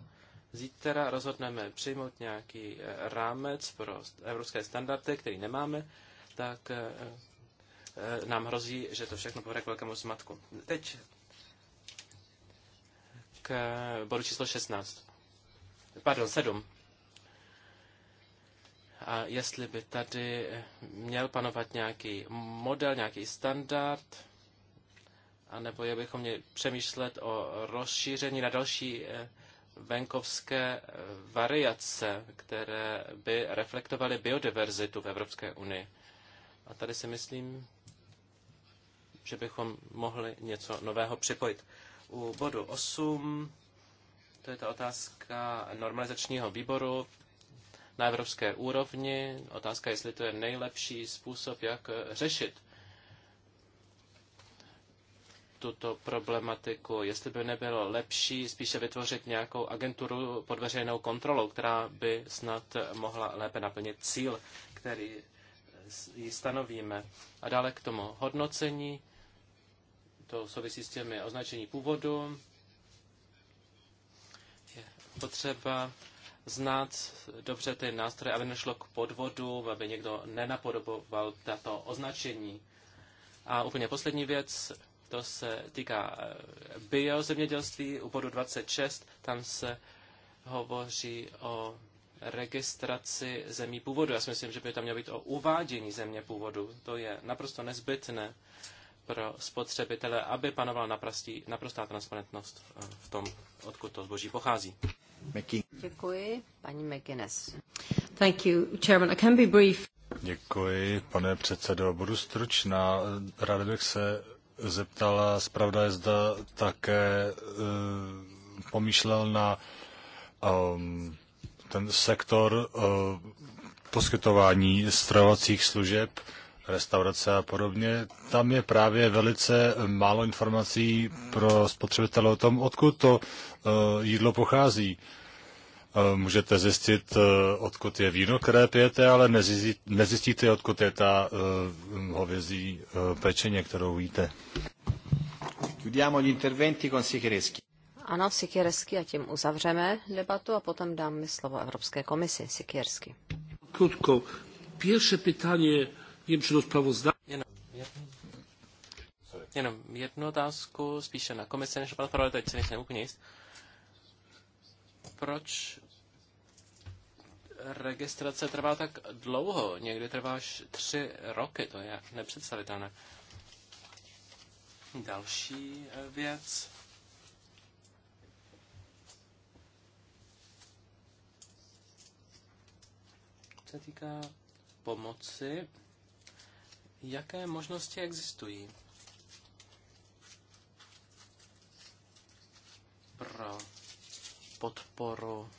zítra rozhodneme přijmout nějaký eh, rámec pro evropské standardy, který nemáme, tak eh, nám hrozí, že to všechno povede k velkému zmatku. Teď k bodu číslo 16. Pardon, 7. A jestli by tady měl panovat nějaký model, nějaký standard, anebo je bychom měli přemýšlet o rozšíření na další eh, venkovské eh, variace, které by reflektovaly biodiverzitu v Evropské unii. A tady si myslím, že bychom mohli něco nového připojit. U bodu 8, to je ta otázka normalizačního výboru na evropské úrovni. Otázka, jestli to je nejlepší způsob, jak eh, řešit tuto problematiku, jestli by nebylo lepší spíše vytvořit nějakou agenturu pod veřejnou kontrolou, která by snad mohla lépe naplnit cíl, který ji stanovíme. A dále k tomu hodnocení, to souvisí s těmi označení původu, je potřeba znát dobře ty nástroje, aby nešlo k podvodu, aby někdo nenapodoboval tato označení. A úplně poslední věc, to se týká eh, biozemědělství u bodu 26. Tam se hovoří o registraci zemí původu. Já si myslím, že by tam mělo být o uvádění země původu. To je naprosto nezbytné pro spotřebitele, aby panovala naprostí, naprostá transparentnost eh, v tom, odkud to zboží pochází. Děkuji, paní McGuinness. Thank you, Chairman. I can be brief. Děkuji, pane předsedo. Budu stručná. Ráda bych se zeptala zpravda, zda také eh, pomýšlel na ehm, ten sektor eh, poskytování stravovacích služeb, restaurace a podobně. Tam je právě velice málo informací pro spotřebitele o tom, odkud to eh, jídlo pochází. Eh, můžete zjistit, eh, odkud je víno, které pijete, ale nezjistíte, odkud je ta eh, hovězí pečeně, kterou víte. Chiudiamo gli interventi con Ano, Sikeresky a tím uzavřeme debatu a potom dáme slovo Evropské komisi. Sikersky. Krutko, Pierwsze pytanie, nie wiem, czy do sprawozdania. Jenom, jednu otázku, spíše na komisi, než pan Farol, teď si nejsem úplně jist. Uh, proč registrace trvá tak dlouho. Někdy trvá až tři roky, to je nepředstavitelné. Další eh, věc. Se týká pomoci. Jaké možnosti existují pro podporu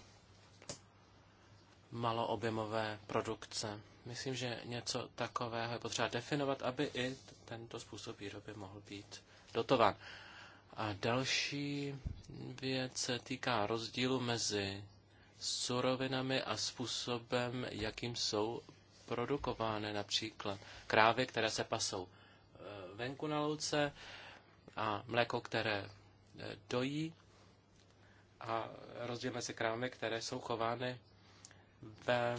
maloobjemové produkce. Myslím, že něco takového je potřeba definovat, aby i tento způsob výroby mohl být dotován. A další věc se týká rozdílu mezi surovinami a způsobem, jakým jsou produkovány například krávy, které se pasou e, venku na louce a mléko, které e, dojí a rozdíl mezi krámy, které jsou chovány ve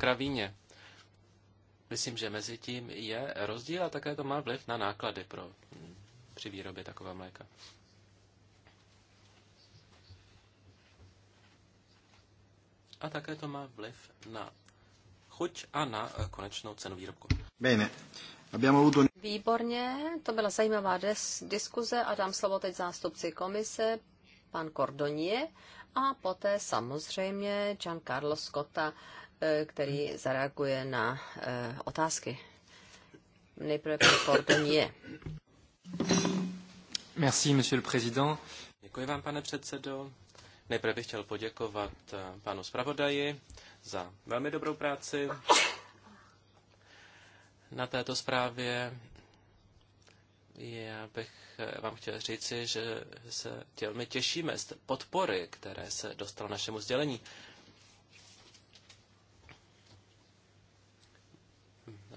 kravíně. Myslím, že mezi tím je rozdíl a také to má vliv na náklady pro, mm, při výrobě takového mléka. A také to má vliv na chuť a na eh, konečnou cenu výrobku. Bene. Výborně, to byla zajímavá diskuze a dám slovo teď zástupci komise, pan Cordonie a poté samozřejmě Carlos Scotta, eh, který zareaguje na eh, otázky. Nejprve pan Cordonie. Merci, monsieur le président. Děkuji vám, pane předsedo. Nejprve bych chtěl poděkovat eh, panu zpravodaji za velmi dobrou práci na této zprávě. Já bych eh, vám chtěl říci, že se velmi těšíme z podpory, které se dostalo našemu sdělení.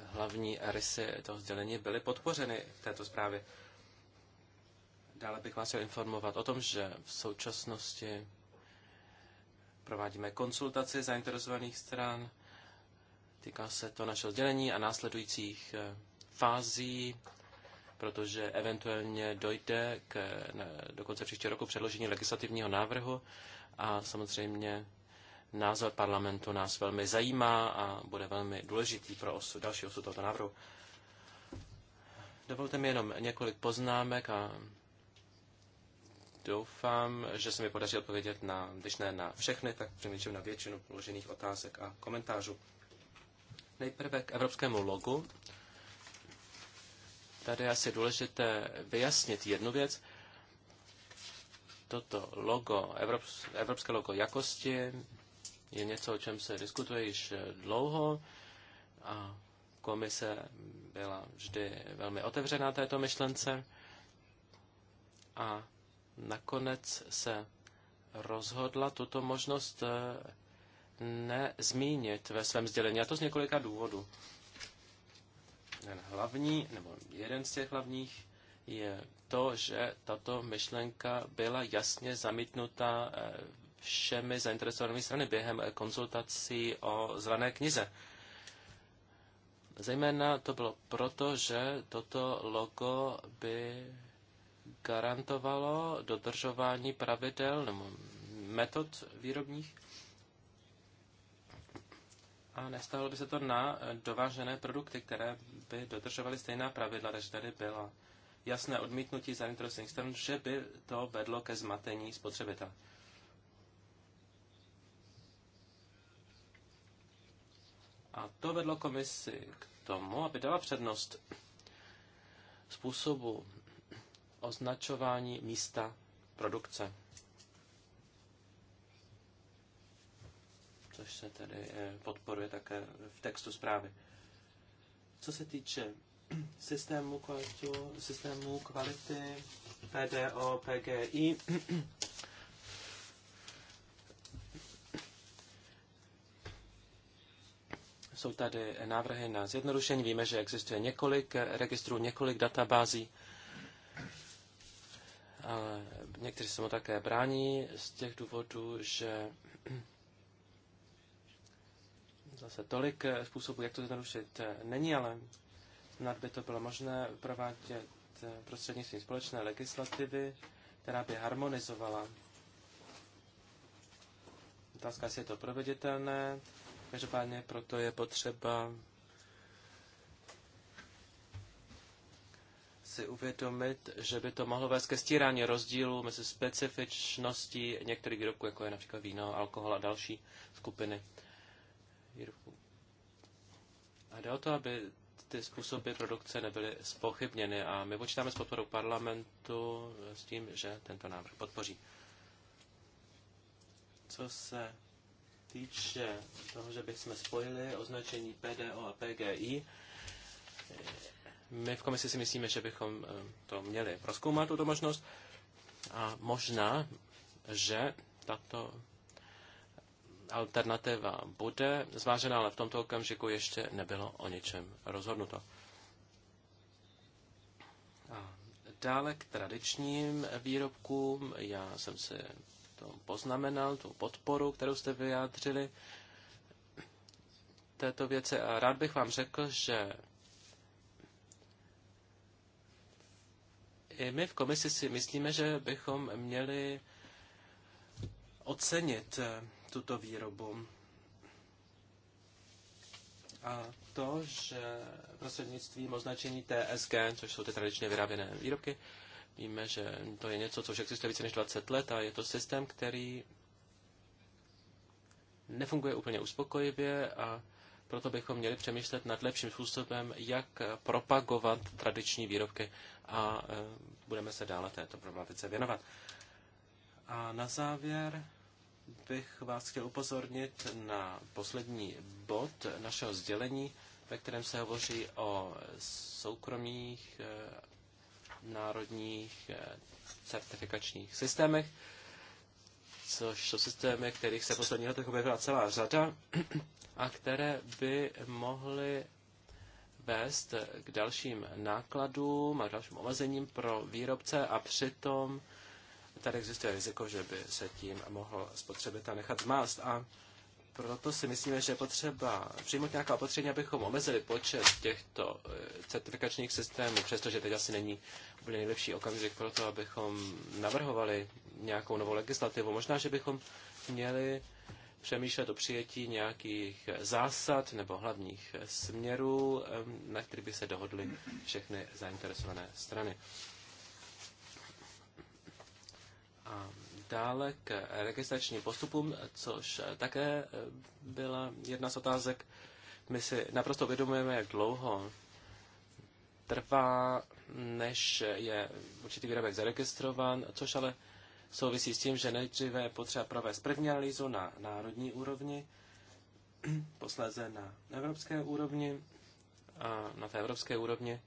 Hlavní rysy toho sdělení byly podpořeny v této zprávě. Dále bych vás chtěl informovat o tom, že v současnosti provádíme konsultaci zainteresovaných stran. Týká se to našeho sdělení a následujících eh, fází protože eventuálně dojde k, ne, do konce příštího roku předložení legislativního návrhu a samozřejmě názor parlamentu nás velmi zajímá a bude velmi důležitý pro osu, další osud tohoto návrhu. Dovolte mi jenom několik poznámek a doufám, že se mi podaří odpovědět na, když ne na všechny, tak přemýšlím na většinu položených otázek a komentářů. Nejprve k evropskému logu. Tady je asi důležité vyjasnit jednu věc. Toto logo, evropské logo jakosti, je něco, o čem se diskutuje již dlouho a komise byla vždy velmi otevřená této myšlence a nakonec se rozhodla tuto možnost eh, nezmínit ve svém sdělení. A to z několika důvodů. Ten hlavní, nebo jeden z těch hlavních, je to, že tato myšlenka byla jasně zamítnuta eh, všemi zainteresovanými strany během eh, konzultací o zelené knize. Zejména to bylo proto, že toto logo by garantovalo dodržování pravidel nebo metod výrobních a nestalo by se to na dovážené produkty, které aby dodržovali stejná pravidla, než tady byla jasné odmítnutí zainteresovaných stran, že by to vedlo ke zmatení spotřebitele. A to vedlo komisi k tomu, aby dala přednost způsobu označování místa produkce. Což se tedy eh, podporuje také v textu zprávy. Co se týče systému, kvalitu, systému kvality PDO, PGI, jsou tady návrhy na zjednodušení. Víme, že existuje několik registrů, několik databází. někteří se mu také brání z těch důvodů, že Zase tolik eh, způsobů, jak to zjednodušit, eh, není, ale snad by to bylo možné provádět eh, prostřednictvím společné legislativy, která by harmonizovala. Otázka, jestli je to proveditelné. Každopádně proto je potřeba si uvědomit, že by to mohlo vést ke stírání rozdílu mezi specifičností některých výrobků, jako je například víno, alkohol a další skupiny. A jde o to, aby ty způsoby produkce nebyly spochybněny a my počítáme s podporou parlamentu eh, s tím, že tento návrh podpoří. Co se týče toho, že bychom spojili označení PDO a PGI, eh, my v komisi si myslíme, že bychom eh, to měli proskoumat, tuto možnost, a možná, že tato alternativa bude zvážena, ale v tomto okamžiku ještě nebylo o ničem rozhodnuto. A dále k tradičním výrobkům. Já jsem si to poznamenal, tu podporu, kterou jste vyjádřili této věci. A rád bych vám řekl, že i my v komisi si myslíme, že bychom měli ocenit tuto výrobu. A to, že prostřednictvím označení TSG, což jsou ty tradičně vyráběné výrobky, víme, že to je něco, co už existuje více než 20 let a je to systém, který nefunguje úplně uspokojivě a proto bychom měli přemýšlet nad lepším způsobem, jak propagovat tradiční výrobky a e, budeme se dále této problematice věnovat. A na závěr bych vás chtěl upozornit na poslední bod našeho sdělení, ve kterém se hovoří o soukromých eh, národních eh, certifikačních systémech, což jsou systémy, kterých se poslední posledních letech objevila celá řada a které by mohly vést k dalším nákladům a dalším omezením pro výrobce a přitom tady existuje riziko, že by se tím mohl spotřebitel nechat zmást a proto si myslíme, že je potřeba přijmout nějaká opatření, abychom omezili počet těchto eh, certifikačních systémů, přestože teď asi není úplně nejlepší okamžik pro to, abychom navrhovali nějakou novou legislativu. Možná, že bychom měli přemýšlet o přijetí nějakých zásad nebo hlavních směrů, na kterých by se dohodly všechny zainteresované strany dále k registračním postupům, což také e, byla jedna z otázek. My si naprosto uvědomujeme, jak dlouho trvá, než je určitý výrobek zaregistrován, což ale souvisí s tím, že nejdříve je potřeba provést první analýzu na národní úrovni, posléze na evropské úrovni a na té evropské úrovni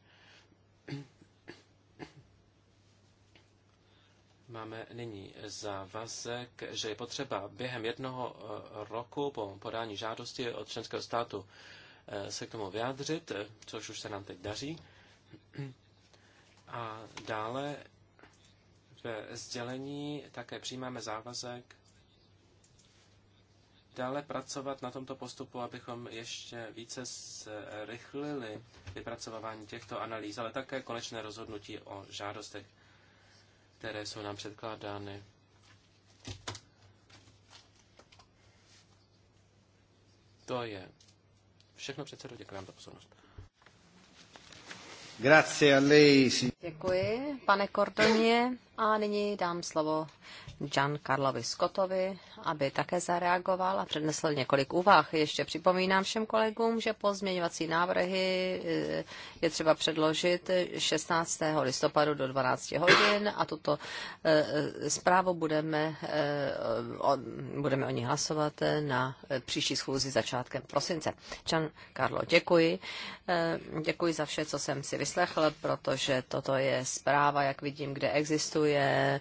Máme nyní závazek, že je potřeba během jednoho eh, roku po podání žádosti od členského státu eh, se k tomu vyjádřit, eh, což už se nám teď daří. A dále ve sdělení také přijímáme závazek dále pracovat na tomto postupu, abychom ještě více zrychlili vypracovávání těchto analýz, ale také konečné rozhodnutí o žádostech které jsou nám předkládány. To je všechno předsedu, děkuji vám za pozornost. Grazie a lei. Děkuji, pane Kordoně. A nyní dám slovo Jan Karlovi Scottovi, aby také zareagoval a přednesl několik úvah. Ještě připomínám všem kolegům, že pozměňovací návrhy eh, je třeba předložit 16. listopadu do 12 hodin a tuto eh, zprávu budeme, eh, budeme o ní hlasovat na příští schůzi začátkem prosince. Jan Karlo, děkuji. Děkuji za vše, co jsem si vyslechl, protože toto je zpráva, jak vidím, kde existuje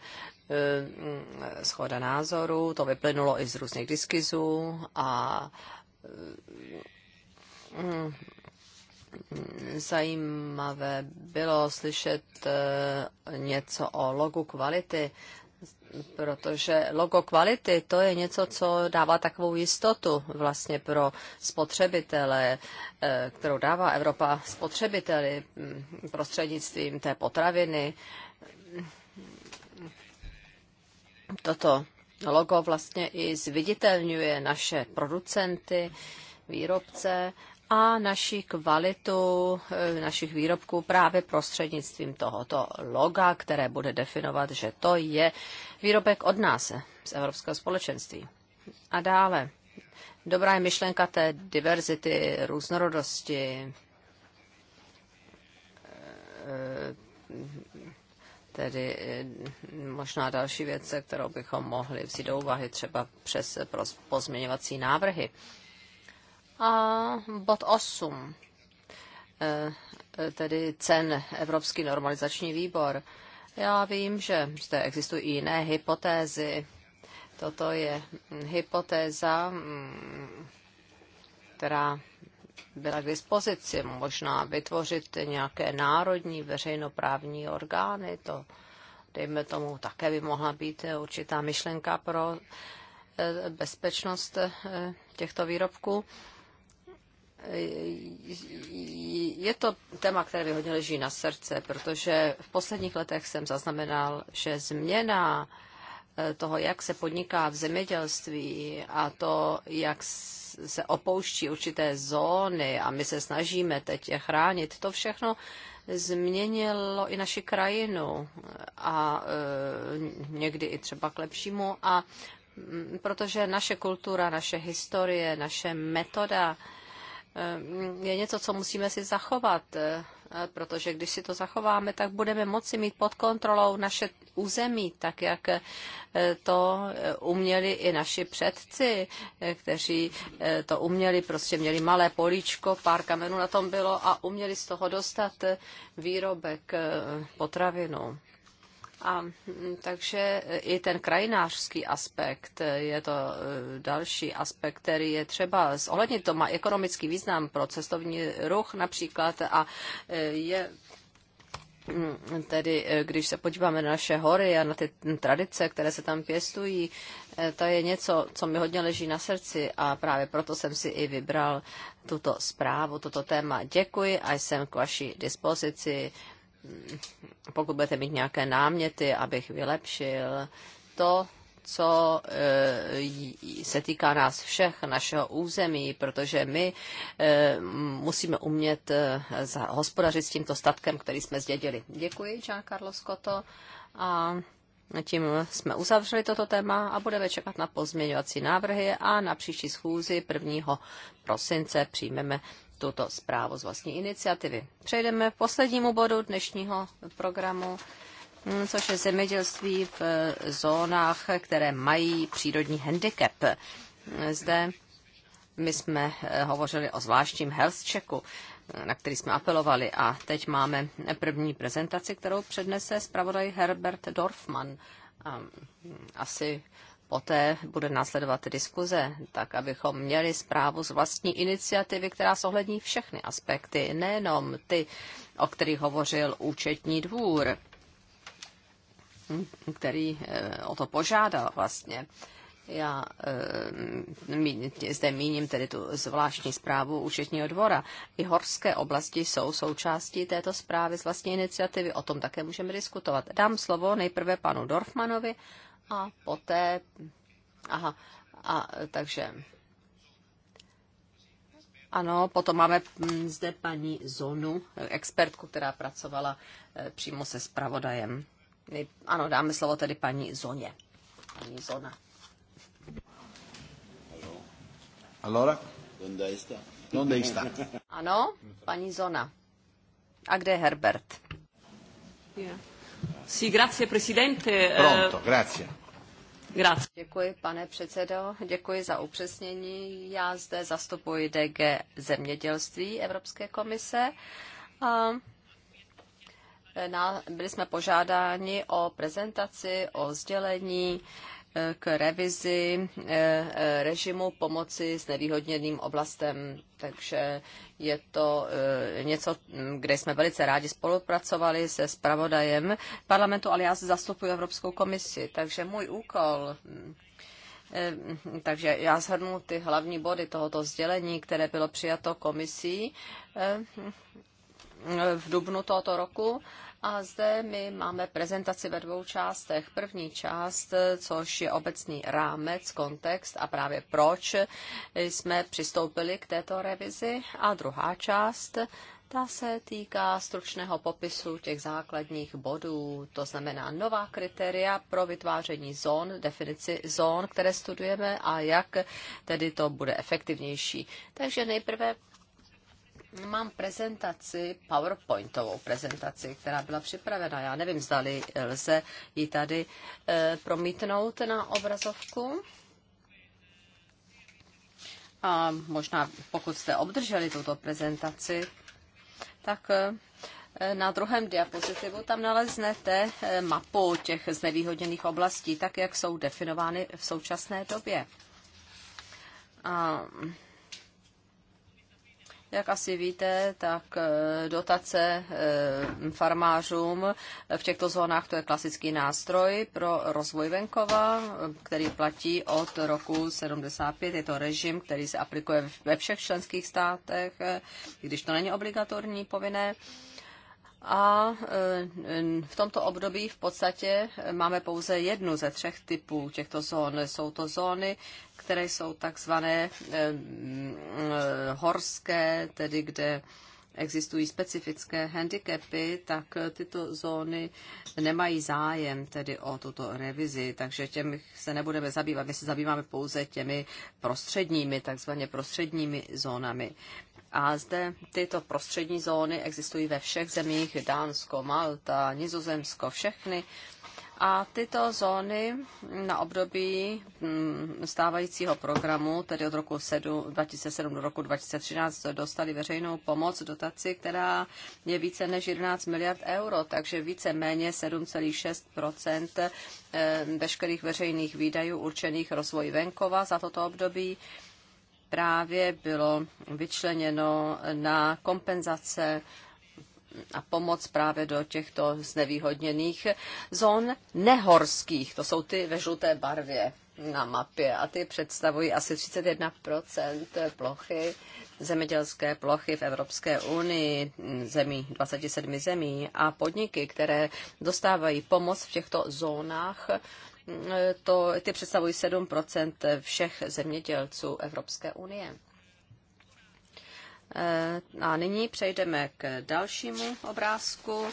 Eh, mm, schoda názoru, to vyplynulo i z různých diskizů a eh, mm, zajímavé bylo slyšet eh, něco o logu kvality, protože logo kvality to je něco, co dává takovou jistotu vlastně pro spotřebitele, kterou dává Evropa spotřebiteli mm, prostřednictvím té potraviny Toto logo vlastně i zviditelňuje naše producenty, výrobce a naši kvalitu e, našich výrobků právě prostřednictvím tohoto loga, které bude definovat, že to je výrobek od nás z Evropského společenství. A dále, dobrá je myšlenka té diverzity, různorodosti, e, tedy eh, možná další věce, kterou bychom mohli vzít do úvahy třeba přes eh, pozměňovací návrhy. A bod 8, eh, tedy cen Evropský normalizační výbor. Já vím, že zde existují i jiné hypotézy. Toto je hypotéza, mm, která byla k dispozici, možná vytvořit nějaké národní veřejnoprávní orgány, to dejme tomu také by mohla být určitá myšlenka pro eh, bezpečnost eh, těchto výrobků. Je to téma, které mi hodně leží na srdce, protože v posledních letech jsem zaznamenal, že změna eh, toho, jak se podniká v zemědělství a to, jak se opouští určité zóny a my se snažíme teď je chránit, to všechno změnilo i naši krajinu a e, někdy i třeba k lepšímu a protože naše kultura, naše historie, naše metoda e, je něco, co musíme si zachovat e, protože když si to zachováme, tak budeme moci mít pod kontrolou naše území, tak jak eh, to eh, uměli i naši předci, eh, kteří to uměli, prostě měli malé políčko, pár kamenů na tom bylo a uměli z toho dostat výrobek potravinu. A hm, takže i ten krajinářský aspekt je to eh, další aspekt, který je třeba zohlednit. To má ekonomický význam pro cestovní ruch například a eh, je hm, tedy eh, když se podíváme na naše hory a na ty hm, tradice, které se tam pěstují, to je něco, co mi hodně leží na srdci a právě proto jsem si i vybral tuto zprávu, toto téma. Děkuji a jsem k vaší dispozici pokud budete mít nějaké náměty, abych vylepšil to, co eh, se týká nás všech, našeho území, protože my eh, musíme umět eh, hospodařit s tímto statkem, který jsme zdědili. Děkuji, Jean Carlos Scotto. A tím jsme uzavřeli toto téma a budeme čekat na pozměňovací návrhy a na příští schůzi 1. prosince přijmeme tuto zprávu z vlastní iniciativy. Přejdeme k poslednímu bodu dnešního programu, mm, což je zemědělství v eh, zónách, které mají přírodní handicap. Zde my jsme eh, hovořili o zvláštním health checku, eh, na který jsme apelovali a teď máme první prezentaci, kterou přednese zpravodaj Herbert Dorfman. Ehm, asi poté bude následovat diskuze, tak abychom měli zprávu z vlastní iniciativy, která zohlední všechny aspekty, nejenom ty, o kterých hovořil účetní dvůr, který eh, o to požádal vlastně. Já eh, zde míním tedy tu zvláštní zprávu účetního dvora. I horské oblasti jsou součástí této zprávy z vlastní iniciativy. O tom také můžeme diskutovat. Dám slovo nejprve panu Dorfmanovi a poté, aha, a, takže ano, potom máme mm, zde paní Zonu, expertku, která pracovala e, přímo se spravodajem. Ano, dáme slovo tedy paní Zoně. Paní Zona. Allora? Donde está? Donde está? Ano, paní Zona. A kde je Herbert? Yeah. Sí, grazie, presidente. Eh, Pronto, grazie. Grazie. Děkuji, pane předsedo. Děkuji za upřesnění. Já zde zastupuji DG zemědělství Evropské komise. A byli jsme požádáni o prezentaci, o sdělení k revizi eh, eh, režimu pomoci s nevýhodněným oblastem. Takže je to eh, něco, kde jsme velice rádi spolupracovali se spravodajem parlamentu, ale já zastupuji Evropskou komisi. Takže můj úkol takže já shrnu ty hlavní body tohoto sdělení, které bylo přijato komisí v dubnu tohoto roku a zde my máme prezentaci ve dvou částech. První část, což je obecný rámec, kontext a právě proč jsme přistoupili k této revizi. A druhá část, ta se týká stručného popisu těch základních bodů, to znamená nová kritéria pro vytváření zón, definici zón, které studujeme a jak tedy to bude efektivnější. Takže nejprve mám prezentaci, PowerPointovou prezentaci, která byla připravena. Já nevím, zdali lze ji tady eh, promítnout na obrazovku. A možná, pokud jste obdrželi tuto prezentaci, tak eh, na druhém diapozitivu tam naleznete eh, mapu těch znevýhodněných oblastí, tak jak jsou definovány v současné době. A jak asi víte, tak eh, dotace eh, farmářům v těchto zónách to je klasický nástroj pro rozvoj venkova, který platí od roku 75. Je to režim, který se aplikuje ve všech členských státech, eh, když to není obligatorní, povinné. A eh, v tomto období v podstatě eh, máme pouze jednu ze třech typů těchto zón. Jsou to zóny, které jsou takzvané eh, mm, horské, tedy kde existují specifické handicapy, tak tyto zóny nemají zájem tedy o tuto revizi, takže těm se nebudeme zabývat. My se zabýváme pouze těmi prostředními, takzvaně prostředními zónami. A zde tyto prostřední zóny existují ve všech zemích, Dánsko, Malta, Nizozemsko, všechny. A tyto zóny na období mm, stávajícího programu, tedy od roku 2007 do roku 2013, dostali veřejnou pomoc, dotaci, která je více než 11 miliard euro, takže více méně 7,6 eh, veškerých veřejných výdajů určených rozvoji venkova za toto období právě bylo vyčleněno na kompenzace a pomoc právě do těchto znevýhodněných zón nehorských. To jsou ty ve žluté barvě na mapě a ty představují asi 31 plochy, zemědělské plochy v Evropské unii, zemí, 27 zemí a podniky, které dostávají pomoc v těchto zónách, to, ty představují 7 všech zemědělců Evropské unie. Eh, a nyní přejdeme k dalšímu obrázku,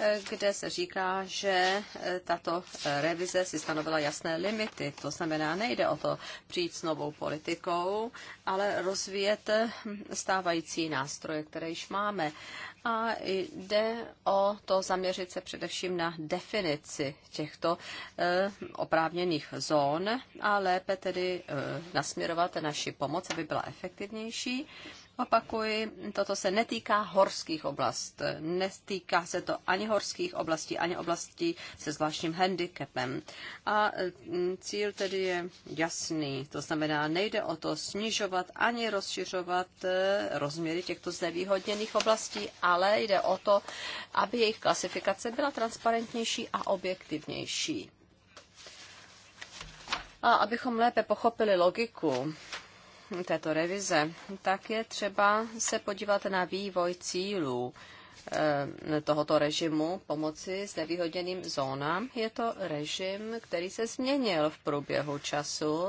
eh, kde se říká, že eh, tato revize si stanovila jasné limity. To znamená, nejde o to přijít s novou politikou, ale rozvíjet hm, stávající nástroje, které již máme. A jde o to zaměřit se především na definici těchto oprávněných zón a lépe tedy nasměrovat naši pomoc, aby byla efektivnější Opakuji, toto se netýká horských oblast. Netýká se to ani horských oblastí, ani oblastí se zvláštním handicapem. A mm, cíl tedy je jasný. To znamená, nejde o to snižovat ani rozšiřovat e, rozměry těchto znevýhodněných oblastí, ale jde o to, aby jejich klasifikace byla transparentnější a objektivnější. A abychom lépe pochopili logiku této revize, tak je třeba se podívat na vývoj cílů Eh, tohoto režimu pomoci s nevýhodněným zónám. Je to režim, který se změnil v průběhu času,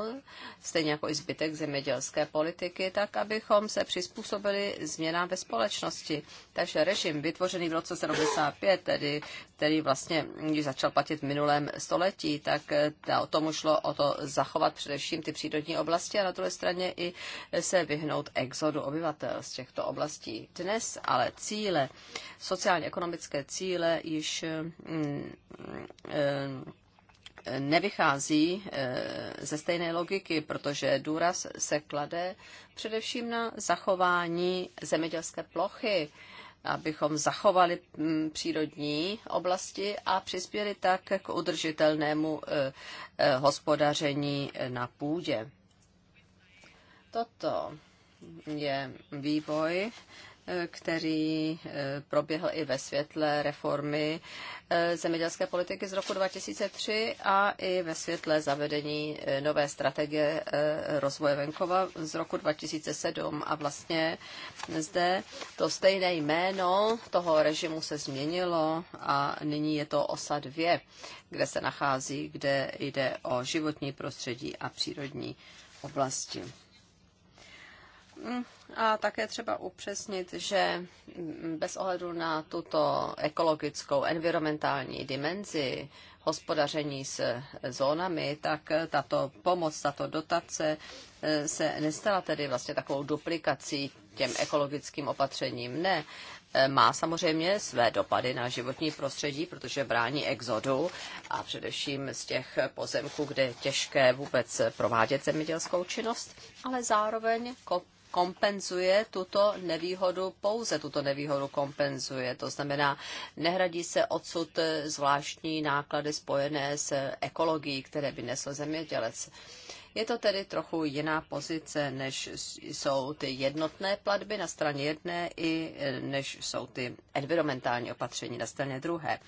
stejně jako i zbytek zemědělské politiky, tak abychom se přizpůsobili změnám ve společnosti. Takže režim vytvořený v roce 75, tedy, který vlastně, když začal platit v minulém století, tak eh, tomu šlo o to zachovat především ty přírodní oblasti a na druhé straně i se vyhnout exodu obyvatel z těchto oblastí. Dnes ale cíle sociálně-ekonomické cíle již mm, mm, e, nevychází e, ze stejné logiky, protože důraz se klade především na zachování zemědělské plochy, abychom zachovali mm, přírodní oblasti a přispěli tak k udržitelnému e, hospodaření na půdě. Toto je vývoj, který eh, proběhl i ve světle reformy eh, zemědělské politiky z roku 2003 a i ve světle zavedení eh, nové strategie rozvoje venkova z roku 2007. A vlastně zde to stejné jméno toho režimu se změnilo a nyní je to OSA 2, kde se nachází, kde jde o životní prostředí a přírodní oblasti. A také třeba upřesnit, že bez ohledu na tuto ekologickou, environmentální dimenzi hospodaření s zónami, tak tato pomoc, tato dotace eh, se nestala tedy vlastně takovou duplikací těm ekologickým opatřením. Ne, eh, má samozřejmě své dopady na životní prostředí, protože brání exodu a především z těch pozemků, kde je těžké vůbec provádět zemědělskou činnost, ale zároveň kompenzuje tuto nevýhodu, pouze tuto nevýhodu kompenzuje. To znamená, nehradí se odsud zvláštní náklady spojené s ekologií, které by nesl zemědělec. Je to tedy trochu jiná pozice, než jsou ty jednotné platby na straně jedné i než jsou ty environmentální opatření na straně druhé.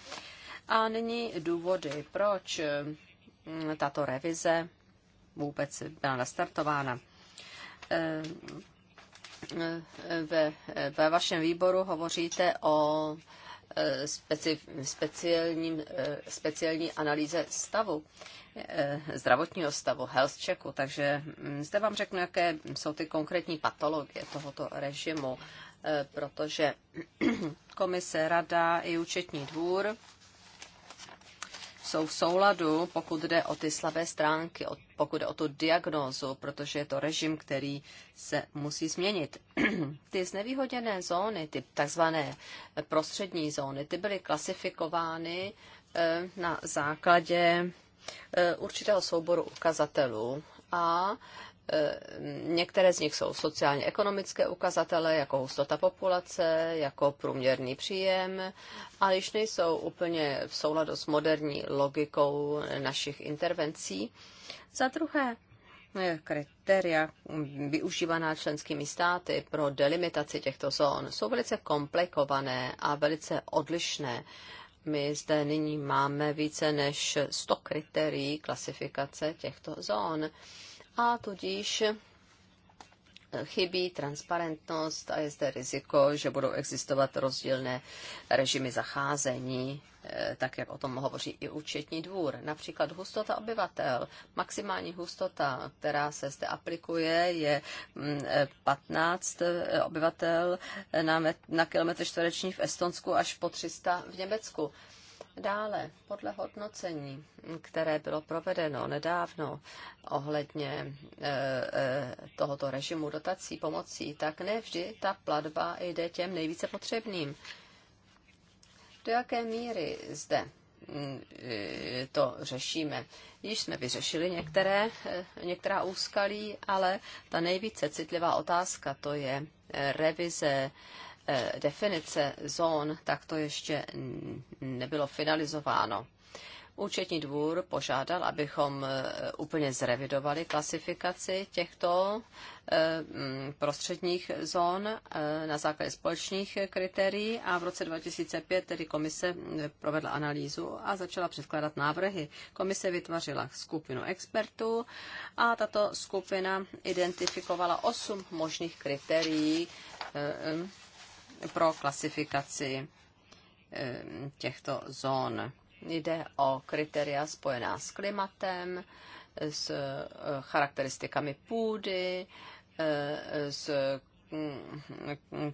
A nyní důvody, proč mm, tato revize vůbec byla nastartována eh, ve, ve vašem výboru hovoříte o e, speciálním, e, speciální analýze stavu, e, zdravotního stavu, health checku. Takže mm, zde vám řeknu, jaké jsou ty konkrétní patologie tohoto režimu, protože komise, rada i účetní dvůr jsou v souladu, pokud jde o ty slabé stránky, pokud jde o tu diagnózu, protože je to režim, který se musí změnit. ty znevýhodněné zóny, ty takzvané prostřední zóny, ty byly klasifikovány eh, na základě eh, určitého souboru ukazatelů a Eh, některé z nich jsou sociálně-ekonomické ukazatele, jako hustota populace, jako průměrný příjem, ale již nejsou úplně v souladu s moderní logikou našich intervencí. Za druhé, eh, kritéria využívaná členskými státy pro delimitaci těchto zón jsou velice komplikované a velice odlišné. My zde nyní máme více než 100 kritérií klasifikace těchto zón a tudíž chybí transparentnost a je zde riziko, že budou existovat rozdílné režimy zacházení, eh, tak jak o tom hovoří i účetní dvůr. Například hustota obyvatel. Maximální hustota, která se zde aplikuje, je 15 mm, eh, eh, obyvatel na, met- na kilometr čtvereční v Estonsku až po 300 v Německu. Dále, podle hodnocení, které bylo provedeno nedávno ohledně e, e, tohoto režimu dotací pomocí, tak nevždy ta platba jde těm nejvíce potřebným. Do jaké míry zde mm, e, to řešíme. Již jsme vyřešili některé, některá úskalí, ale ta nejvíce citlivá otázka to je revize Eh, definice zón, takto ještě nebylo finalizováno. Účetní dvůr požádal, abychom eh, úplně zrevidovali klasifikaci těchto eh, prostředních zón na základě společných kritérií a v roce 2005 tedy komise provedla analýzu a začala předkládat návrhy. Komise vytvořila skupinu expertů a tato skupina identifikovala osm možných kritérií pro klasifikaci eh, těchto zón. Jde o kritéria spojená s klimatem, s eh, charakteristikami půdy, eh, s mm,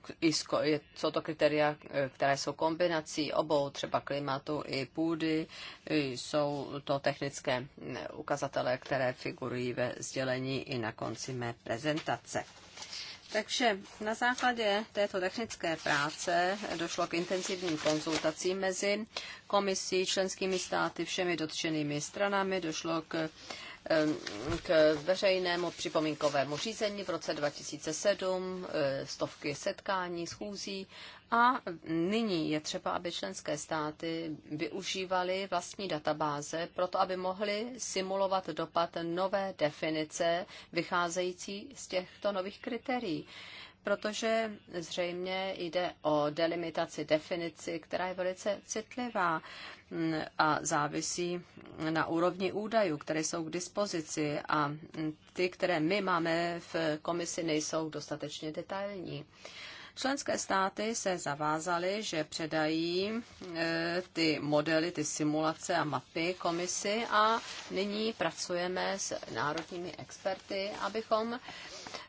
jsou to kritéria, které jsou kombinací obou, třeba klimatu i půdy. Jsou to technické mm, ukazatele, které figurují ve sdělení i na konci mé prezentace. Takže na základě této technické práce došlo k intenzivním konzultacím mezi komisí, členskými státy, všemi dotčenými stranami, došlo k k veřejnému připomínkovému řízení v roce 2007, e, stovky setkání, schůzí a nyní je třeba, aby členské státy využívaly vlastní databáze, pro to, aby mohly simulovat dopad nové definice vycházející z těchto nových kritérií protože zřejmě jde o delimitaci definici, která je velice citlivá mm, a závisí na úrovni údajů, které jsou k dispozici a ty, které my máme v komisi, nejsou dostatečně detailní. Členské státy se zavázaly, že předají e, ty modely, ty simulace a mapy komisi a nyní pracujeme s národními experty, abychom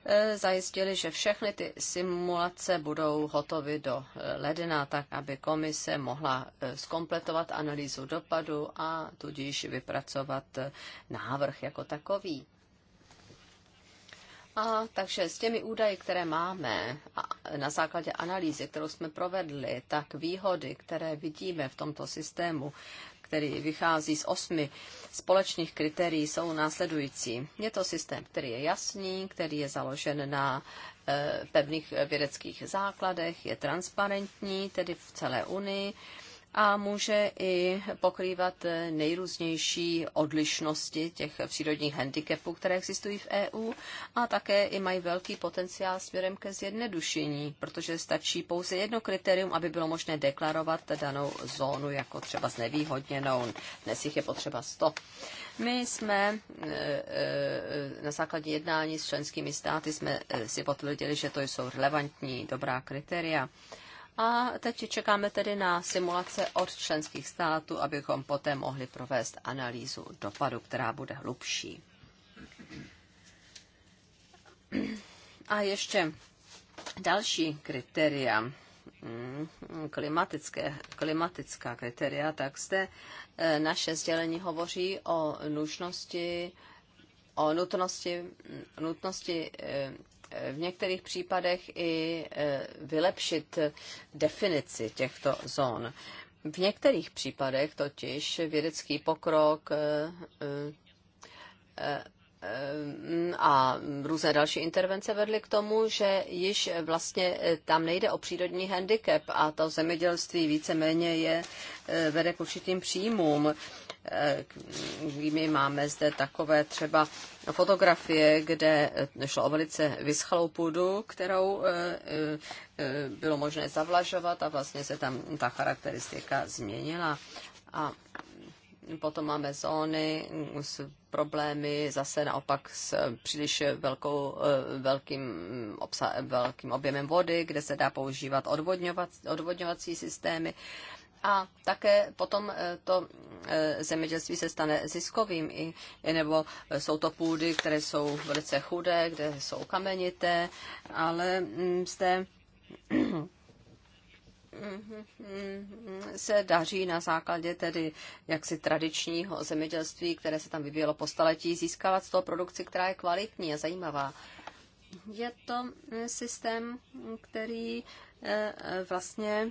e, zajistili, že všechny ty simulace budou hotovy do e, ledna, tak aby komise mohla skompletovat analýzu dopadu a tudíž vypracovat návrh jako takový. A takže s těmi údaji, které máme na základě analýzy, kterou jsme provedli, tak výhody, které vidíme v tomto systému, který vychází z osmi společných kritérií, jsou následující. Je to systém, který je jasný, který je založen na e, pevných vědeckých základech, je transparentní, tedy v celé Unii, a může i pokrývat nejrůznější odlišnosti těch přírodních handicapů, které existují v EU a také i mají velký potenciál směrem ke zjednodušení, protože stačí pouze jedno kritérium, aby bylo možné deklarovat danou zónu jako třeba znevýhodněnou. Dnes jich je potřeba 100. My jsme e, e, na základě jednání s členskými státy jsme e, si potvrdili, že to jsou relevantní dobrá kritéria. A teď čekáme tedy na simulace od členských států, abychom poté mohli provést analýzu dopadu, která bude hlubší. A ještě další kritéria, mm, klimatické, klimatická kritéria, tak zde e, naše sdělení hovoří o nutnosti, o nutnosti, nutnosti e, v některých případech i e, vylepšit definici těchto zón. V některých případech totiž vědecký pokrok e, e, a různé další intervence vedly k tomu, že již vlastně tam nejde o přírodní handicap a to zemědělství víceméně je, eh, vede k určitým příjmům. Eh, my máme zde takové třeba fotografie, kde šlo o velice vyschlou půdu, kterou eh, bylo možné zavlažovat a vlastně se tam ta charakteristika změnila. A potom máme zóny s problémy zase naopak s příliš velkou, eh, velkým, obsa, velkým objemem vody, kde se dá používat odvodňovací, odvodňovací systémy. A také potom eh, to eh, zemědělství se stane ziskovým, i, nebo jsou to půdy, které jsou velice chudé, kde jsou kamenité, ale mm, zde se daří na základě tedy jaksi tradičního zemědělství, které se tam vyvíjelo po staletí, získávat z toho produkci, která je kvalitní a zajímavá. Je to mm, systém, který eh, eh, vlastně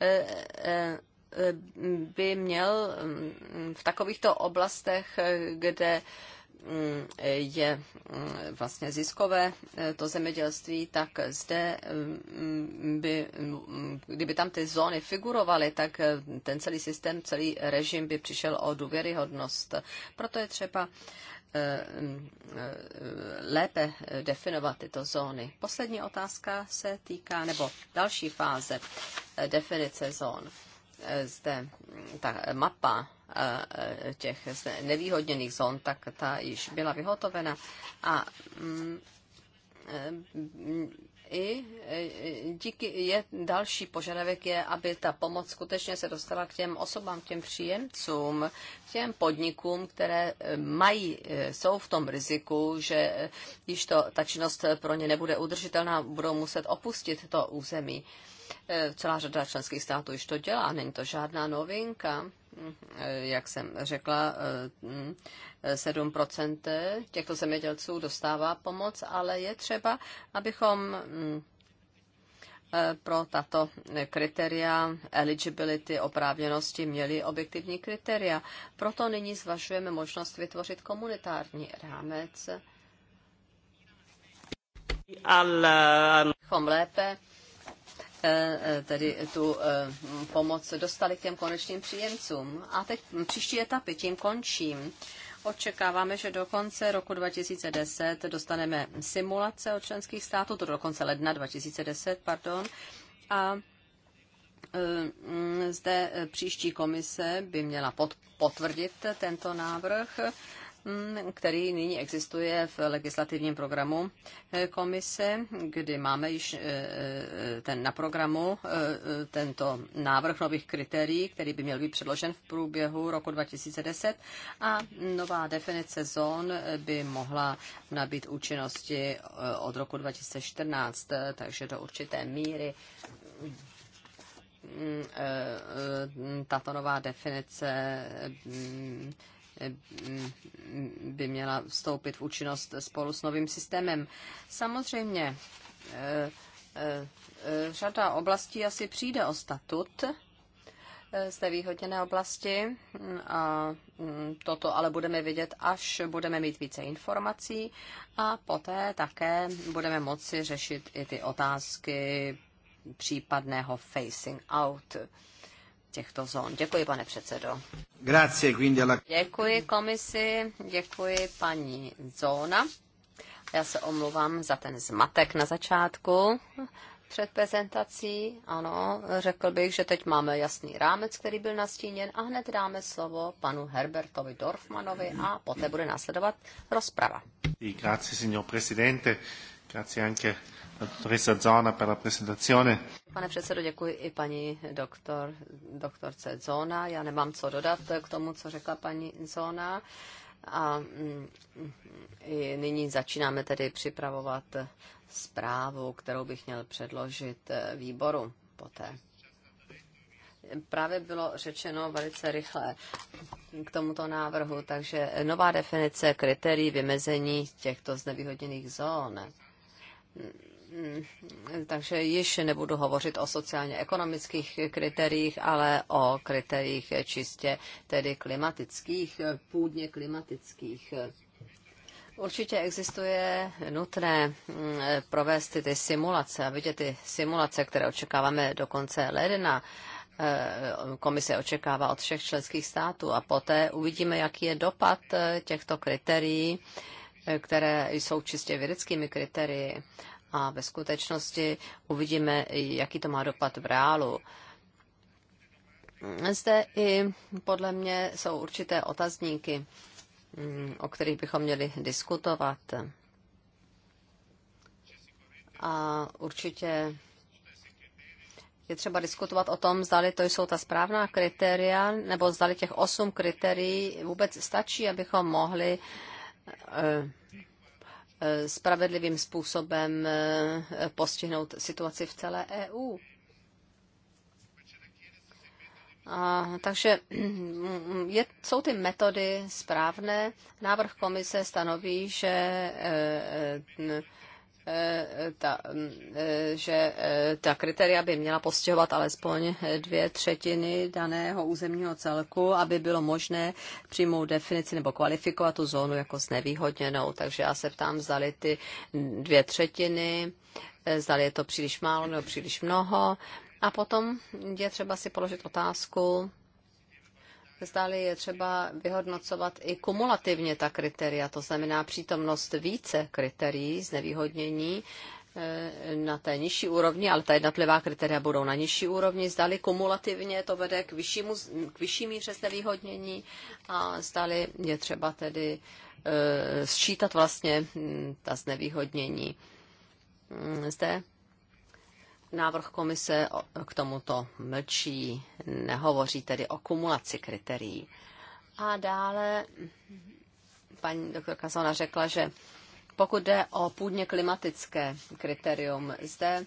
eh, by měl mm, v takovýchto oblastech, kde je mm, vlastně ziskové eh, to zemědělství, tak zde mm, by, mm, kdyby tam ty zóny figurovaly, tak eh, ten celý systém, celý režim by přišel o důvěryhodnost. Proto je třeba eh, lépe definovat tyto zóny. Poslední otázka se týká, nebo další fáze definice zón Eh, zde mm, ta mapa eh, eh, těch nevýhodněných zón, tak ta již byla vyhotovena a mm, i díky je, další požadavek je, aby ta pomoc skutečně se dostala k těm osobám, k těm příjemcům, k těm podnikům, které mají, jsou v tom riziku, že již to, ta činnost pro ně nebude udržitelná, budou muset opustit to území. Eh, celá řada členských států již to dělá, není to žádná novinka. Eh, jak jsem řekla, 7% eh, mm, těchto zemědělců dostává pomoc, ale je třeba, abychom mm, pro tato kritéria eligibility, oprávněnosti měli objektivní kritéria. Proto nyní zvažujeme možnost vytvořit komunitární rámec, Ale... lépe Eh, tedy tu eh, pomoc dostali k těm konečným příjemcům. A teď příští etapy, tím končím. Očekáváme, že do konce roku 2010 dostaneme simulace od členských států, to do konce ledna 2010, pardon. A eh, zde příští komise by měla potvrdit tento návrh Mm, který nyní existuje v legislativním programu eh, komise, kdy máme již eh, eh, ten na programu tento návrh nových kritérií, který by měl být předložen v průběhu roku 2010 a nová definice zón by mohla nabít účinnosti od roku 2014, takže do určité míry mm, tato nová definice mm, by měla vstoupit v účinnost spolu s novým systémem. Samozřejmě eh, eh, eh, řada oblastí asi přijde o statut z výhodněné oblasti. A mm, toto ale budeme vidět, až budeme mít více informací a poté také budeme moci řešit i ty otázky případného facing out těchto zón. Děkuji, pane předsedo. Grazie, quindi alla... Děkuji komisi, děkuji paní Zóna. Já se omluvám za ten zmatek na začátku před prezentací. Ano, řekl bych, že teď máme jasný rámec, který byl nastíněn a hned dáme slovo panu Herbertovi Dorfmanovi a poté bude následovat rozprava. Grazie, signor Presidente. Grazie anche a dottoressa Zona per la presentazione. Pane předsedo, děkuji i paní doktor, doktorce Zona. Já nemám co dodat k tomu, co řekla paní Zona. A mm, nyní začínáme tedy připravovat zprávu, kterou bych měl předložit eh, výboru poté. Právě bylo řečeno velice rychle k tomuto návrhu, takže nová definice kritérií vymezení těchto znevýhodněných zón takže již nebudu hovořit o sociálně-ekonomických kritériích, ale o kritériích čistě tedy klimatických, půdně klimatických. Určitě existuje nutné mm, provést ty, simulace a vidět ty simulace, které očekáváme do konce ledna. Eh, komise očekává od všech členských států a poté uvidíme, jaký je dopad eh, těchto kritérií, eh, které jsou čistě vědeckými kritérii a ve skutečnosti uvidíme, jaký to má dopad v reálu. Zde i podle mě jsou určité otazníky, o kterých bychom měli diskutovat. A určitě je třeba diskutovat o tom, zdali to jsou ta správná kritéria, nebo zdali těch osm kritérií vůbec stačí, abychom mohli eh, Eh, spravedlivým způsobem eh, postihnout situaci v celé EU. A, takže je, jsou ty metody správné. Návrh komise stanoví, že e, e, Eh, ta, mm, eh, že eh, ta kritéria by měla postihovat alespoň dvě třetiny daného územního celku, aby bylo možné přijmout definici nebo kvalifikovat tu zónu jako znevýhodněnou. Takže já se ptám, zdali ty dvě třetiny, zdali je to příliš málo nebo příliš mnoho. A potom je třeba si položit otázku, zdali je třeba vyhodnocovat i kumulativně ta kritéria, to znamená přítomnost více kritérií znevýhodnění eh, na té nižší úrovni, ale ta jednotlivá kritéria budou na nižší úrovni, zdali kumulativně to vede k, vyššímu, k vyšší míře znevýhodnění a zdali je třeba tedy e, sčítat vlastně hm, ta znevýhodnění. Hm, zde návrh komise k tomuto mlčí, nehovoří tedy o kumulaci kritérií. A dále paní doktorka Zona řekla, že pokud jde o půdně klimatické kritérium, zde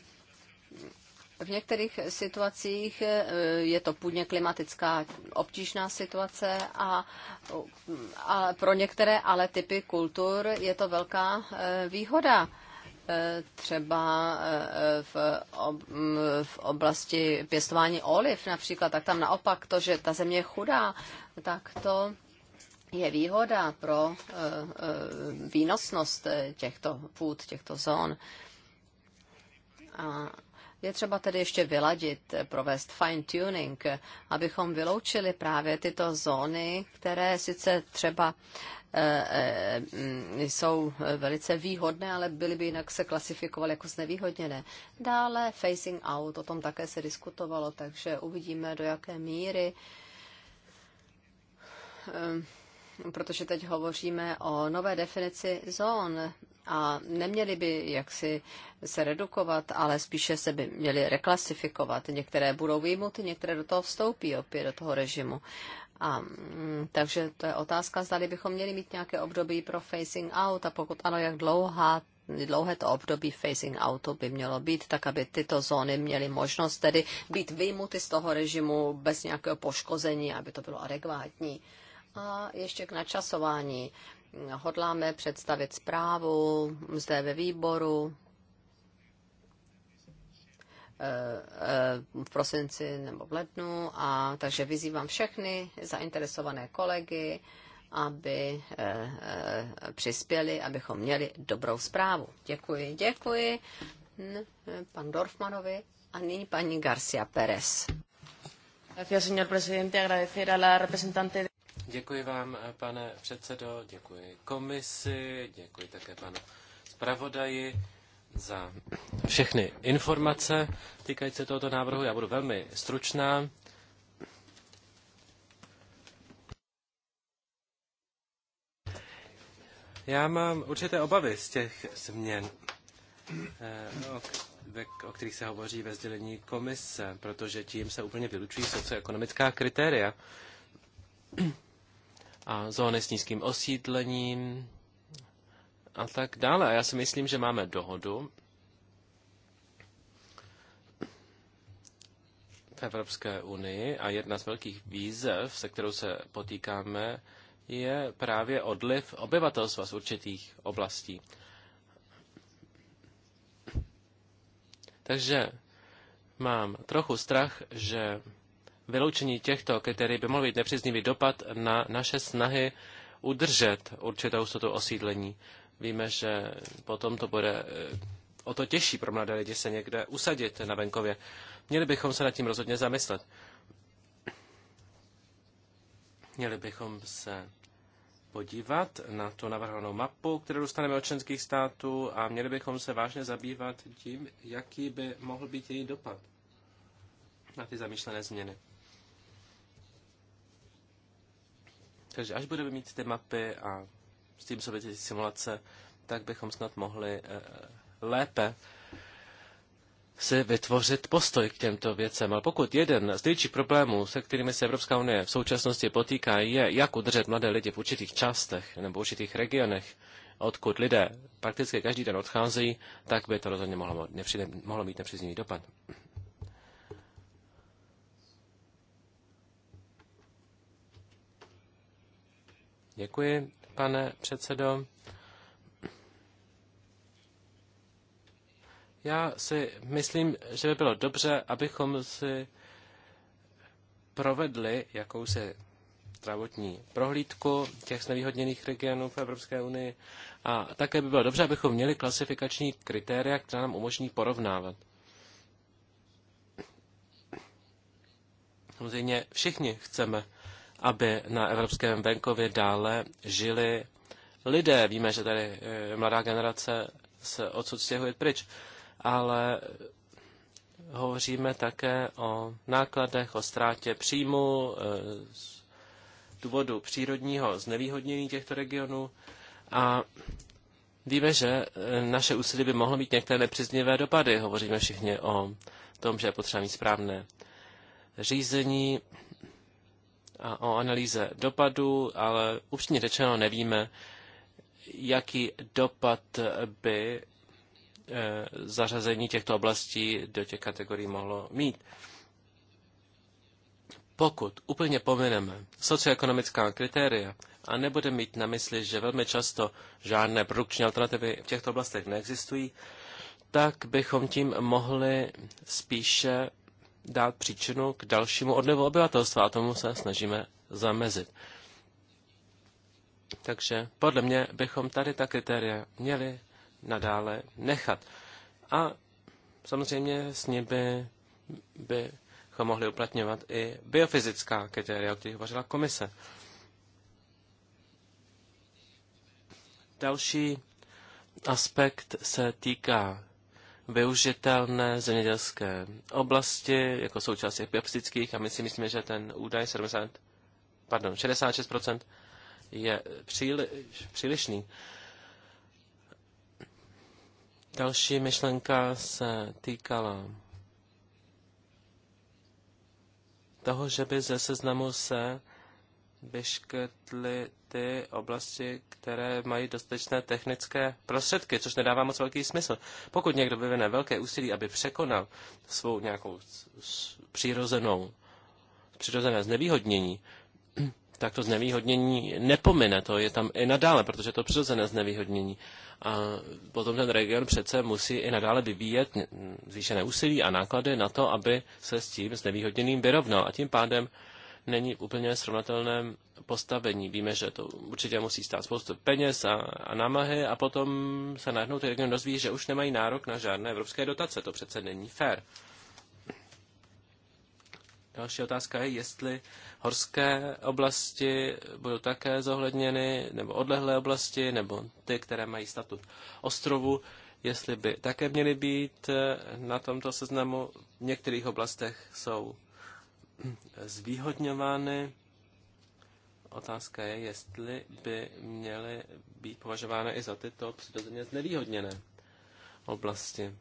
v některých situacích e, je to půdně klimatická obtížná situace a, a pro některé ale typy kultur je to velká e, výhoda třeba eh, mm, v, oblasti pěstování oliv například, tak tam naopak to, že ta země je chudá, tak to je výhoda pro eh, eh, výnosnost těchto půd, těchto zón. A je třeba tedy ještě vyladit, provést fine tuning, abychom vyloučili právě tyto zóny, které sice třeba Eh, eh, mm, jsou velice výhodné, ale byly by jinak se klasifikovaly jako znevýhodněné. Dále facing out, o tom také se diskutovalo, takže uvidíme, do jaké míry eh, protože teď hovoříme o nové definici zón a neměly by jaksi se redukovat, ale spíše se by měly reklasifikovat. Některé budou výjimuty, některé do toho vstoupí opět do toho režimu. A, takže to je otázka, zda bychom měli mít nějaké období pro facing out a pokud ano, jak dlouhá dlouhé to období facing outu by mělo být, tak aby tyto zóny měly možnost tedy být vyjmuty z toho režimu bez nějakého poškození, aby to bylo adekvátní. A ještě k načasování. Hodláme představit zprávu zde ve výboru Eh, v prosinci nebo v lednu. A, takže vyzývám všechny zainteresované kolegy, aby eh, eh, přispěli, abychom měli dobrou zprávu. Děkuji, děkuji pan Dorfmanovi a nyní paní Garcia Pérez. Děkuji vám, pane předsedo, děkuji komisi, děkuji také panu zpravodaji za všechny informace týkající se tohoto návrhu. Já budu velmi stručná. Já mám určité obavy z těch změn, eh, o kterých se hovoří ve sdělení komise, protože tím se úplně vylučují socioekonomická kritéria a zóny s nízkým osídlením, a tak dále. A já si myslím, že máme dohodu v Evropské unii a jedna z velkých výzev, se kterou se potýkáme, je právě odliv obyvatelstva z určitých oblastí. Takže mám trochu strach, že vyloučení těchto kritérií by mohl být nepříznivý dopad na naše snahy udržet určitou hustotu osídlení Víme, že potom to bude eh, o to těžší pro mladé lidi se někde usadit na venkově. Měli bychom se nad tím rozhodně zamyslet. Měli bychom se podívat na tu navrhovanou mapu, kterou dostaneme od členských států a měli bychom se vážně zabývat tím, jaký by mohl být její dopad na ty zamýšlené změny. Takže až budeme mít ty mapy a s tím související simulace, tak bychom snad mohli eh, lépe si vytvořit postoj k těmto věcem. Ale pokud jeden z největších problémů, se kterými se Evropská unie v současnosti potýká, je, jak udržet mladé lidi v určitých částech nebo v určitých regionech, odkud lidé prakticky každý den odcházejí, tak by to rozhodně mohlo, nepřijde, mohlo mít nepříznivý dopad. Děkuji pane předsedo. Já si myslím, že by bylo dobře, abychom si provedli jakousi zdravotní prohlídku těch znevýhodněných regionů v Evropské unii a také by bylo dobře, abychom měli klasifikační kritéria, která nám umožní porovnávat. Samozřejmě všichni chceme aby na evropském venkově dále žili lidé. Víme, že tady eh, mladá generace se odsud stěhuje pryč, ale hovoříme také o nákladech, o ztrátě příjmu eh, z důvodu přírodního znevýhodnění těchto regionů a víme, že eh, naše úsilí by mohlo mít některé nepřiznivé dopady. Hovoříme všichni o tom, že je potřeba mít správné řízení, a o analýze dopadu, ale upřímně řečeno nevíme, jaký dopad by e, zařazení těchto oblastí do těch kategorií mohlo mít. Pokud úplně pomineme socioekonomická kritéria a nebudeme mít na mysli, že velmi často žádné produkční alternativy v těchto oblastech neexistují, tak bychom tím mohli spíše dát příčinu k dalšímu odlivu obyvatelstva a tomu se snažíme zamezit. Takže podle mě bychom tady ta kritéria měli nadále nechat. A samozřejmě s nimi by, bychom mohli uplatňovat i biofyzická kritéria, o kterých hovořila komise. Další aspekt se týká využitelné zemědělské oblasti jako součást těch biopsických a my si myslíme, že ten údaj 70, pardon, 66% je příliš, přílišný. Další myšlenka se týkala toho, že by ze seznamu se vyškrtli ty oblasti, které mají dostatečné technické prostředky, což nedává moc velký smysl. Pokud někdo vyvine velké úsilí, aby překonal svou nějakou přirozenou, přirozené znevýhodnění, tak to znevýhodnění nepomine, to je tam i nadále, protože to přirozené znevýhodnění. A potom ten region přece musí i nadále vyvíjet zvýšené úsilí a náklady na to, aby se s tím znevýhodněným vyrovnal. A tím pádem není v úplně srovnatelném postavení. Víme, že to určitě musí stát spoustu peněz a, a námahy a potom se najednou ty region dozví, že už nemají nárok na žádné evropské dotace. To přece není fér. Další otázka je, jestli horské oblasti budou také zohledněny, nebo odlehlé oblasti, nebo ty, které mají statut ostrovu, jestli by také měly být na tomto seznamu. V některých oblastech jsou zvýhodňovány. Otázka je, jestli by měly být považovány i za tyto přirozeně znevýhodněné oblasti.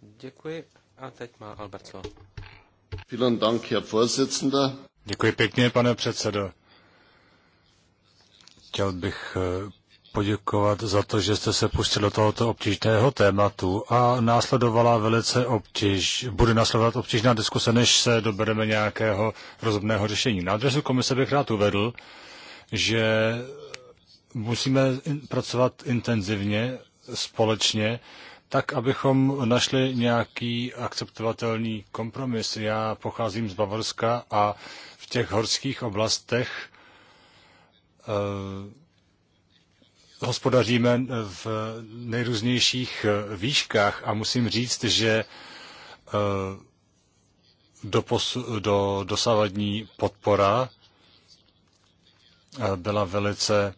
Děkuji a teď má Albert slovo. Děkuji pěkně, pane předsedo. Chtěl bych eh, poděkovat za to, že jste se pustil do tohoto obtížného tématu a následovala velice obtíž, bude následovat obtížná diskuse, než se dobereme nějakého rozumného řešení. Na adresu komise bych rád uvedl, že musíme pracovat intenzivně, společně, tak, abychom našli nějaký akceptovatelný kompromis. Já pocházím z Bavorska a v těch horských oblastech Eh, hospodaříme eh, v nejrůznějších eh, výškách a musím říct, že do, posu, do dosavadní podpora byla velice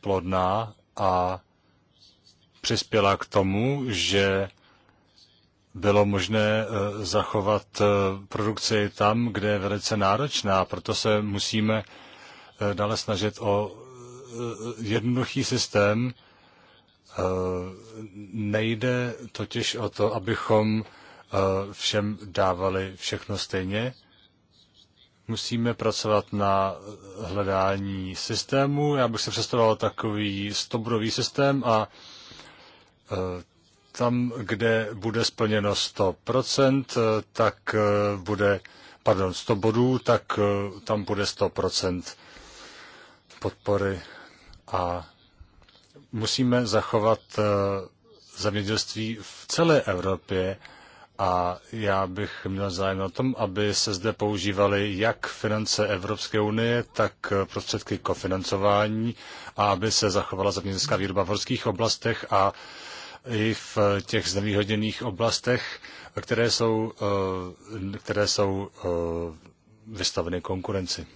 plodná a přispěla k tomu, že bylo možné zachovat produkci tam, kde je velice náročná, proto se musíme Eh, dále snažit o eh, jednoduchý systém. Eh, nejde totiž o to, abychom všem dávali všechno stejně. Musíme pracovat na hledání systému. Já bych se představoval takový stobrový systém a tam, kde bude splněno 100%, tak bude, pardon, 100 bodů, tak tam bude 100% podpory a musíme zachovat eh, zemědělství v celé Evropě a já bych měl zájem na tom, aby se zde používaly jak finance Evropské unie, tak eh, prostředky kofinancování a aby se zachovala zemědělská výroba v horských oblastech a i v eh, těch znevýhodněných oblastech, které jsou, které jsou vystaveny konkurenci.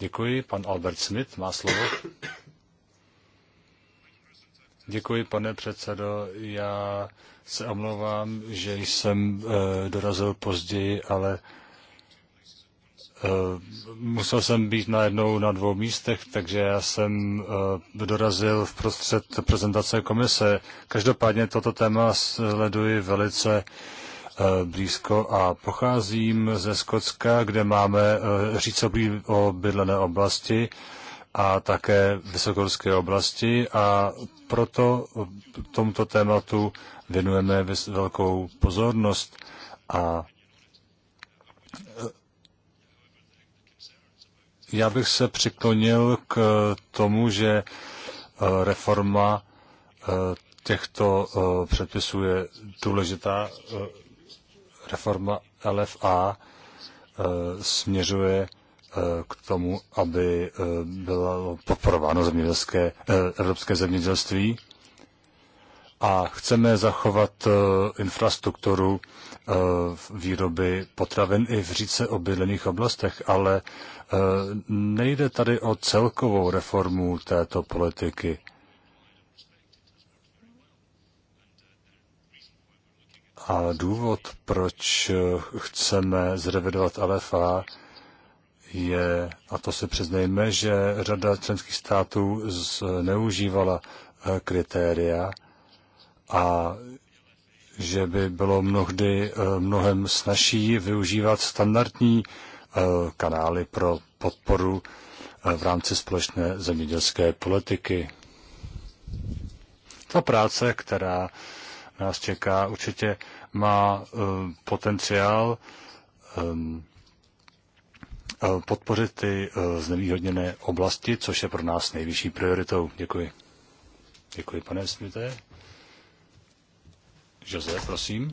Děkuji. Pan Albert Smith má slovo. Děkuji, pane předsedo. Já se omlouvám, že jsem e, dorazil později, ale e, musel jsem být najednou na dvou místech, takže já jsem e, dorazil v prostřed prezentace komise. Každopádně toto téma sleduji velice e, Eh, blízko a pocházím ze Skotska, kde máme eh, řícobí o bydlené oblasti a také vysokorské oblasti a proto tomuto tématu věnujeme velkou pozornost a eh, já bych se přiklonil k tomu, že reforma těchto předpisů je důležitá reforma LFA eh, směřuje eh, k tomu, aby eh, bylo podporováno zemědělské, evropské zemědělství a chceme zachovat infrastrukturu výroby potravin i v říce obydlených oblastech, ale nejde tady o celkovou reformu této politiky. A důvod, proč chceme zrevidovat Alefa, je, a to si přiznejme, že řada členských států zneužívala eh, kritéria a že by bylo mnohdy eh, mnohem snažší využívat standardní eh, kanály pro podporu v rámci společné zemědělské politiky. Ta práce, která nás čeká, určitě má eh, potenciál eh, eh, podpořit ty znevýhodněné oblasti, což je pro nás nejvyšší prioritou. Děkuji. Děkuji, pane Smité. Jose, prosím.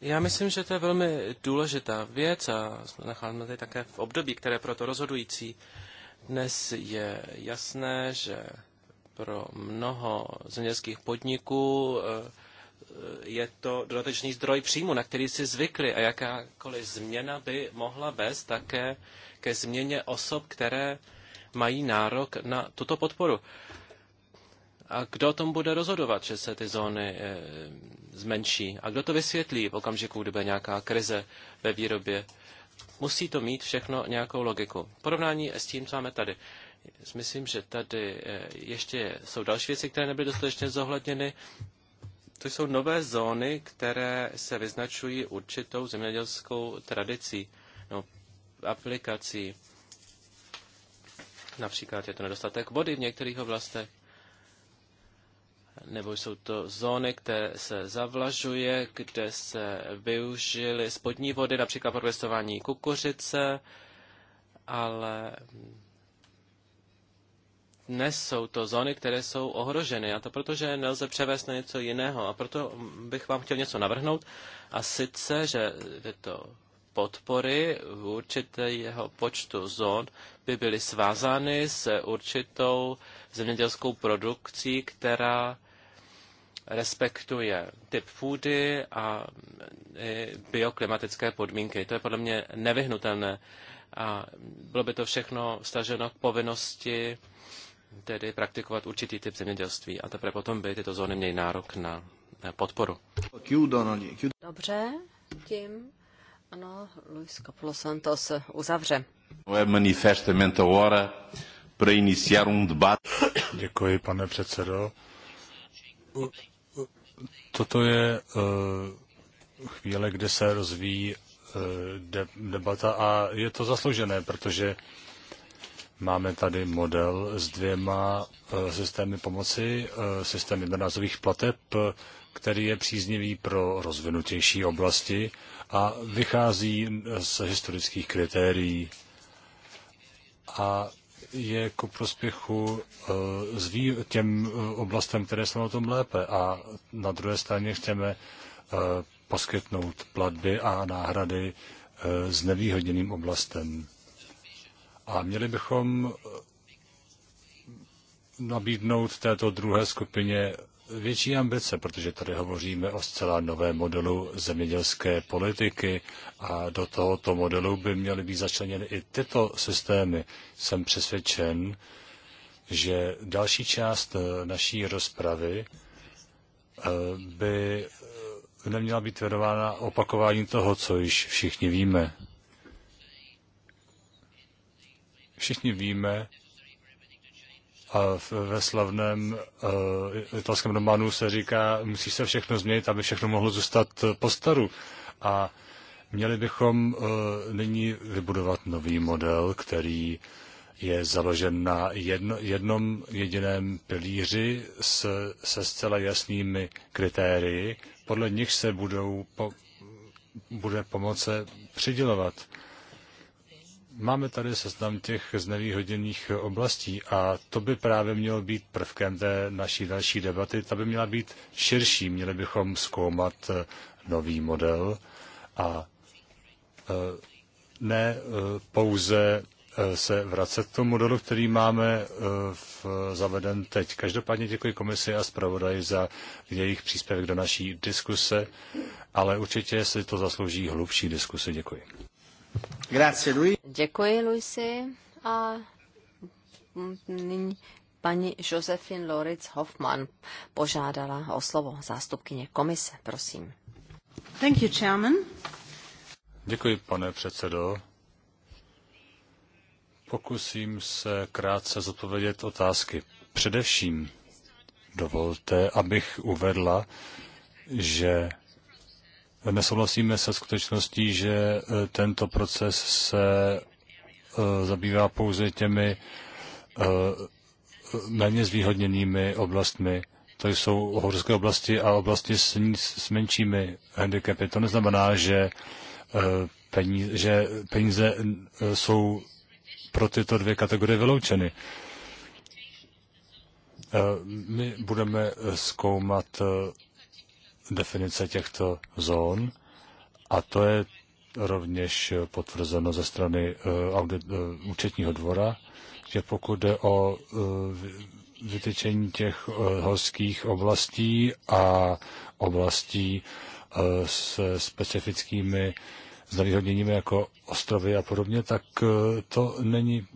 Já myslím, že to je velmi důležitá věc a nacházíme tady také v období, které je proto rozhodující. Dnes je jasné, že pro mnoho zemědělských podniků eh, je to dodatečný zdroj příjmu, na který si zvykli a jakákoliv změna by mohla vést také ke změně osob, které mají nárok na tuto podporu. A kdo o tom bude rozhodovat, že se ty zóny eh, zmenší? A kdo to vysvětlí v okamžiku, kdyby nějaká krize ve výrobě? Musí to mít všechno nějakou logiku. Porovnání s tím, co máme tady. Myslím, že tady eh, ještě jsou další věci, které nebyly dostatečně zohledněny. To jsou nové zóny, které se vyznačují určitou zemědělskou tradicí, no, aplikací. Například je to nedostatek vody v některých oblastech, nebo jsou to zóny, kde se zavlažuje, kde se využily spodní vody, například pro pěstování kukuřice, ale dnes jsou to zóny, které jsou ohroženy a to proto, že nelze převést na něco jiného a proto bych vám chtěl něco navrhnout a sice, že tyto podpory v určitého počtu zón by byly svázány s určitou zemědělskou produkcí, která respektuje typ půdy a bioklimatické podmínky. To je podle mě nevyhnutelné. A bylo by to všechno staženo k povinnosti tedy praktikovat určitý typ zemědělství a teprve potom by tyto zóny měly nárok na podporu. Dobře, tím ano, Luis Capolo Santos uzavře. Um Děkuji, pane předsedo. Toto je uh, chvíle, kde se rozvíjí uh, de- debata a je to zasloužené, protože uh, Máme tady model s dvěma e, systémy pomoci, e, systém jednorázových plateb, který je příznivý pro rozvinutější oblasti a vychází z historických kritérií a je ku prospěchu e, těm oblastem, které jsou na tom lépe. A na druhé straně chceme poskytnout platby a náhrady s nevýhodněným oblastem. A měli bychom eh, nabídnout této druhé skupině větší ambice, protože tady hovoříme o zcela novém modelu zemědělské politiky a do tohoto modelu by měly být začleněny i tyto systémy. Jsem přesvědčen, že další část eh, naší rozpravy eh, by neměla být věnována opakování toho, co již všichni víme. Všichni víme, a ve slavném uh, italském románu se říká, musí se všechno změnit, aby všechno mohlo zůstat po staru. A měli bychom uh, nyní vybudovat nový model, který je založen na jedno, jednom jediném pilíři s, se zcela jasnými kritérii, podle nich se budou po, bude pomoce přidělovat. Máme tady seznam těch znevýhodněných oblastí a to by právě mělo být prvkem té naší další debaty. Ta by měla být širší. Měli bychom zkoumat eh, nový model a eh, ne eh, pouze se vracet k tomu modelu, který máme v, zaveden teď. Každopádně děkuji komisi a zpravodaji za jejich příspěvek do naší diskuse, ale určitě si to zaslouží hlubší diskuse. Děkuji. Děkuji, Luisi. A nyní paní Josefin Loritz Hoffmann požádala o slovo zástupkyně komise. Prosím. Thank you, chairman. Děkuji, pane předsedo. Pokusím se krátce zodpovědět otázky. Především dovolte, abych uvedla, že Nesouhlasíme se skutečností, že e, tento proces se e, zabývá pouze těmi e, méně zvýhodněnými oblastmi. To jsou horské oblasti a oblasti s, s menšími handicapy. To neznamená, že peníze, že peníze jsou pro tyto dvě kategorie vyloučeny. My budeme zkoumat definice těchto zón a to je rovněž potvrzeno ze strany eh, eh, účetního dvora, že pokud jde o eh, vytyčení těch horských oblastí a oblastí s specifickými znevýhodněními jako ostrovy a podobně, tak to není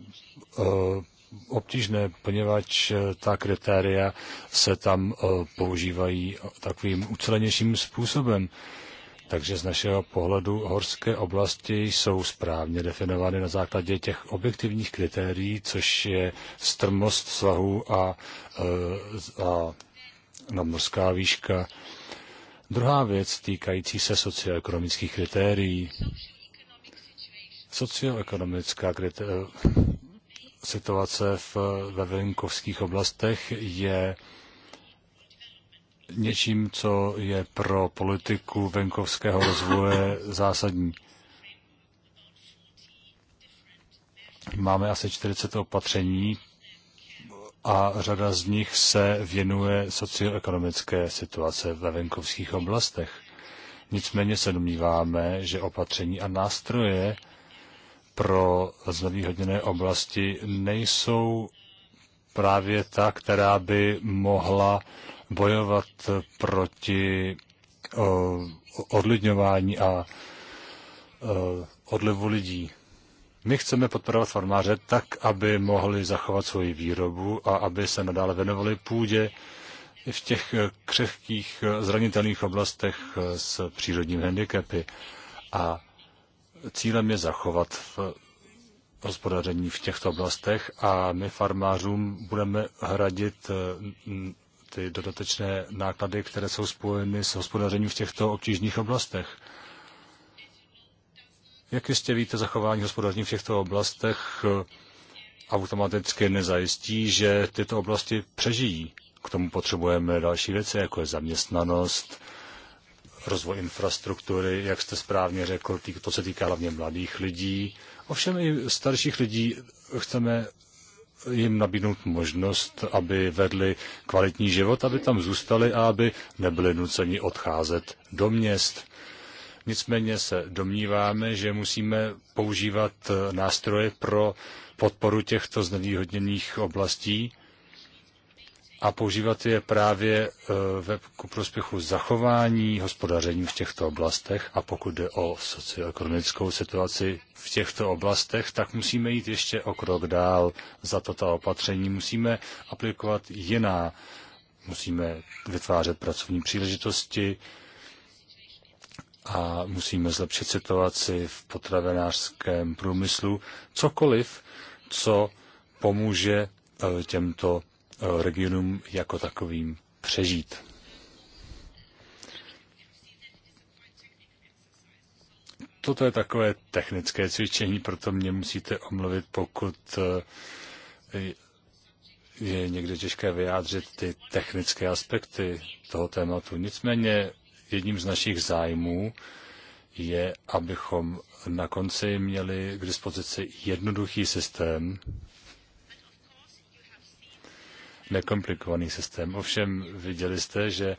obtížné, poněvadž eh, ta kritéria se tam eh, používají takovým ucelenějším způsobem. Takže z našeho pohledu horské oblasti jsou správně definovány na základě těch objektivních kritérií, což je strmost svahu a, eh, a nadmorská výška. Druhá věc týkající se socioekonomických kritérií. Socioekonomická kritéria, situace v, ve venkovských oblastech je něčím, co je pro politiku venkovského rozvoje zásadní. Máme asi 40 opatření a řada z nich se věnuje socioekonomické situace ve venkovských oblastech. Nicméně se domníváme, že opatření a nástroje, pro znevýhodněné oblasti nejsou právě ta, která by mohla bojovat proti odlidňování a odlivu lidí. My chceme podporovat farmáře tak, aby mohli zachovat svoji výrobu a aby se nadále věnovali půdě v těch křehkých zranitelných oblastech s přírodními handicapy. A cílem je zachovat v hospodaření v těchto oblastech a my farmářům budeme hradit eh, ty dodatečné náklady, které jsou spojeny s hospodařením v těchto obtížných oblastech. Jak jistě víte, zachování hospodaření v těchto oblastech eh, automaticky nezajistí, že tyto oblasti přežijí. K tomu potřebujeme další věci, jako je zaměstnanost, rozvoj infrastruktury, jak jste správně řekl, to se týká hlavně mladých lidí. Ovšem i starších lidí chceme jim nabídnout možnost, aby vedli kvalitní život, aby tam zůstali a aby nebyli nuceni odcházet do měst. Nicméně se domníváme, že musíme používat nástroje pro podporu těchto znevýhodněných oblastí, a používat je právě e, ve, ku prospěchu zachování hospodaření v těchto oblastech a pokud jde o socioekonomickou situaci v těchto oblastech, tak musíme jít ještě o krok dál. Za toto opatření musíme aplikovat jiná, musíme vytvářet pracovní příležitosti a musíme zlepšit situaci v potravinářském průmyslu. Cokoliv, co pomůže e, těmto regionům jako takovým přežít. Toto je takové technické cvičení, proto mě musíte omluvit, pokud eh, je někde těžké vyjádřit ty technické aspekty toho tématu. Nicméně jedním z našich zájmů je, abychom na konci měli k dispozici jednoduchý systém, nekomplikovaný systém. Ovšem viděli jste, že eh,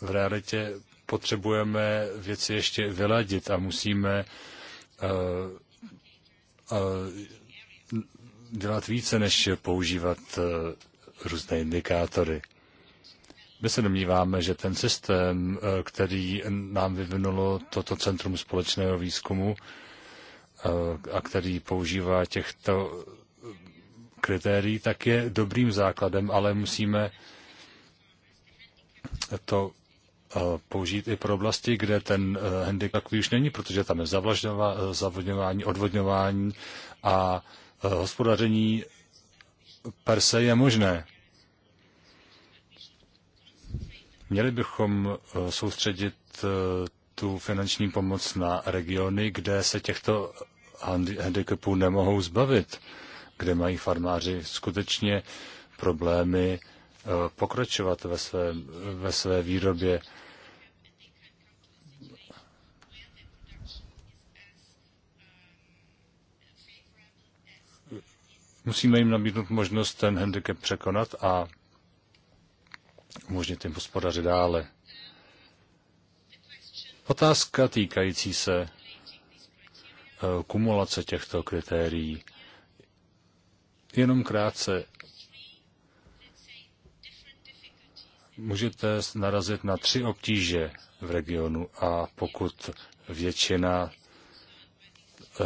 v realitě potřebujeme věci ještě vyladit a musíme eh, eh, dělat více, než používat různé indikátory. My se domníváme, že ten systém, který nám vyvinulo toto Centrum společného výzkumu a který používá těchto kritérií, tak je dobrým základem, ale musíme to eh, použít i pro oblasti, kde ten eh, handicap takový už není, protože tam je zavodňování, eh, odvodňování a hospodaření per se je možné. Měli bychom soustředit tu finanční pomoc na regiony, kde se těchto handicapů nemohou zbavit kde mají farmáři skutečně problémy eh, pokračovat ve své, ve své výrobě. Musíme jim nabídnout možnost ten handicap překonat a umožnit jim hospodaři dále. Otázka týkající se eh, kumulace těchto kritérií. Jenom krátce. Můžete narazit na tři obtíže v regionu a pokud většina eh,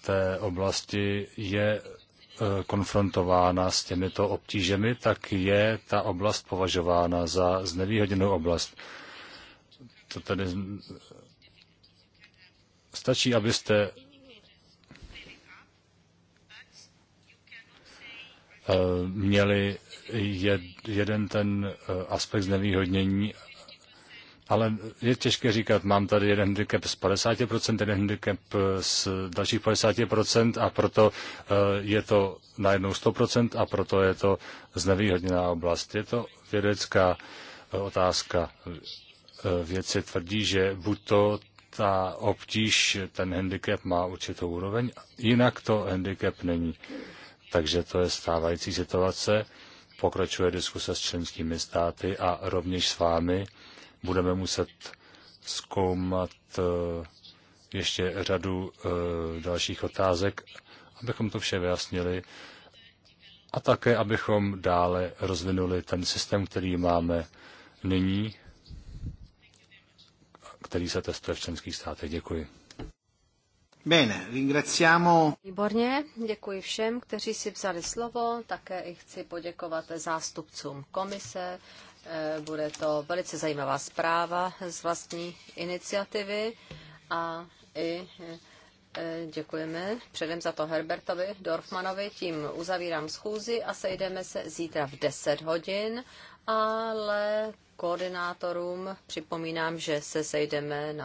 té oblasti je eh, konfrontována s těmito obtížemi, tak je ta oblast považována za znevýhodněnou oblast. To tedy stačí, abyste Eh, měli jed, jeden ten eh, aspekt znevýhodnění, ale je těžké říkat, mám tady jeden handicap z 50%, jeden handicap z eh, dalších 50% a proto je to najednou 100% a proto je to znevýhodněná oblast. Je to vědecká otázka. Vědci tvrdí, že buď to ta obtíž, ten handicap má určitou úroveň, jinak to handicap není. Takže to je stávající situace. Pokračuje diskuse s členskými státy a rovněž s vámi budeme muset zkoumat eh, ještě řadu eh, dalších otázek, abychom to vše vyjasnili a také, abychom dále rozvinuli ten systém, který máme nyní, který se testuje v členských státech. Děkuji. Bene, ringraziamo. Výborně, děkuji všem, kteří si vzali slovo. Také i chci poděkovat zástupcům komise. Eh, bude to velice zajímavá zpráva z vlastní iniciativy a i eh, děkujeme předem za to Herbertovi Dorfmanovi. Tím uzavírám schůzi a sejdeme se zítra v 10 hodin, ale koordinátorům připomínám, že se sejdeme na